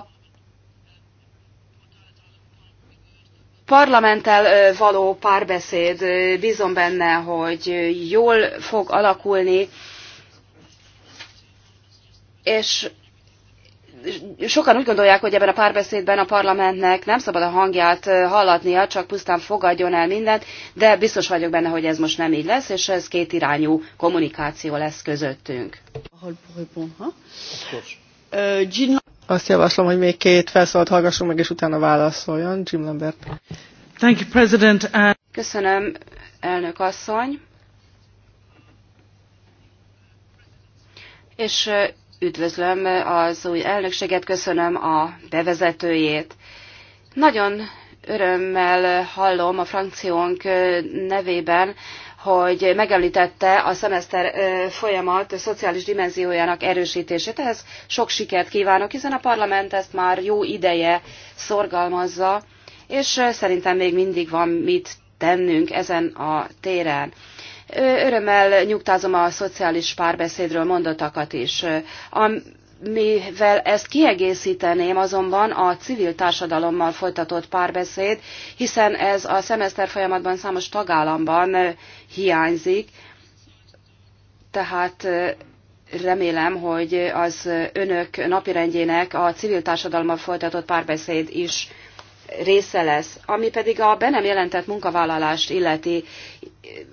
parlamenttel való párbeszéd, bzom benne, hogy jól fog alakulni, és sokan úgy gondolják, hogy ebben a párbeszédben a parlamentnek nem szabad a hangját hallatnia, csak pusztán fogadjon el mindent, de biztos vagyok benne, hogy ez most nem így lesz, és ez kétirányú kommunikáció lesz közöttünk. Azt javaslom, hogy még két felszólalt hallgassunk meg, és utána válaszoljon. Jim Lambert. Thank you, President. Uh, köszönöm, elnök asszony. És uh, üdvözlöm az új elnökséget, köszönöm a bevezetőjét. Nagyon örömmel hallom a frakciónk uh, nevében, hogy megemlítette a szemeszter folyamat a szociális dimenziójának erősítését. Ehhez sok sikert kívánok, hiszen a parlament ezt már jó ideje szorgalmazza, és szerintem még mindig van mit tennünk ezen a téren. Örömmel nyugtázom a szociális párbeszédről mondottakat is mivel ezt kiegészíteném azonban a civil társadalommal folytatott párbeszéd, hiszen ez a szemeszter folyamatban számos tagállamban hiányzik, tehát remélem, hogy az önök napirendjének a civil társadalommal folytatott párbeszéd is része lesz. Ami pedig a be nem jelentett munkavállalást illeti,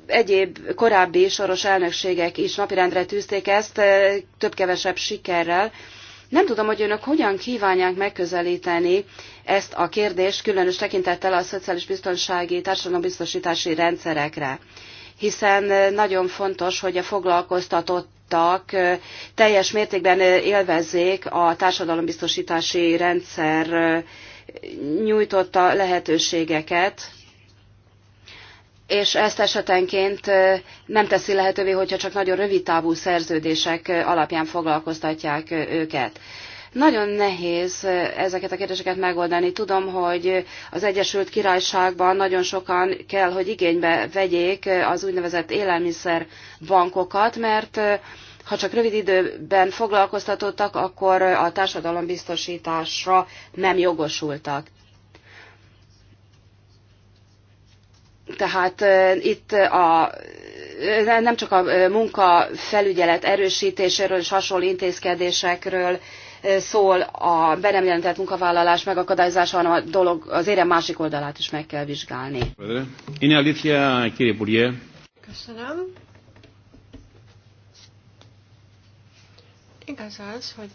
egyéb korábbi soros elnökségek is napirendre tűzték ezt, eh, több-kevesebb sikerrel. Nem tudom, hogy önök hogyan kívánják megközelíteni ezt a kérdést, különös tekintettel a szociális biztonsági társadalombiztosítási rendszerekre hiszen eh, nagyon fontos, hogy a foglalkoztatottak eh, teljes mértékben élvezzék a társadalombiztosítási rendszer nyújtotta lehetőségeket, és ezt esetenként nem teszi lehetővé, hogyha csak nagyon rövid távú szerződések alapján foglalkoztatják őket. Nagyon nehéz ezeket a kérdéseket megoldani. Tudom, hogy az Egyesült Királyságban nagyon sokan kell, hogy igénybe vegyék az úgynevezett élelmiszer bankokat, mert ha csak rövid időben foglalkoztatottak, akkor a társadalombiztosításra nem jogosultak. Tehát eh, itt a, eh, nem csak a eh, munkafelügyelet erősítéséről és hasonló intézkedésekről szól a be nem jelentett munkavállalás megakadályozása, hanem a dolog, az érem másik oldalát is meg kell vizsgálni. Köszönöm. Igaz az, hogy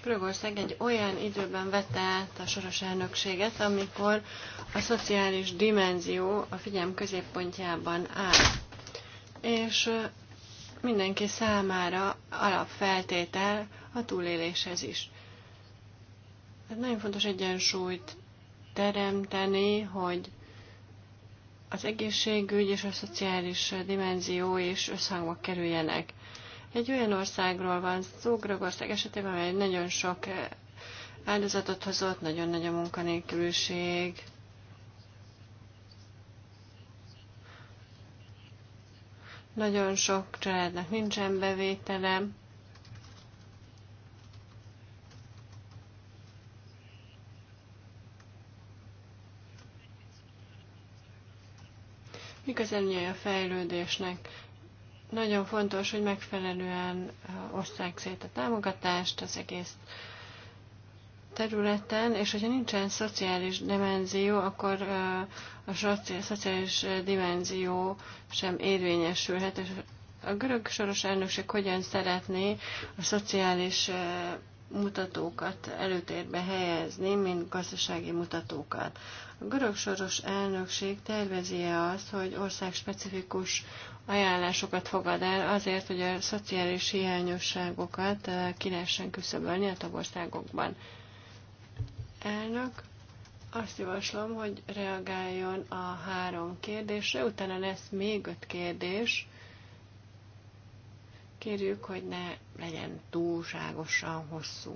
Prögország egy olyan időben vette át a soros elnökséget, amikor a szociális dimenzió a figyelm középpontjában áll. És mindenki számára alapfeltétel a túléléshez is. Tehát nagyon fontos egyensúlyt teremteni, hogy az egészségügy és a szociális dimenzió is összhangba kerüljenek. Egy olyan országról van szó, Görögország esetében, amely nagyon sok eh, áldozatot hozott, nagyon nagy a munkanélküliség, nagyon sok családnak nincsen bevétele, Mik az előnyei a fejlődésnek? Nagyon fontos, hogy megfelelően osszák szét a támogatást az egész területen, és hogyha nincsen szociális dimenzió, akkor a szociális dimenzió sem érvényesülhet, és a görög soros elnökség hogyan szeretné a szociális mutatókat előtérbe helyezni, mint gazdasági mutatókat. A görög soros elnökség tervezi -e azt, hogy országspecifikus ajánlásokat fogad el azért, hogy a szociális hiányosságokat eh, ki lehessen küszöbölni a tagországokban. Elnök, azt javaslom, hogy reagáljon a három kérdésre, utána lesz még öt kérdés kérjük, hogy ne legyen túlságosan hosszú.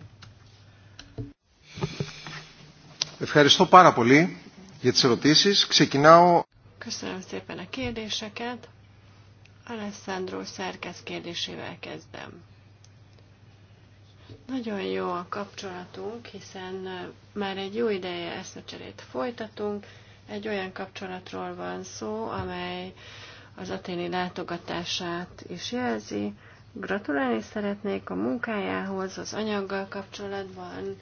Ευχαριστώ πάρα πολύ για τις ερωτήσεις. Ξεκινάω... Köszönöm szépen a kérdéseket. Alessandro Szerkesz kérdésével kezdem. Nagyon jó a kapcsolatunk, hiszen már egy jó ideje eszmecserét folytatunk. Egy olyan kapcsolatról van szó, amely az aténi látogatását is jelzi. Gratulálni szeretnék a munkájához, az anyaggal kapcsolatban,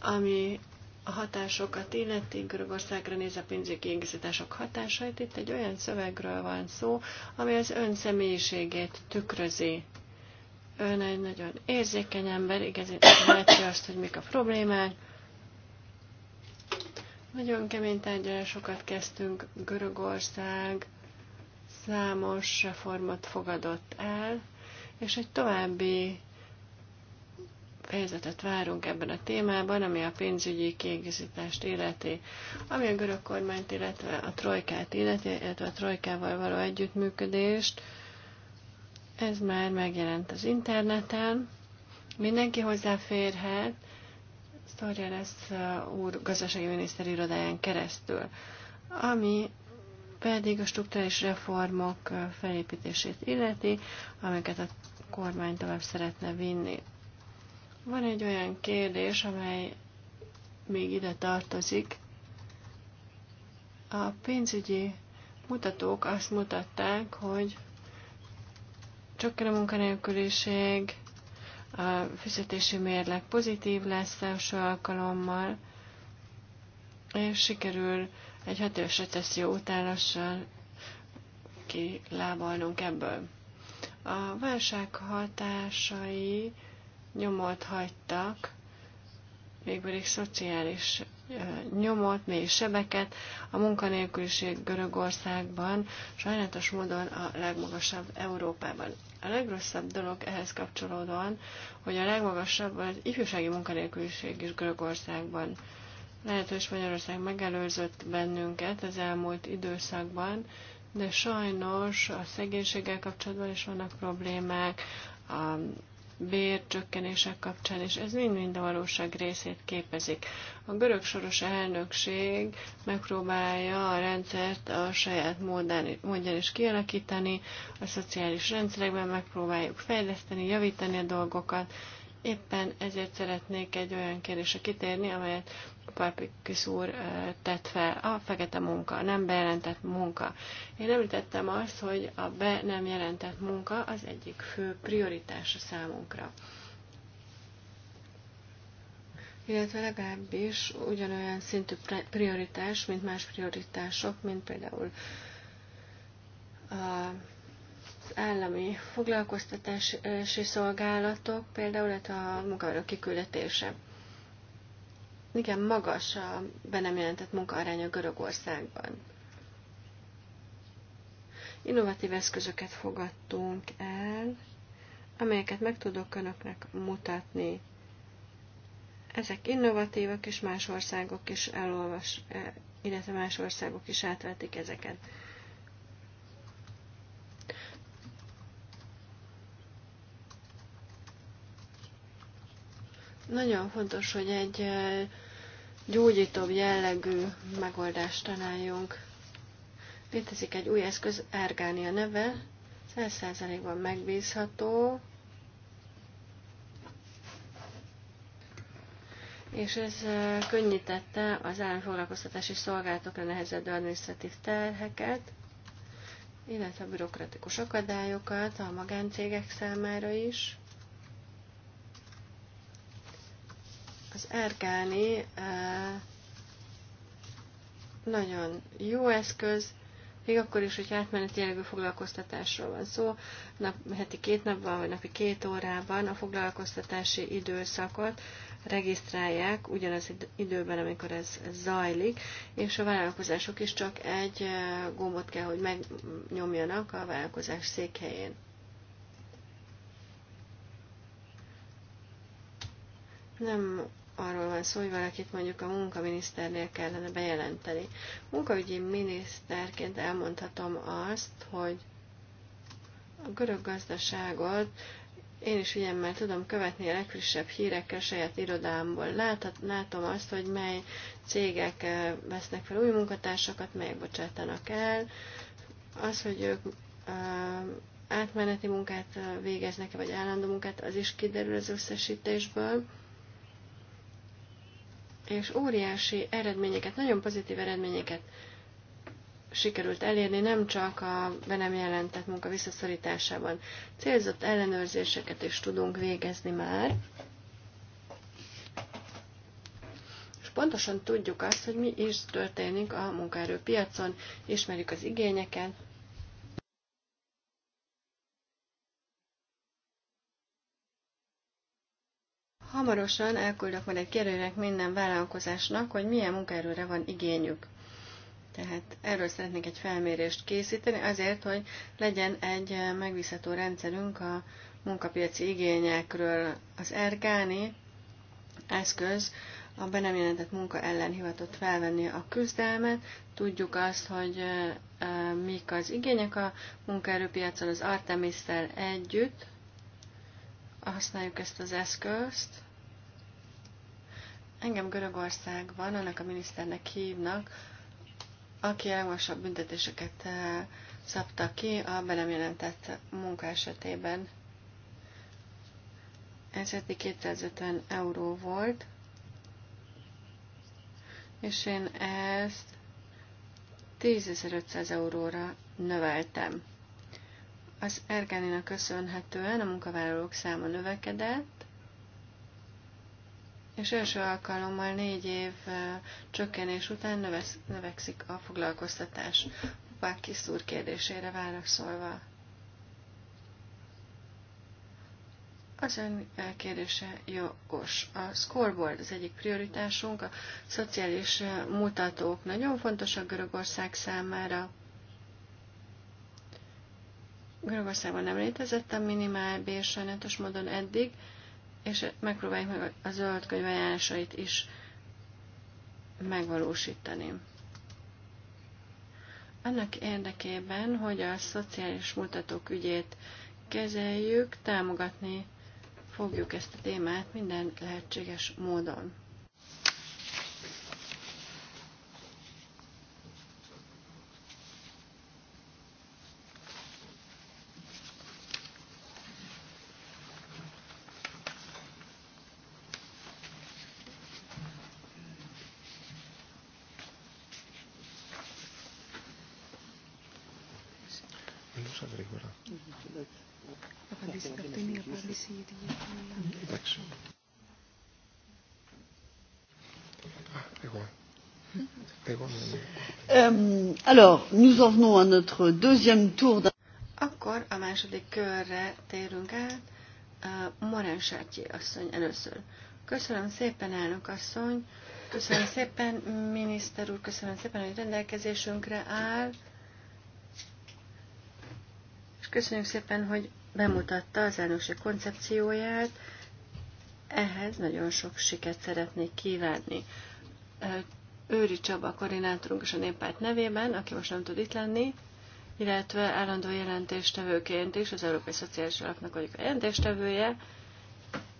ami a hatásokat illeti, Görögországra néz a pénzügyi kiegészítások hatásait. Itt egy olyan szövegről van szó, ami az ön személyiségét tükrözi. Ön egy nagyon érzékeny ember, igazán látja azt, hogy mik a problémák. Nagyon kemény tárgyalásokat kezdtünk. Görögország számos reformot fogadott el és egy további fejezetet várunk ebben a témában, ami a pénzügyi kiegészítést illeti, ami a görög kormányt, illetve a trojkát illeti, illetve a trojkával való együttműködést. Ez már megjelent az interneten, mindenki hozzáférhet, Sztorja lesz úr gazdasági miniszter irodáján keresztül, ami pedig a strukturális reformok felépítését illeti, amiket a kormány tovább szeretne vinni. Van egy olyan kérdés, amely még ide tartozik. A pénzügyi mutatók azt mutatták, hogy csökken a munkanélküliség, a fizetési mérleg pozitív lesz első alkalommal, és sikerül egy hatős recesszió után lassan kilábalnunk ebből. A válság hatásai nyomot hagytak, még pedig szociális nyomot, mély sebeket. A munkanélküliség Görögországban sajnálatos módon a legmagasabb Európában. A legrosszabb dolog ehhez kapcsolódóan, hogy a legmagasabb az ifjúsági munkanélküliség is Görögországban. Lehet, hogy Magyarország megelőzött bennünket az elmúlt időszakban, de sajnos a szegénységgel kapcsolatban is vannak problémák, a bércsökkenések kapcsán, és ez mind-mind a valóság részét képezik. A görög soros elnökség megpróbálja a rendszert a saját módán, módján is kialakítani, a szociális rendszerekben megpróbáljuk fejleszteni, javítani a dolgokat, Éppen ezért szeretnék egy olyan kérdésre kitérni, amelyet Papikus úr tett fel, a fekete munka, nem bejelentett munka. Én említettem azt, hogy a be nem jelentett munka az egyik fő prioritása számunkra. Illetve legalábbis ugyanolyan szintű prioritás, mint más prioritások, mint például a az állami foglalkoztatási szolgálatok, például a munkavállalók kiküldetése igen magas a be nem jelentett a Görögországban. Innovatív eszközöket fogadtunk el, amelyeket meg tudok önöknek mutatni. Ezek innovatívak, és más országok is elolvas, e, illetve más országok is átvetik ezeket. Nagyon fontos, hogy egy e, gyógyítóbb jellegű megoldást találjunk. Létezik egy új eszköz, Ergánia neve, 100%-ban megbízható, és ez könnyítette az államfoglalkoztatási szolgálatokra nehezedő adminisztratív terheket, illetve a bürokratikus akadályokat a magáncégek számára is. Az Ergáni nagyon jó eszköz, még akkor is, hogy átmeneti jellegű foglalkoztatásról van szó, nap, heti két napban, vagy napi két órában a foglalkoztatási időszakot regisztrálják ugyanaz időben, amikor ez zajlik, és a vállalkozások is csak egy gombot kell, hogy megnyomjanak a vállalkozás székhelyén. Nem arról van szó, hogy valakit mondjuk a munkaminiszternél kellene bejelenteni. Munkaügyi miniszterként elmondhatom azt, hogy a görög gazdaságot én is ugye már tudom követni a legfrissebb hírekkel saját irodámból. Láthat, látom azt, hogy mely cégek eh, vesznek fel új munkatársakat, melyek bocsátanak el. Az, hogy ők eh, átmeneti munkát eh, végeznek, vagy állandó munkát, az is kiderül az összesítésből és óriási eredményeket, nagyon pozitív eredményeket sikerült elérni, nem csak a be nem jelentett munka visszaszorításában. Célzott ellenőrzéseket is tudunk végezni már. És pontosan tudjuk azt, hogy mi is történik a munkaerőpiacon, ismerjük az igényeket, Hamarosan elküldök majd egy kérőnek minden vállalkozásnak, hogy milyen munkaerőre van igényük. Tehát erről szeretnék egy felmérést készíteni, azért, hogy legyen egy eh, megbízható rendszerünk a munkapiaci igényekről. Az Ergáni eszköz a be nem jelentett munka ellen hivatott felvenni a küzdelmet. Tudjuk azt, hogy eh, eh, mik az igények a munkaerőpiacon az artemis együtt. Használjuk ezt az eszközt. Engem Görögországban annak a miniszternek hívnak, aki a legmagasabb büntetéseket eh, szabta ki a be nem jelentett munka esetében. Ez eddig 250 euró volt, és én ezt 10.500 euróra növeltem. Az Ergeninak köszönhetően a munkavállalók száma növekedett, és első alkalommal négy év csökkenés után növekszik a foglalkoztatás. kis úr kérdésére válaszolva. Az ön kérdése jogos. A scoreboard az egyik prioritásunk, a szociális mutatók nagyon fontosak Görögország számára. Görögországban nem létezett a minimálbér sajnálatos módon eddig, és megpróbáljuk meg a zöld könyv ajánlásait is megvalósítani. Annak érdekében, hogy a szociális mutatók ügyét kezeljük, támogatni fogjuk ezt a témát minden lehetséges módon. alors, nous en venons à notre deuxième tour. Akkor a második körre térünk át. Uh, Morán Sátyi asszony először. Köszönöm szépen, elnök asszony. Köszönöm szépen, miniszter úr, köszönöm szépen, hogy rendelkezésünkre áll. És köszönjük szépen, hogy bemutatta az elnökség koncepcióját. Ehhez nagyon sok sikert szeretnék kívánni. Őri Csaba koordinátorunk és a néppárt nevében, aki most nem tud itt lenni, illetve állandó jelentéstevőként is, az Európai Szociális Alapnak vagyok a jelentéstevője.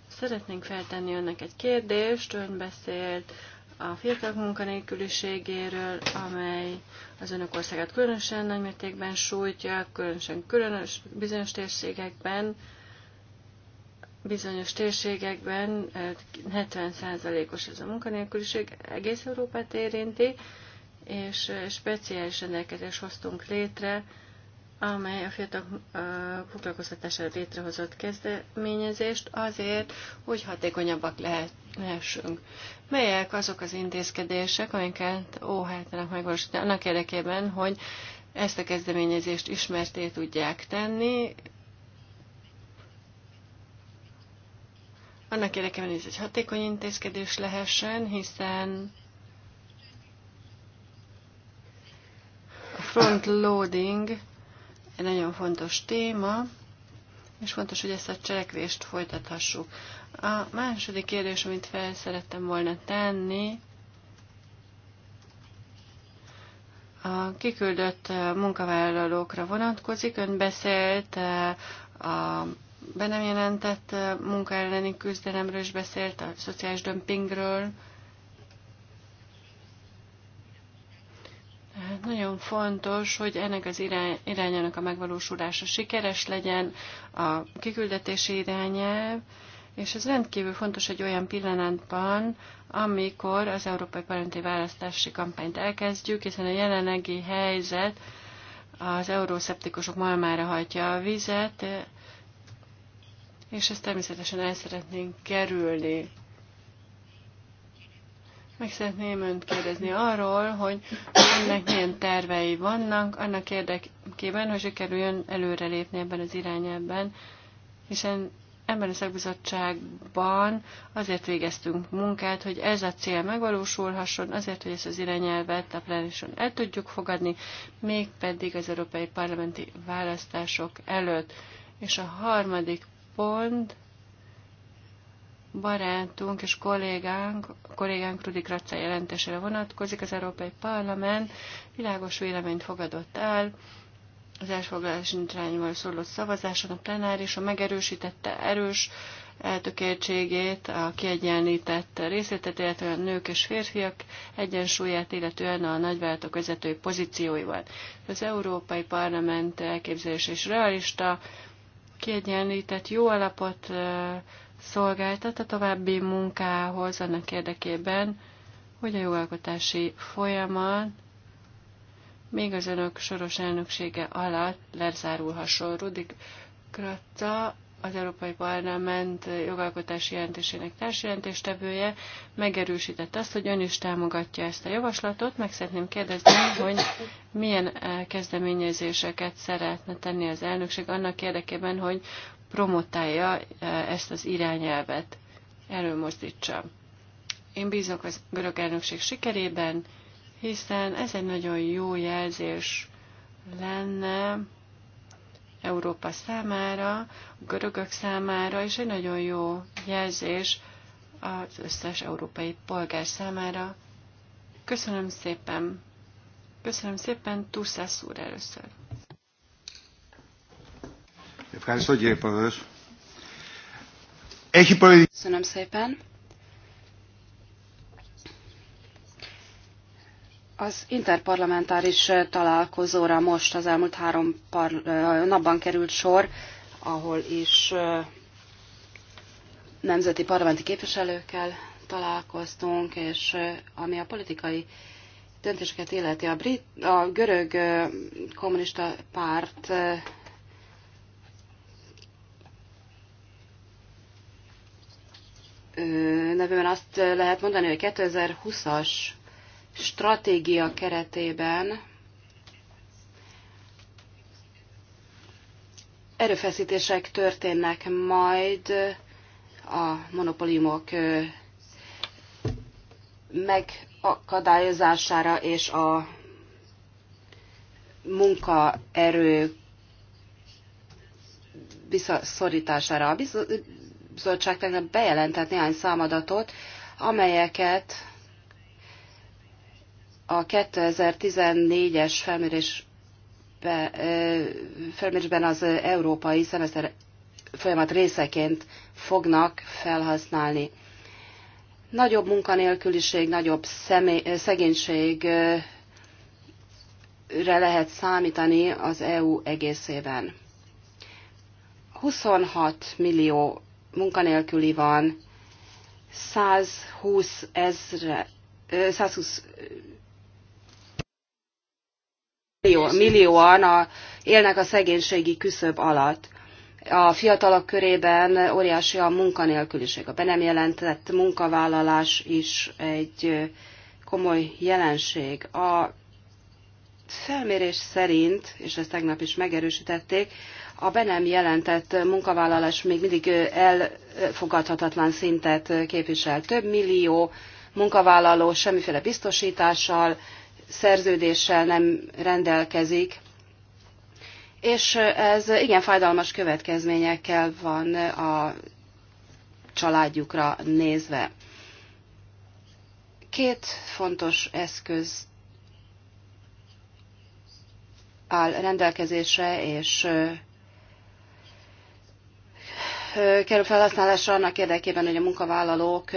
Szeretnénk feltenni önnek egy kérdést. Ön beszélt a fiatalok munkanélküliségéről, amely az önök országát különösen nagymértékben sújtja, különösen különös bizonyos térségekben bizonyos térségekben 70%-os ez a munkanélküliség, egész Európát érinti, és speciális rendelkezést hoztunk létre, amely a fiatal foglalkoztatására létrehozott kezdeményezést azért, hogy hatékonyabbak lehessünk. Melyek azok az intézkedések, amiket óhajtanak megvalósítani annak érdekében, hogy ezt a kezdeményezést ismerté tudják tenni, Annak érdekében, hogy ez egy hatékony intézkedés lehessen, hiszen a front loading egy nagyon fontos téma, és fontos, hogy ezt a cselekvést folytathassuk. A második kérdés, amit fel szerettem volna tenni, a kiküldött munkavállalókra vonatkozik. Ön beszélt eh, a be nem jelentett munka elleni küzdelemről is beszélt, a szociális dömpingről. Nagyon fontos, hogy ennek az irány, irányának a megvalósulása sikeres legyen, a kiküldetési irányelv, és ez rendkívül fontos egy olyan pillanatban, amikor az európai parlamenti választási kampányt elkezdjük, hiszen a jelenlegi helyzet az euroszeptikusok malmára hajtja a vizet, és ezt természetesen el szeretnénk kerülni. Meg szeretném önt kérdezni arról, hogy önnek milyen tervei vannak annak érdekében, hogy sikerüljön előrelépni ebben az irányában, hiszen ebben a szakbizottságban azért végeztünk munkát, hogy ez a cél megvalósulhasson, azért, hogy ezt az irányelvet a plenison el tudjuk fogadni, mégpedig az európai parlamenti választások előtt. És a harmadik pond Barátunk és kollégánk, kollégánk Rudi Kratza jelentésére vonatkozik. Az Európai Parlament világos véleményt fogadott el az elfoglalás intrányval szóló szavazáson a plenárison megerősítette erős eltökéltségét, a kiegyenlített részletet, illetve a nők és férfiak egyensúlyát, illetően a nagyvállalatok vezetői pozícióival. Az Európai Parlament elképzelése és realista, kiegyenlített jó alapot szolgáltat a további munkához annak érdekében, hogy a jogalkotási folyamat még az önök soros elnöksége alatt lezárulhasson. Rudik Kratta az Európai Parlament jogalkotási jelentésének társjelentéstevője megerősítette azt, hogy ön is támogatja ezt a javaslatot. Meg szeretném kérdezni, hogy milyen eh, kezdeményezéseket szeretne tenni az elnökség annak érdekében, hogy promotálja eh, ezt az irányelvet, előmozdítsa. Én bízok az görög elnökség sikerében, hiszen ez egy nagyon jó jelzés lenne Európa számára, a görögök számára, és egy nagyon jó jelzés az összes európai polgár számára. Köszönöm szépen! Köszönöm szépen, Turszász úr először. Köszönöm szépen! Az interparlamentáris találkozóra most az elmúlt három napban került sor, ahol is nemzeti parlamenti képviselőkkel találkoztunk, és ami a politikai döntéseket illeti, a, brit, a görög kommunista párt nevében azt lehet mondani, hogy 2020-as stratégia keretében erőfeszítések történnek majd a monopóliumok megakadályozására és a munkaerő visszaszorítására. A bizottság tegnap bejelentett néhány számadatot, amelyeket a 2014-es felmérés felmérésben az európai szemeszter folyamat részeként fognak felhasználni. Nagyobb munkanélküliség, nagyobb személy, szegénységre lehet számítani az EU egészében. 26 millió munkanélküli van, 120, ezre, 120 millióan a, élnek a szegénységi küszöb alatt. A fiatalok körében óriási a munkanélküliség. A be nem jelentett munkavállalás is egy komoly jelenség. A felmérés szerint, és ezt tegnap is megerősítették, a be nem jelentett munkavállalás még mindig elfogadhatatlan szintet képvisel. Több millió munkavállaló semmiféle biztosítással, szerződéssel nem rendelkezik, és ez igen fájdalmas következményekkel van a családjukra nézve. Két fontos eszköz áll rendelkezésre, és kerül felhasználásra annak érdekében, hogy a munkavállalók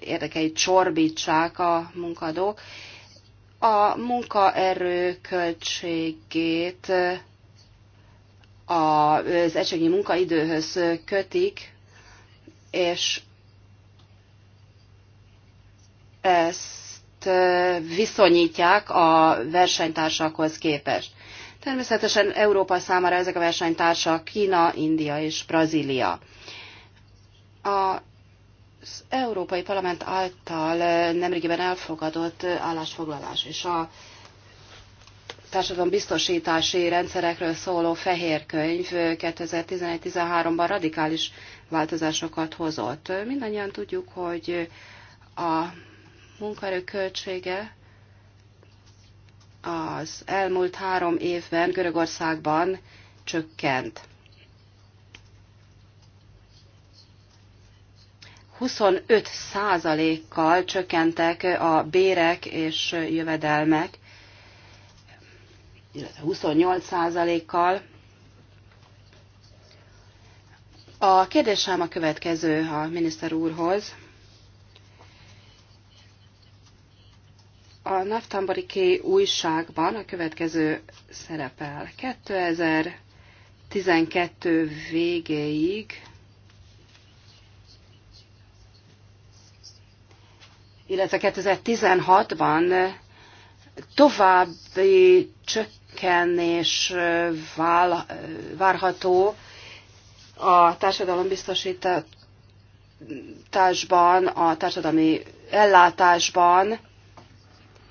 érdekeit csorbítsák a munkadók a munkaerő költségét az egységi munkaidőhöz kötik, és ezt viszonyítják a versenytársakhoz képest. Természetesen Európa számára ezek a versenytársak Kína, India és Brazília. A az Európai Parlament által nemrégiben elfogadott állásfoglalás és a társadalombiztosítási rendszerekről szóló fehér könyv 2011-13-ban radikális változásokat hozott. Mindannyian tudjuk, hogy a munkaerő költsége az elmúlt három évben Görögországban csökkent. 25 százalékkal csökkentek a bérek és jövedelmek, illetve 28 százalékkal. A kérdésem a következő a miniszter úrhoz. A K újságban a következő szerepel. 2012 végéig illetve 2016-ban további csökkenés vál, várható a társadalombiztosításban, a társadalmi ellátásban,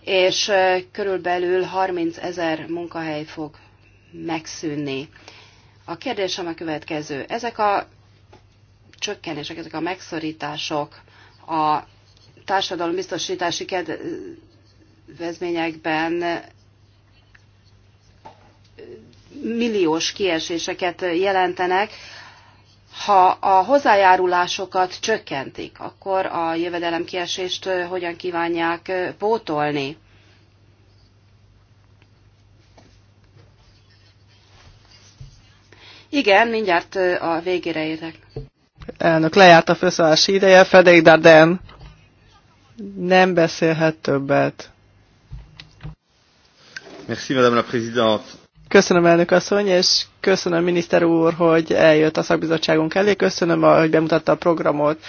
és körülbelül 30 ezer munkahely fog megszűnni. A kérdésem a következő. Ezek a csökkenések, ezek a megszorítások a társadalombiztosítási kedvezményekben milliós kieséseket jelentenek, ha a hozzájárulásokat csökkentik, akkor a kiesést hogyan kívánják pótolni? Igen, mindjárt a végére érek. Elnök, lejárt a főszállási ideje, Frederic Darden nem beszélhet többet. Merci, Madame la Présidente. Köszönöm, elnök asszony, és köszönöm, miniszter úr, hogy eljött a szakbizottságunk elé. Köszönöm, hogy bemutatta a programot.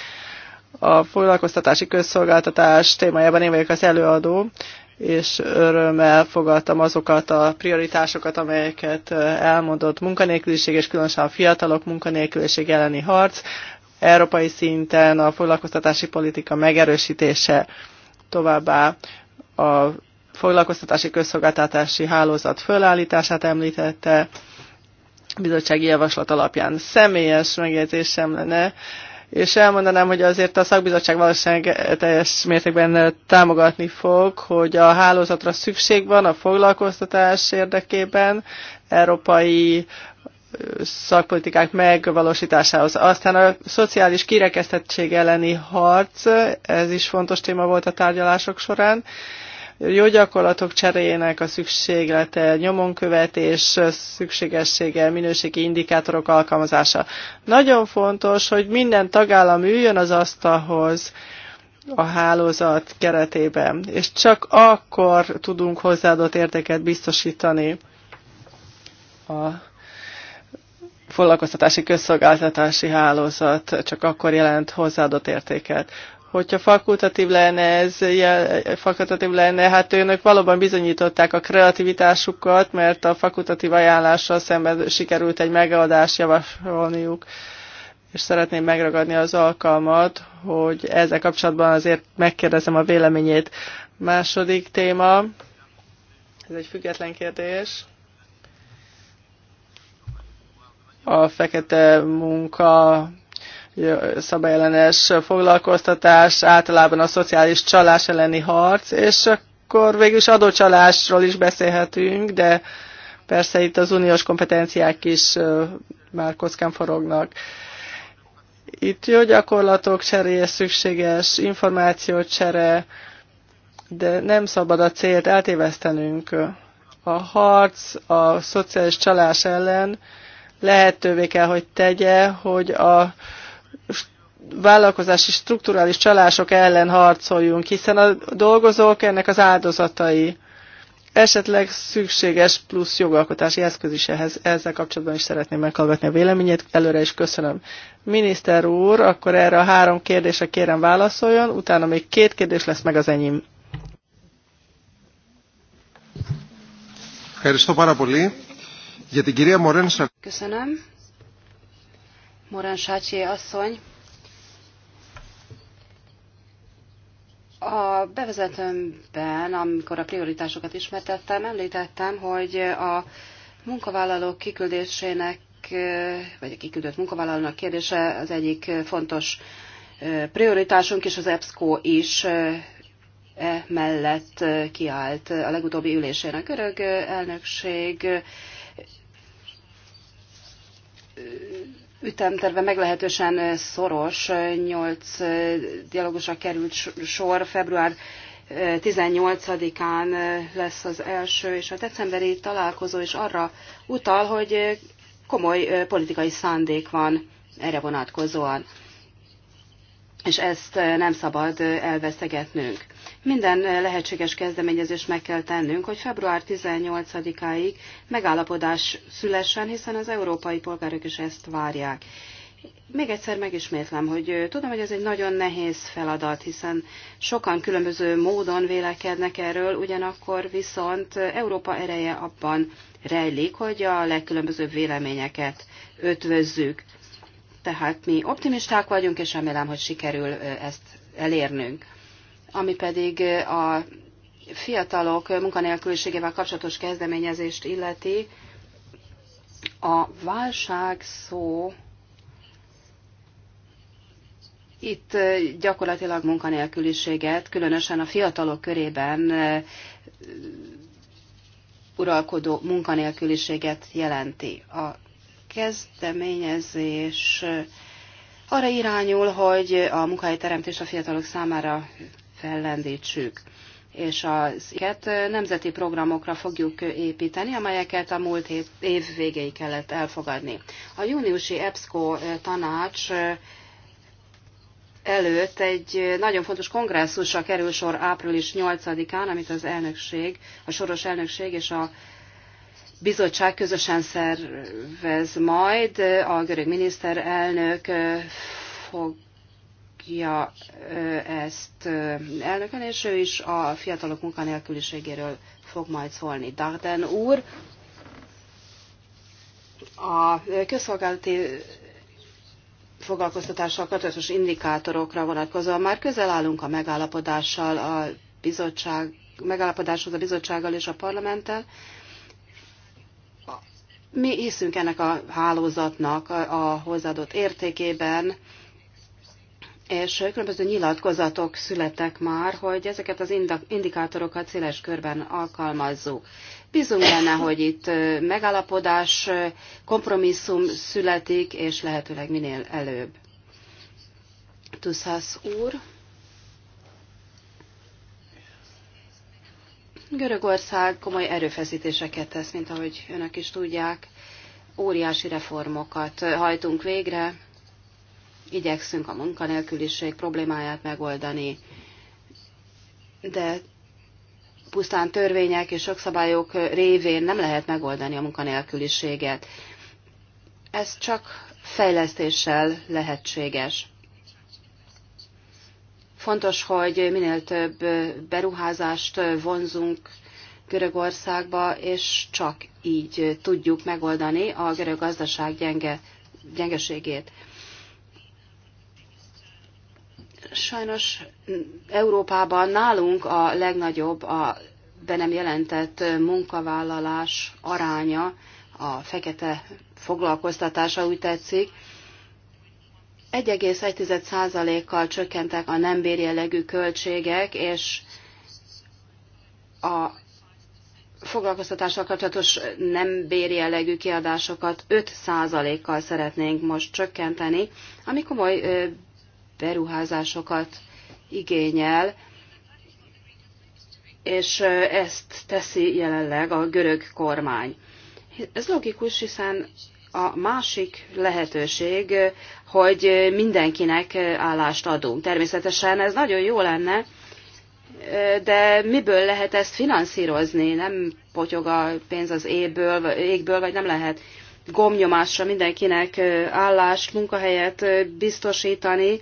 A foglalkoztatási közszolgáltatás témájában én vagyok az előadó, és örömmel fogadtam azokat a prioritásokat, amelyeket elmondott munkanélküliség, és különösen a fiatalok munkanélküliség elleni harc, európai szinten a foglalkoztatási politika megerősítése, továbbá a foglalkoztatási közszolgáltatási hálózat fölállítását említette, bizottsági javaslat alapján személyes megjegyzésem lenne, és elmondanám, hogy azért a szakbizottság valószínűleg teljes mértékben támogatni fog, hogy a hálózatra szükség van a foglalkoztatás érdekében, európai szakpolitikák megvalósításához. Aztán a szociális kirekesztettség elleni harc, ez is fontos téma volt a tárgyalások során. Jó gyakorlatok cseréjének a szükséglete, nyomonkövetés szükségessége, minőségi indikátorok alkalmazása. Nagyon fontos, hogy minden tagállam üljön az asztalhoz, a hálózat keretében, és csak akkor tudunk hozzáadott értéket biztosítani a foglalkoztatási közszolgáltatási hálózat csak akkor jelent hozzáadott értéket. Hogyha fakultatív lenne ez, fakultatív lenne, hát önök valóban bizonyították a kreativitásukat, mert a fakultatív ajánlással szemben sikerült egy megoldást javasolniuk és szeretném megragadni az alkalmat, hogy ezzel kapcsolatban azért megkérdezem a véleményét. Második téma, ez egy független kérdés. a fekete munka, szabályellenes foglalkoztatás, általában a szociális csalás elleni harc, és akkor végül is adócsalásról is beszélhetünk, de persze itt az uniós kompetenciák is már kockán forognak. Itt jó gyakorlatok cseréje szükséges, csere, de nem szabad a célt eltévesztenünk. A harc a szociális csalás ellen lehetővé kell, hogy tegye, hogy a vállalkozási strukturális csalások ellen harcoljunk, hiszen a dolgozók ennek az áldozatai. Esetleg szükséges plusz jogalkotási eszköz is ehhez. Ezzel kapcsolatban is szeretném meghallgatni a véleményét. Előre is köszönöm. Miniszter úr, akkor erre a három kérdésre kérem válaszoljon, utána még két kérdés lesz meg az enyém. Köszönöm. Köszönöm. Morán Sácsi asszony. A bevezetőmben, amikor a prioritásokat ismertettem, említettem, hogy a munkavállalók kiküldésének, vagy a kiküldött munkavállalónak kérdése az egyik fontos prioritásunk, és az EBSCO is e mellett kiállt a legutóbbi ülésén. A görög elnökség ütemterve meglehetősen szoros, Nyolc dialogusra került sor, február 18-án lesz az első, és a decemberi találkozó is arra utal, hogy komoly politikai szándék van erre vonatkozóan és ezt eh, nem szabad eh, elveszegetnünk. Minden eh, lehetséges kezdeményezést meg kell tennünk, hogy február 18-áig megállapodás szülessen, hiszen az európai polgárok is ezt várják. Még egyszer megismétlem, hogy tudom, hogy ez egy nagyon nehéz feladat, hiszen sokan különböző módon vélekednek erről, ugyanakkor viszont Európa ereje abban rejlik, hogy a legkülönbözőbb véleményeket ötvözzük. Tehát mi optimisták vagyunk, és remélem, hogy sikerül ezt elérnünk. Ami pedig a fiatalok munkanélküliségével kapcsolatos kezdeményezést illeti, a válság szó itt gyakorlatilag munkanélküliséget, különösen a fiatalok körében uralkodó munkanélküliséget jelenti. A kezdeményezés arra irányul, hogy a munkahelyteremtést a fiatalok számára fellendítsük és az iket nemzeti programokra fogjuk építeni, amelyeket a múlt év, év végéig kellett elfogadni. A júniusi EBSCO tanács előtt egy nagyon fontos kongresszusra kerül sor április 8-án, amit az elnökség, a soros elnökség és a bizottság közösen szervez majd, a görög miniszterelnök fogja ezt elnökön, és ő is a fiatalok munkanélküliségéről fog majd szólni. Darden úr, a közszolgálati foglalkoztatással kapcsolatos indikátorokra vonatkozóan már közel állunk a megállapodással a bizottság, megállapodáshoz a bizottsággal és a parlamenttel. Mi hiszünk ennek a hálózatnak a hozzáadott értékében, és különböző nyilatkozatok születtek már, hogy ezeket az indikátorokat széles körben alkalmazzuk. Bízunk benne, hogy itt megállapodás, kompromisszum születik, és lehetőleg minél előbb. Tuszász úr. Görögország komoly erőfeszítéseket tesz, mint ahogy önök is tudják. Óriási reformokat hajtunk végre, igyekszünk a munkanélküliség problémáját megoldani, de pusztán törvények és jogszabályok révén nem lehet megoldani a munkanélküliséget. Ez csak fejlesztéssel lehetséges. Fontos, hogy minél több beruházást vonzunk Görögországba, és csak így tudjuk megoldani a görög gazdaság gyenge, gyengeségét. Sajnos Európában nálunk a legnagyobb a be nem jelentett munkavállalás aránya, a fekete foglalkoztatása úgy tetszik, 1,1%-kal csökkentek a nem bérjellegű költségek, és a foglalkoztatással kapcsolatos nem bérjellegű kiadásokat 5%-kal szeretnénk most csökkenteni, ami komoly beruházásokat igényel, és ezt teszi jelenleg a görög kormány. Ez logikus, hiszen a másik lehetőség, hogy mindenkinek állást adunk. Természetesen ez nagyon jó lenne, de miből lehet ezt finanszírozni? Nem potyog a pénz az égből, égből vagy nem lehet gomnyomásra mindenkinek állást, munkahelyet biztosítani.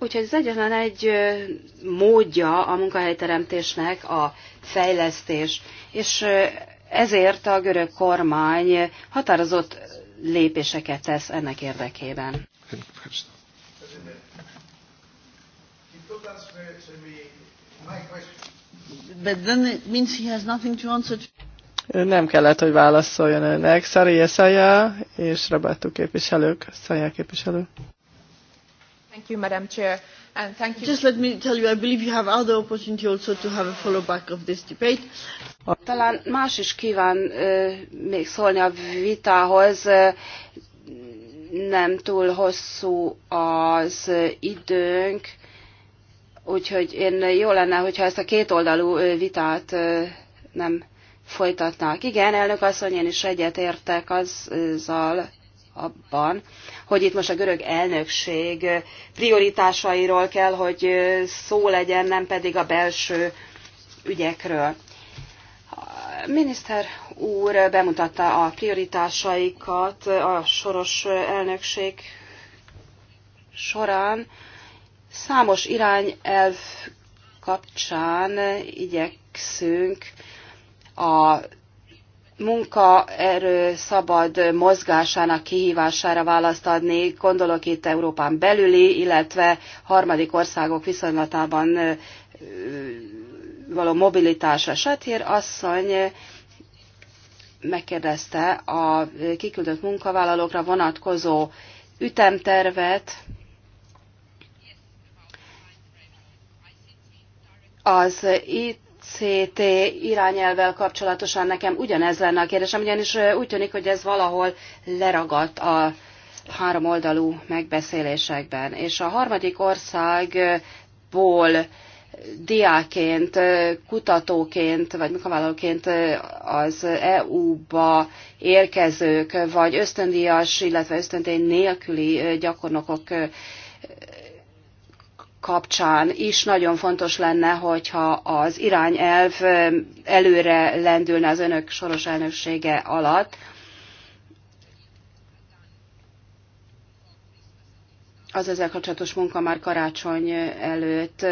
Úgyhogy ez egyetlen egy módja a munkahelyteremtésnek a fejlesztés. És ezért a görög kormány határozott lépéseket tesz ennek érdekében. Nem kellett, hogy válaszoljon önnek. Szari eszája és Roberto képviselők, Szája képviselő. Thank you, Madam Chair. And thank you. Just let me tell you, I believe you have other opportunity also to have a follow back of this debate. Talán más is kíván uh, még szólni a vitához. Uh, nem túl hosszú az időnk, úgyhogy én jó lenne, hogyha ezt a kétoldalú vitát nem folytatnák. Igen, elnök asszony, én is egyetértek azzal, abban, hogy itt most a görög elnökség prioritásairól kell, hogy szó legyen, nem pedig a belső ügyekről. A miniszter úr bemutatta a prioritásaikat a soros elnökség során. Számos irányelv kapcsán igyekszünk a munkaerő szabad mozgásának kihívására választ adni, gondolok itt Európán belüli, illetve harmadik országok viszonylatában való mobilitásra. Satir asszony megkérdezte a kiküldött munkavállalókra vonatkozó ütemtervet, az itt CT irányelvvel kapcsolatosan nekem ugyanez lenne a kérdésem, ugyanis úgy tűnik, hogy ez valahol leragadt a háromoldalú megbeszélésekben. És a harmadik országból diáként, kutatóként, vagy munkavállalóként az EU-ba érkezők, vagy ösztöndíjas, illetve ösztöndíj nélküli gyakornokok kapcsán is nagyon fontos lenne, hogyha az irányelv előre lendülne az önök soros elnöksége alatt. Az ezzel kapcsolatos munka már karácsony előtt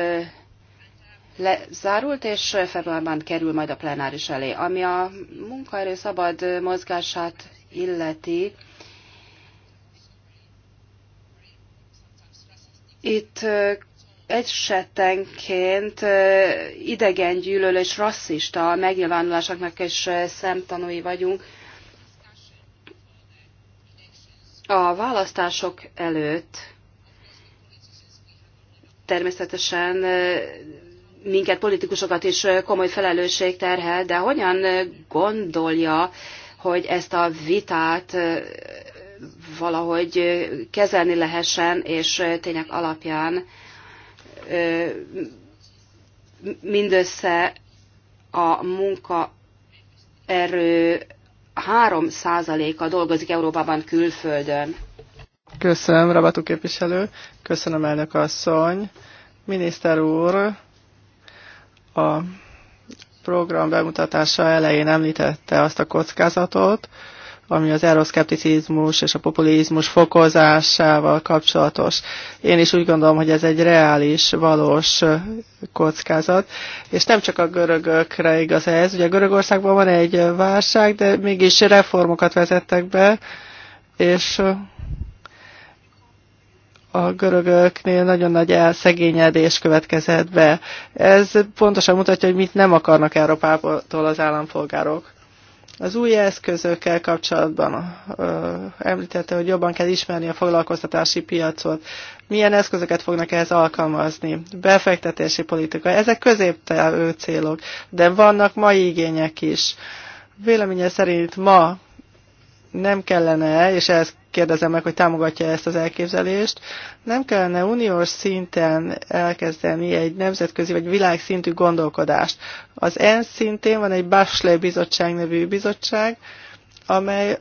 lezárult, és februárban kerül majd a plenáris elé. Ami a munkaerő szabad mozgását illeti, itt esetenként idegen és rasszista megnyilvánulásoknak is szemtanúi vagyunk. A választások előtt természetesen minket politikusokat is komoly felelősség terhel, de hogyan gondolja, hogy ezt a vitát valahogy kezelni lehessen, és tények alapján mindössze a munkaerő 3%-a dolgozik Európában külföldön. Köszönöm, Rabatú képviselő. Köszönöm, elnök asszony. Miniszter úr, a program bemutatása elején említette azt a kockázatot, ami az euroszkepticizmus és a populizmus fokozásával kapcsolatos. Én is úgy gondolom, hogy ez egy reális, valós kockázat, és nem csak a görögökre igaz ez. Ugye Görögországban van egy válság, de mégis reformokat vezettek be, és a görögöknél nagyon nagy elszegényedés következett be. Ez pontosan mutatja, hogy mit nem akarnak Európától az állampolgárok. Az új eszközökkel kapcsolatban ö, említette, hogy jobban kell ismerni a foglalkoztatási piacot. Milyen eszközöket fognak ehhez alkalmazni? Befektetési politika. Ezek középtelő célok, de vannak mai igények is. Véleménye szerint ma nem kellene, és ezt kérdezem meg, hogy támogatja -e ezt az elképzelést, nem kellene uniós szinten elkezdeni egy nemzetközi vagy világszintű gondolkodást. Az ENSZ szintén van egy Bachelet bizottság nevű bizottság, amely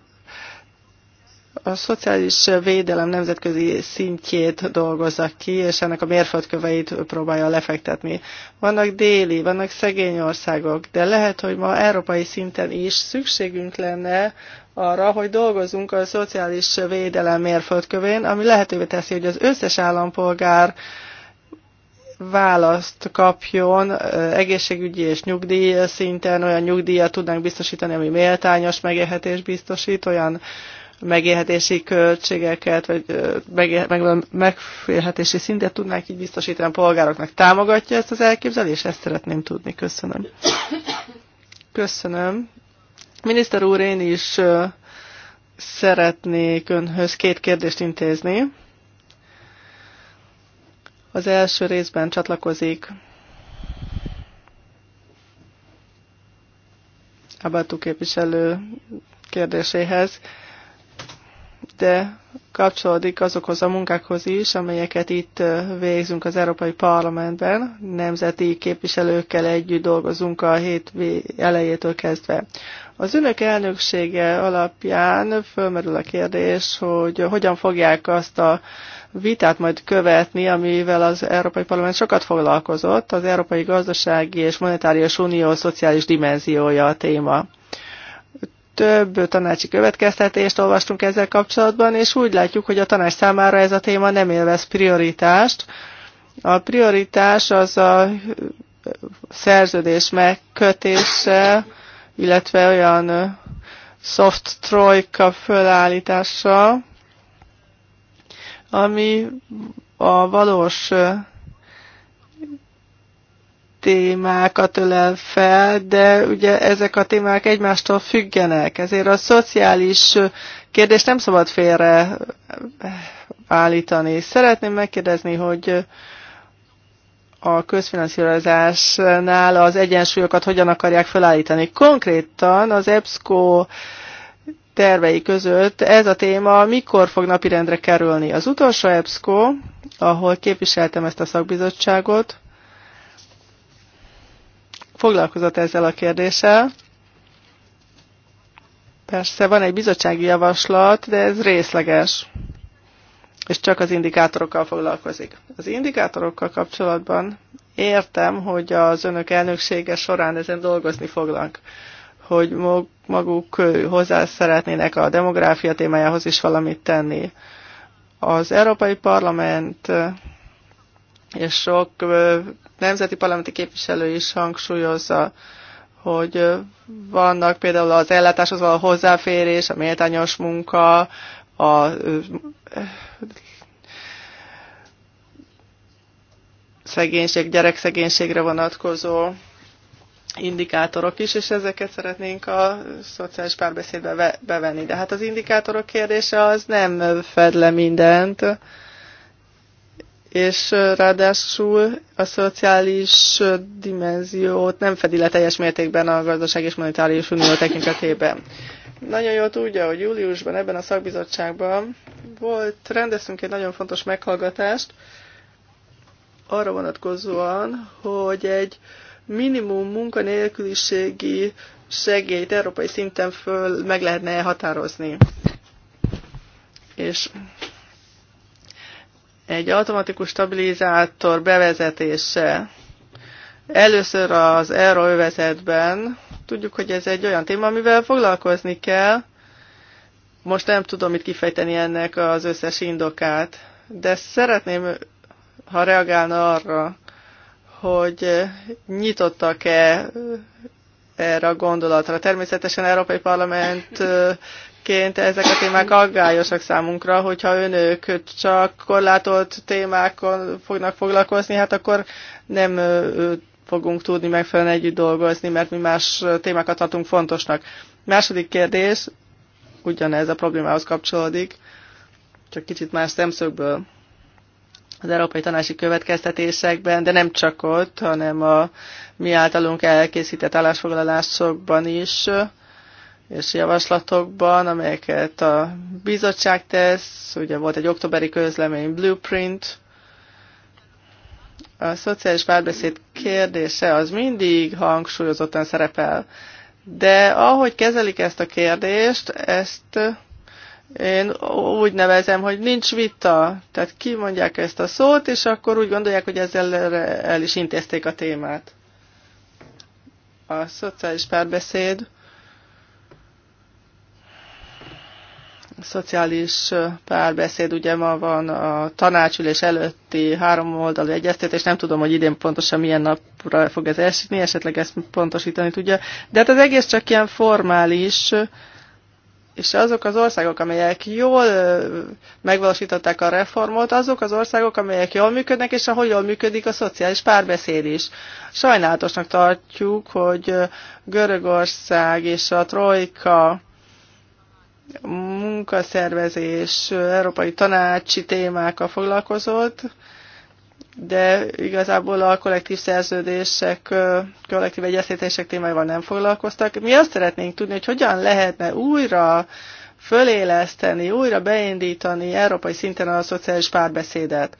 a szociális védelem nemzetközi szintjét dolgozza ki, és ennek a mérföldköveit próbálja lefektetni. Vannak déli, vannak szegény országok, de lehet, hogy ma európai szinten is szükségünk lenne arra, hogy dolgozunk a szociális védelem mérföldkövén, ami lehetővé teszi, hogy az összes állampolgár választ kapjon egészségügyi és nyugdíj szinten, olyan nyugdíjat tudnánk biztosítani, ami méltányos megélhetés biztosít, olyan megélhetési költségeket, vagy megélhetési szintet tudnánk így biztosítani a polgároknak. Támogatja ezt az elképzelést? Ezt szeretném tudni. Köszönöm. Köszönöm. Miniszter úr, én is szeretnék önhöz két kérdést intézni. Az első részben csatlakozik Abatú képviselő kérdéséhez, de kapcsolódik azokhoz a munkákhoz is, amelyeket itt végzünk az Európai Parlamentben. Nemzeti képviselőkkel együtt dolgozunk a hét elejétől kezdve. Az önök elnöksége alapján fölmerül a kérdés, hogy hogyan fogják azt a vitát majd követni, amivel az Európai Parlament sokat foglalkozott, az Európai Gazdasági és Monetárius Unió szociális dimenziója a téma több tanácsi következtetést olvastunk ezzel kapcsolatban, és úgy látjuk, hogy a tanács számára ez a téma nem élvez prioritást. A prioritás az a szerződés megkötése, illetve olyan soft trojka fölállítással, ami a valós témákat ölel fel, de ugye ezek a témák egymástól függenek, ezért a szociális kérdést nem szabad félre állítani. Szeretném megkérdezni, hogy a közfinanszírozásnál az egyensúlyokat hogyan akarják felállítani. Konkrétan az EBSCO tervei között ez a téma mikor fog napirendre kerülni. Az utolsó EBSCO, ahol képviseltem ezt a szakbizottságot, foglalkozott ezzel a kérdéssel. Persze van egy bizottsági javaslat, de ez részleges és csak az indikátorokkal foglalkozik. Az indikátorokkal kapcsolatban értem, hogy az önök elnöksége során ezen dolgozni fognak, hogy maguk hozzá szeretnének a demográfia témájához is valamit tenni. Az Európai Parlament és sok nemzeti parlamenti képviselő is hangsúlyozza, hogy vannak például az ellátáshoz való hozzáférés, a méltányos munka, a szegénység, gyerekszegénységre vonatkozó indikátorok is, és ezeket szeretnénk a szociális párbeszédbe bevenni. De hát az indikátorok kérdése az nem fed le mindent, és ráadásul a szociális dimenziót nem fedi le teljes mértékben a gazdaság és monetáris unió tekintetében. Nagyon jól tudja, hogy júliusban ebben a szakbizottságban volt, rendeztünk egy nagyon fontos meghallgatást arra vonatkozóan, hogy egy minimum munkanélküliségi segélyt európai szinten föl meg lehetne határozni. És egy automatikus stabilizátor bevezetése először az euróövezetben Tudjuk, hogy ez egy olyan téma, amivel foglalkozni kell. Most nem tudom itt kifejteni ennek az összes indokát, de szeretném, ha reagálna arra, hogy nyitottak-e erre a gondolatra. Természetesen Európai Parlamentként ezek a témák aggályosak számunkra, hogyha önök csak korlátolt témákon fognak foglalkozni, hát akkor nem fogunk tudni megfelelően együtt dolgozni, mert mi más témákat tartunk fontosnak. Második kérdés, ugyanez a problémához kapcsolódik, csak kicsit más szemszögből az Európai tanási következtetésekben, de nem csak ott, hanem a mi általunk elkészített állásfoglalásokban is, és javaslatokban, amelyeket a bizottság tesz. Ugye volt egy októberi közlemény Blueprint, a szociális párbeszéd kérdése az mindig hangsúlyozottan szerepel. De ahogy kezelik ezt a kérdést, ezt én úgy nevezem, hogy nincs vita. Tehát kimondják ezt a szót, és akkor úgy gondolják, hogy ezzel el is intézték a témát. A szociális párbeszéd szociális párbeszéd ugye ma van a tanácsülés előtti három oldalú egyeztetés, nem tudom, hogy idén pontosan milyen napra fog ez esni, esetleg ezt pontosítani tudja, de hát az egész csak ilyen formális, és azok az országok, amelyek jól megvalósították a reformot, azok az országok, amelyek jól működnek, és ahol jól működik a szociális párbeszéd is. Sajnálatosnak tartjuk, hogy Görögország és a Trojka munkaszervezés, európai tanácsi témákkal foglalkozott, de igazából a kollektív szerződések, kollektív egyeztetések témáival nem foglalkoztak. Mi azt szeretnénk tudni, hogy hogyan lehetne újra föléleszteni, újra beindítani európai szinten a szociális párbeszédet.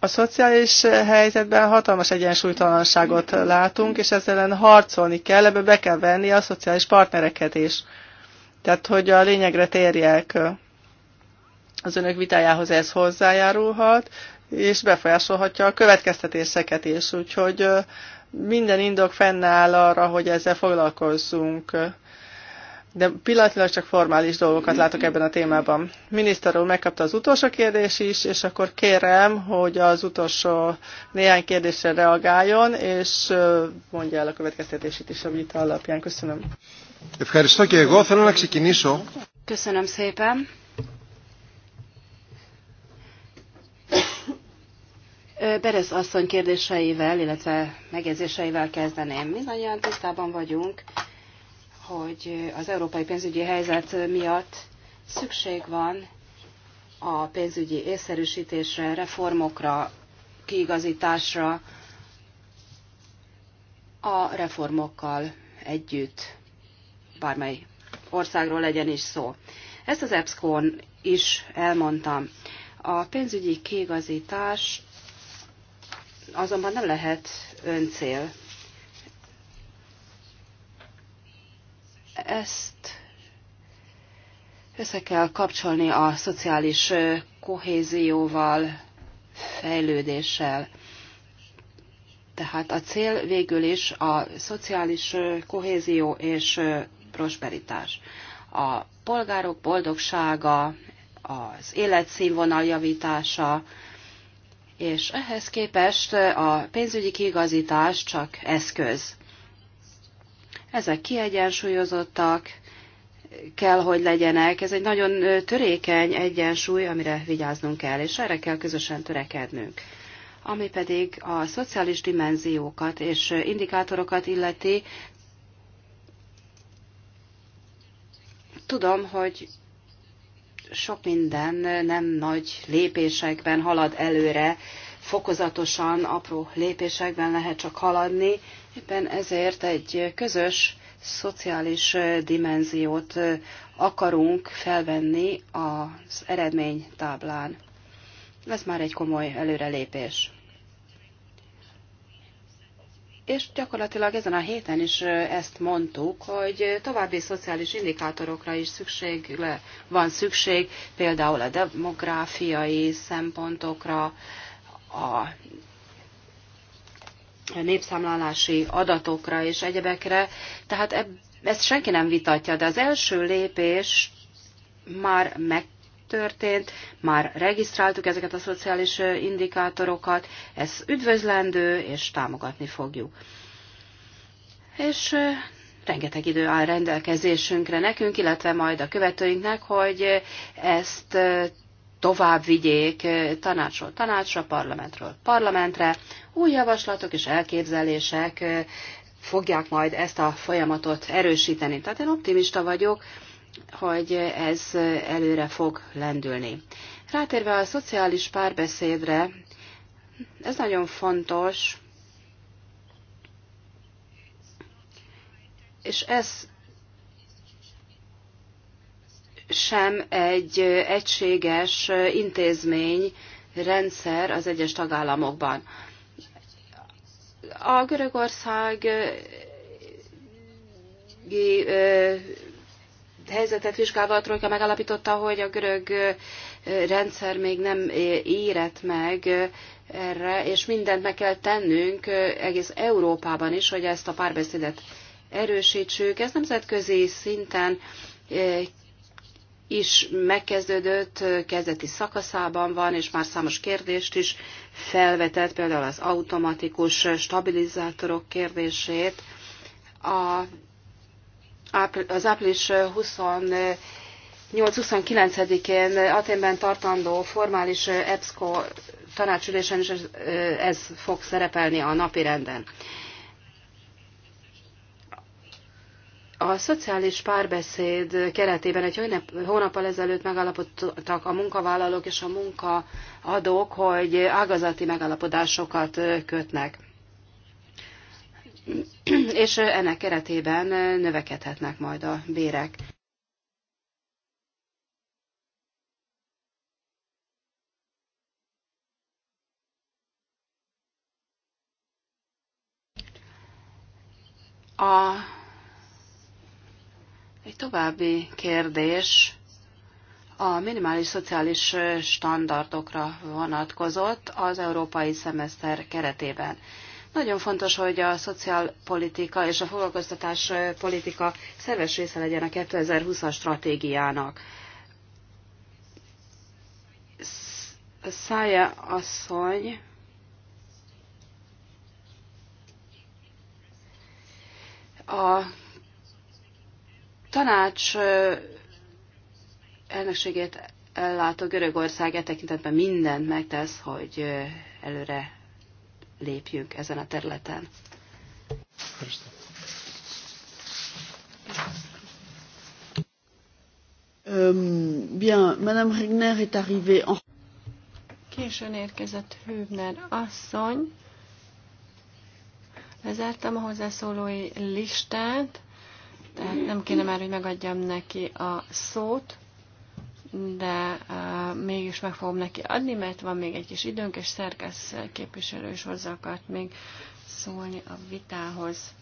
A szociális helyzetben hatalmas egyensúlytalanságot látunk, és ezzel ellen harcolni kell, ebbe be kell venni a szociális partnereket is. Tehát, hogy a lényegre térjek, az önök vitájához ez hozzájárulhat, és befolyásolhatja a következtetéseket is. Úgyhogy minden indok fennáll arra, hogy ezzel foglalkozzunk. De pillanatilag csak formális dolgokat látok ebben a témában. Miniszter úr megkapta az utolsó kérdés is, és akkor kérem, hogy az utolsó néhány kérdésre reagáljon, és mondja el a következtetését is a vita alapján. Köszönöm. Ευχαριστώ και εγώ. Θέλω να ξεκινήσω. Köszönöm szépen. Berez asszony kérdéseivel, illetve megjegyzéseivel kezdeném. Mindannyian tisztában vagyunk, hogy az európai pénzügyi helyzet miatt szükség van a pénzügyi észszerűsítésre, reformokra, kiigazításra, a reformokkal együtt bármely országról legyen is szó. Ezt az EBSCO-n is elmondtam. A pénzügyi kiigazítás azonban nem lehet öncél. Ezt össze kell kapcsolni a szociális kohézióval, fejlődéssel. Tehát a cél végül is a szociális kohézió és prosperitás. A polgárok boldogsága, az életszínvonal javítása, és ehhez képest a pénzügyi kigazítás csak eszköz. Ezek kiegyensúlyozottak, kell, hogy legyenek. Ez egy nagyon törékeny egyensúly, amire vigyáznunk kell, és erre kell közösen törekednünk. Ami pedig a szociális dimenziókat és indikátorokat illeti, Tudom, hogy sok minden nem nagy lépésekben halad előre, fokozatosan, apró lépésekben lehet csak haladni. Éppen ezért egy közös szociális dimenziót akarunk felvenni az eredménytáblán. Ez már egy komoly előrelépés. És gyakorlatilag ezen a héten is ezt mondtuk, hogy további szociális indikátorokra is szükség le, van szükség, például a demográfiai szempontokra, a népszámlálási adatokra és egyebekre. Tehát ezt senki nem vitatja, de az első lépés már meg történt, már regisztráltuk ezeket a szociális indikátorokat, ez üdvözlendő, és támogatni fogjuk. És rengeteg idő áll rendelkezésünkre nekünk, illetve majd a követőinknek, hogy ezt tovább vigyék tanácsról tanácsra, parlamentről parlamentre. Új javaslatok és elképzelések fogják majd ezt a folyamatot erősíteni. Tehát én optimista vagyok, hogy ez előre fog lendülni. Rátérve a szociális párbeszédre, ez nagyon fontos, és ez sem egy egységes intézmény, rendszer az egyes tagállamokban. A Görögország helyzetet vizsgálva a trojka megalapította, hogy a görög rendszer még nem érett meg erre, és mindent meg kell tennünk egész Európában is, hogy ezt a párbeszédet erősítsük. Ez nemzetközi szinten is megkezdődött, kezdeti szakaszában van, és már számos kérdést is felvetett, például az automatikus stabilizátorok kérdését. A az április 28-29-én Aténben tartandó formális EBSCO tanácsülésen is ez fog szerepelni a renden. A szociális párbeszéd keretében egy hónappal ezelőtt megállapodtak a munkavállalók és a munkaadók, hogy ágazati megállapodásokat kötnek. és ennek keretében növekedhetnek majd a bérek. A, egy további kérdés a minimális szociális standardokra vonatkozott az európai szemeszter keretében. Nagyon fontos, hogy a szociálpolitika és a foglalkoztatás politika szerves része legyen a 2020-as stratégiának. Szája asszony a tanács elnökségét ellátó Görögország e tekintetben mindent megtesz, hogy előre lépjünk ezen a területen. Későn érkezett Hübner asszony. Lezártam a hozzászólói listát, tehát nem kéne már, hogy megadjam neki a szót de uh, mégis meg fogom neki adni, mert van még egy kis időnk, és szerkesz képviselő is hozzá akart még szólni a vitához.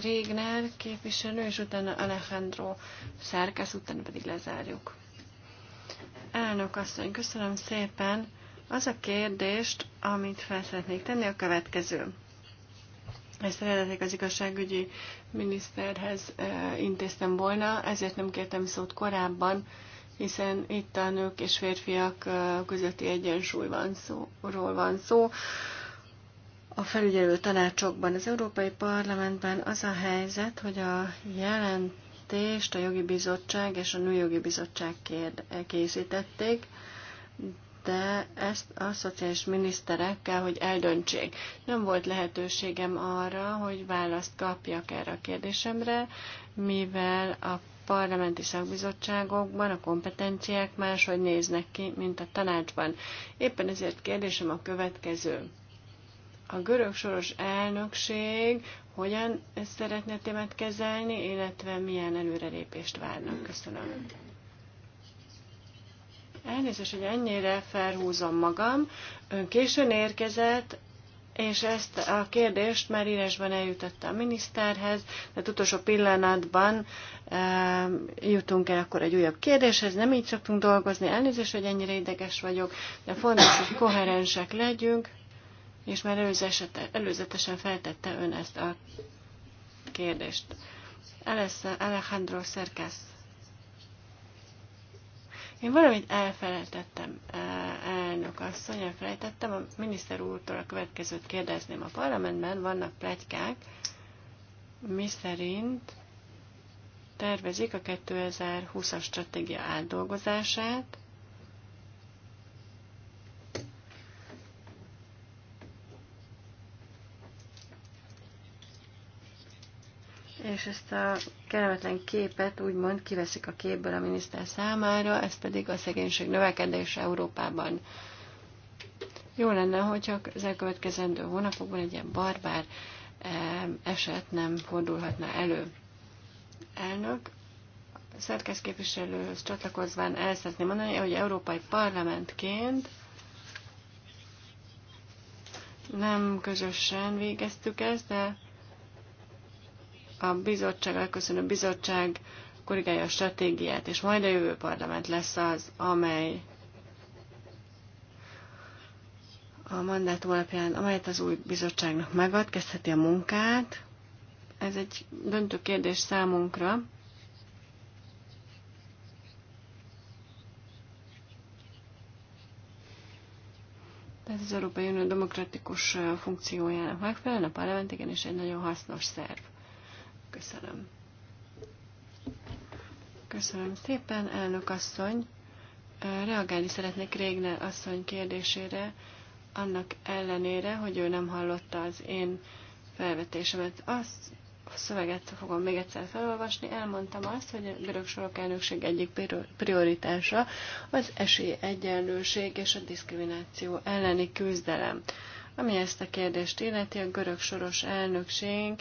Régner képviselő, és utána Alejandro szerkesz, utána pedig lezárjuk. Elnök asszony, köszönöm szépen. Az a kérdést, amit fel szeretnék tenni, a következő. Ezt eredetek az igazságügyi miniszterhez intéztem volna, ezért nem kértem szót korábban, hiszen itt a nők és férfiak közötti egyensúlyról van szó. A felügyelő tanácsokban, az Európai Parlamentben az a helyzet, hogy a jelentést a jogi bizottság és a nőjogi bizottság készítették, de ezt a szociális miniszterekkel, hogy eldöntsék. Nem volt lehetőségem arra, hogy választ kapjak erre a kérdésemre, mivel a parlamenti szakbizottságokban a kompetenciák máshogy néznek ki, mint a tanácsban. Éppen ezért kérdésem a következő. A görög soros elnökség hogyan szeretne témát kezelni, illetve milyen előrelépést várnak? Köszönöm. Elnézést, hogy ennyire felhúzom magam. Ön későn érkezett, és ezt a kérdést már írásban eljutottam a miniszterhez, de utolsó pillanatban e, jutunk el akkor egy újabb kérdéshez, nem így szoktunk dolgozni, elnézést, hogy ennyire ideges vagyok, de fontos, hogy koherensek legyünk, és már előzetesen feltette ön ezt a kérdést. Alejandro Szerkesz. Én valamit elfelejtettem, e, elnök asszony, elfelejtettem, a miniszter úrtól a következőt kérdezném. A parlamentben vannak plegykák, mi szerint tervezik a 2020-as stratégia átdolgozását, és ezt a kellemetlen képet úgymond kiveszik a képből a miniszter számára, ez pedig a szegénység növekedése Európában. Jó lenne, hogyha az elkövetkezendő hónapokban egy ilyen barbár eh, eset nem fordulhatna elő. Elnök, szerkesz képviselőhöz csatlakozván el szeretném mondani, hogy Európai Parlamentként nem közösen végeztük ezt, de a bizottság, elköszönő bizottság korrigálja a stratégiát, és majd a jövő parlament lesz az, amely a mandátum alapján, amelyet az új bizottságnak megad, kezdheti a munkát. Ez egy döntő kérdés számunkra. Tehát az Európai Unió demokratikus funkciójának megfelelően a parlament igenis egy nagyon hasznos szerv. Köszönöm. Köszönöm szépen, elnök asszony. Reagálni szeretnék Régne asszony kérdésére, annak ellenére, hogy ő nem hallotta az én felvetésemet. Azt a szöveget fogom még egyszer felolvasni. Elmondtam azt, hogy a görög sorok elnökség egyik prioritása az esélyegyenlőség és a diszkrimináció elleni küzdelem. Ami ezt a kérdést illeti, a görög soros elnökség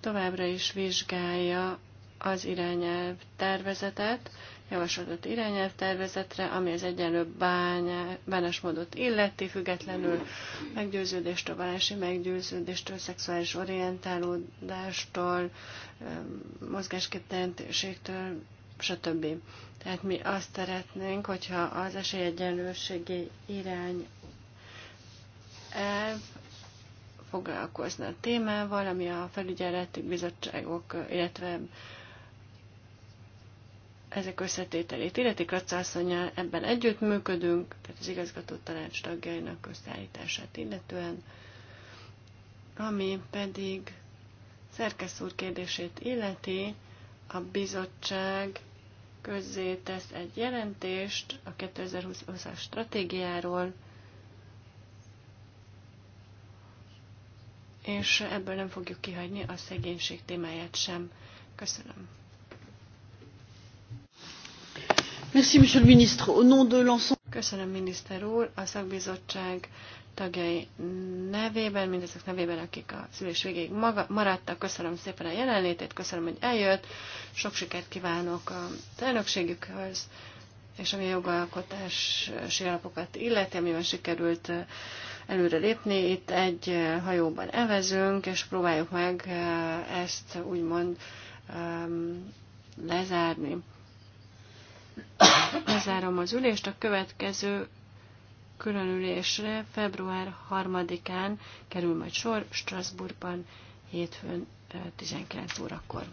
továbbra is vizsgálja az irányelv tervezetet, javaslatot irányelv tervezetre, ami az egyenlő bányá, bánásmódot illeti, függetlenül meggyőződéstől, vallási meggyőződéstől, szexuális orientálódástól, mozgásképtelentőségtől, stb. Tehát mi azt szeretnénk, hogyha az esélyegyenlőségi irány elv foglalkozna a témával, ami a felügyeleti bizottságok, illetve ezek összetételét illeti. Kratszászonyjal ebben együttműködünk, tehát az igazgató tanács tagjainak összeállítását illetően, ami pedig Szerkesz úr kérdését illeti, a bizottság közzé tesz egy jelentést a 2020-as stratégiáról, és ebből nem fogjuk kihagyni a szegénység témáját sem. Köszönöm. Merci, monsieur le ministre. Au nom de l'ensemble... Köszönöm, miniszter úr. A szakbizottság tagjai nevében, mindezek nevében, akik a szülés végéig maga, maradtak. Köszönöm szépen a jelenlétét, köszönöm, hogy eljött. Sok sikert kívánok a elnökségükhöz, és ami a jogalkotási alapokat illeti, amiben sikerült előre lépni. Itt egy hajóban evezünk, és próbáljuk meg ezt úgymond lezárni. Lezárom az ülést, a következő különülésre február 3-án kerül majd sor Strasbourgban hétfőn 19 órakor.